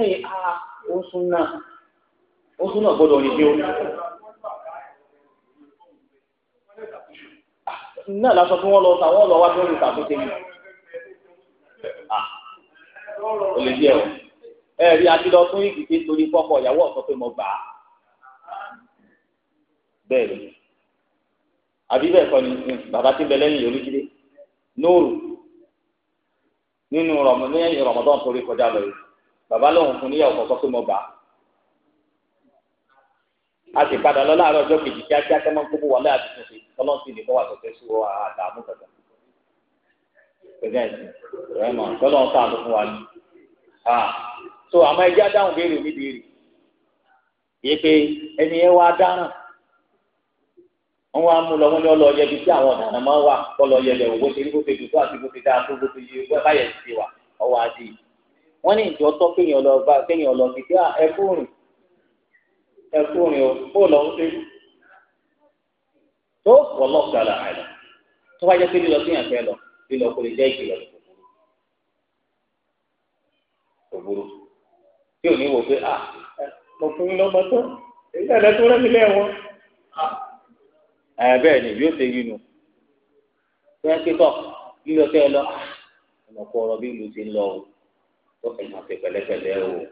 ẹ̀yìn a oṣù tí wọ́n lọ ta wọ́n lọ wá tí wọ́n ah, lè ta tó tẹ̀lé. ó díẹ̀ o ẹ rí fún ìgbìgbé torí pọ́pọ̀ ìyàwó ọ̀sán pé mo gbà á. bẹ́ẹ̀ ni àbí bẹ́ẹ̀ kọ́ ni hm, bàbá ti bẹ lẹ́yìn yorùbá jíde nóòrù nínú rọmọdún torí kọjá lọ yìí bàbá lòun fún níyàwó kọ̀ọ̀kan pé mo bà á a sì padà lọ láàárọ̀ ọjọ́ kejì kíákíá kẹ́ máa ń kókó wọlé àti tuntun ọlọ́run sì ní bọ́wà tọ̀tẹ̀ sí wọn àdààmú kankan pẹ̀lẹ́ǹtì rẹ̀ mọ̀ tọ́lọ́run sáànù fún wa ni so àmọ́ ẹjẹ́ adáhùn béèrè mi béèrè yé pé ẹni yẹn wá dáràn wọn wá mú lọ wọn ní ọlọ yẹbi tí àwọn ọ̀daràn máa wà kọ́ yẹlẹ̀ òwò wọ́n ní ìjọ tọ́ kéèyàn lọ bá kéèyàn lọ sí pé ah, ẹkú rìn ẹkú rìn o kó lọ ń ṣe tó wọ́n lọ́ọ̀kì àlà àìlọ́ tó bá jẹ́ pé lílọ kéèyàn fẹ́ lọ lílọ kò lè jẹ́ ìkìlọ̀ òbúrú tí ò ní wò pé ah mo fún yín lọ́gbọ́n tó èyí ẹ̀dá tó rẹ́ mi lẹ́wọ̀n ẹ̀ bẹ́ẹ̀ ni yóò ṣe yín nu bí wọ́n ti tọ̀ lílọ tẹ́ ẹ lọ ọ̀nà ah, kọ̀ ọ̀rọ̀ bí ìlú ti ń lọ o ó sì máa fi pẹ̀lẹ́pẹ̀lẹ́ o ó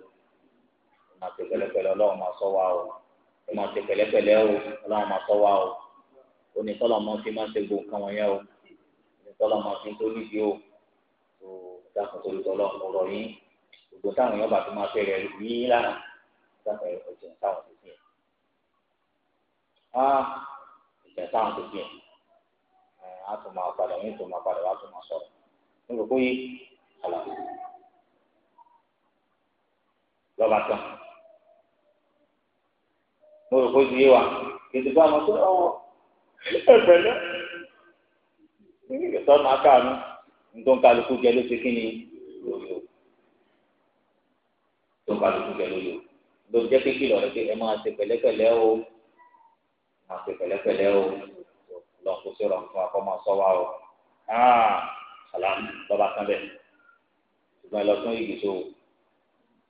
máa fi pẹ̀lẹ́pẹ̀lẹ́ ọlọ́run máa ṣọ́ wa o ó máa fi pẹ̀lẹ́pẹ̀lẹ́ o ọlọ́run máa ṣọ́ wa o onítọ́lọ́ máa fi máa ṣe gbogbo nǹkan wọ̀nyẹn o onítọ́lọ́ máa fi tó níbi o tó dákun tó lùtọ́ lọ mo rọ yín gbogbo táwọn èèyàn bá fi máa fẹ́ rẹ̀ yín lára dákun ẹ̀jẹ̀ táwọn ti fi hàn ah, ẹ̀jẹ̀ táwọn ti fi hàn á tún máa padà yín tún máa padà wá tún máa sọ̀rọ̀ lọ́ba tán. mo rò pé yé wa kìtì bá wọn tó ọwọ́ ẹgbẹ́ náà ìgbésọ̀ náà káàánú nítorí kálukú jẹ ló ṣe kí ni lórí o tó kálukú jẹ lórí o ló jẹ pé kìlọ̀ rẹ pé ẹ máa ṣe pẹ̀lẹ́pẹ̀lẹ́ o máa ṣe pẹ̀lẹ́pẹ̀lẹ́ o lọ kó sí ọ̀rọ̀ fún akọ́mọ sọ́wọ́ o ṣàlàyé lọ́ba tán bẹ́ẹ̀ ṣùgbọ́n ẹ lọ tún ìgbésọ̀ o.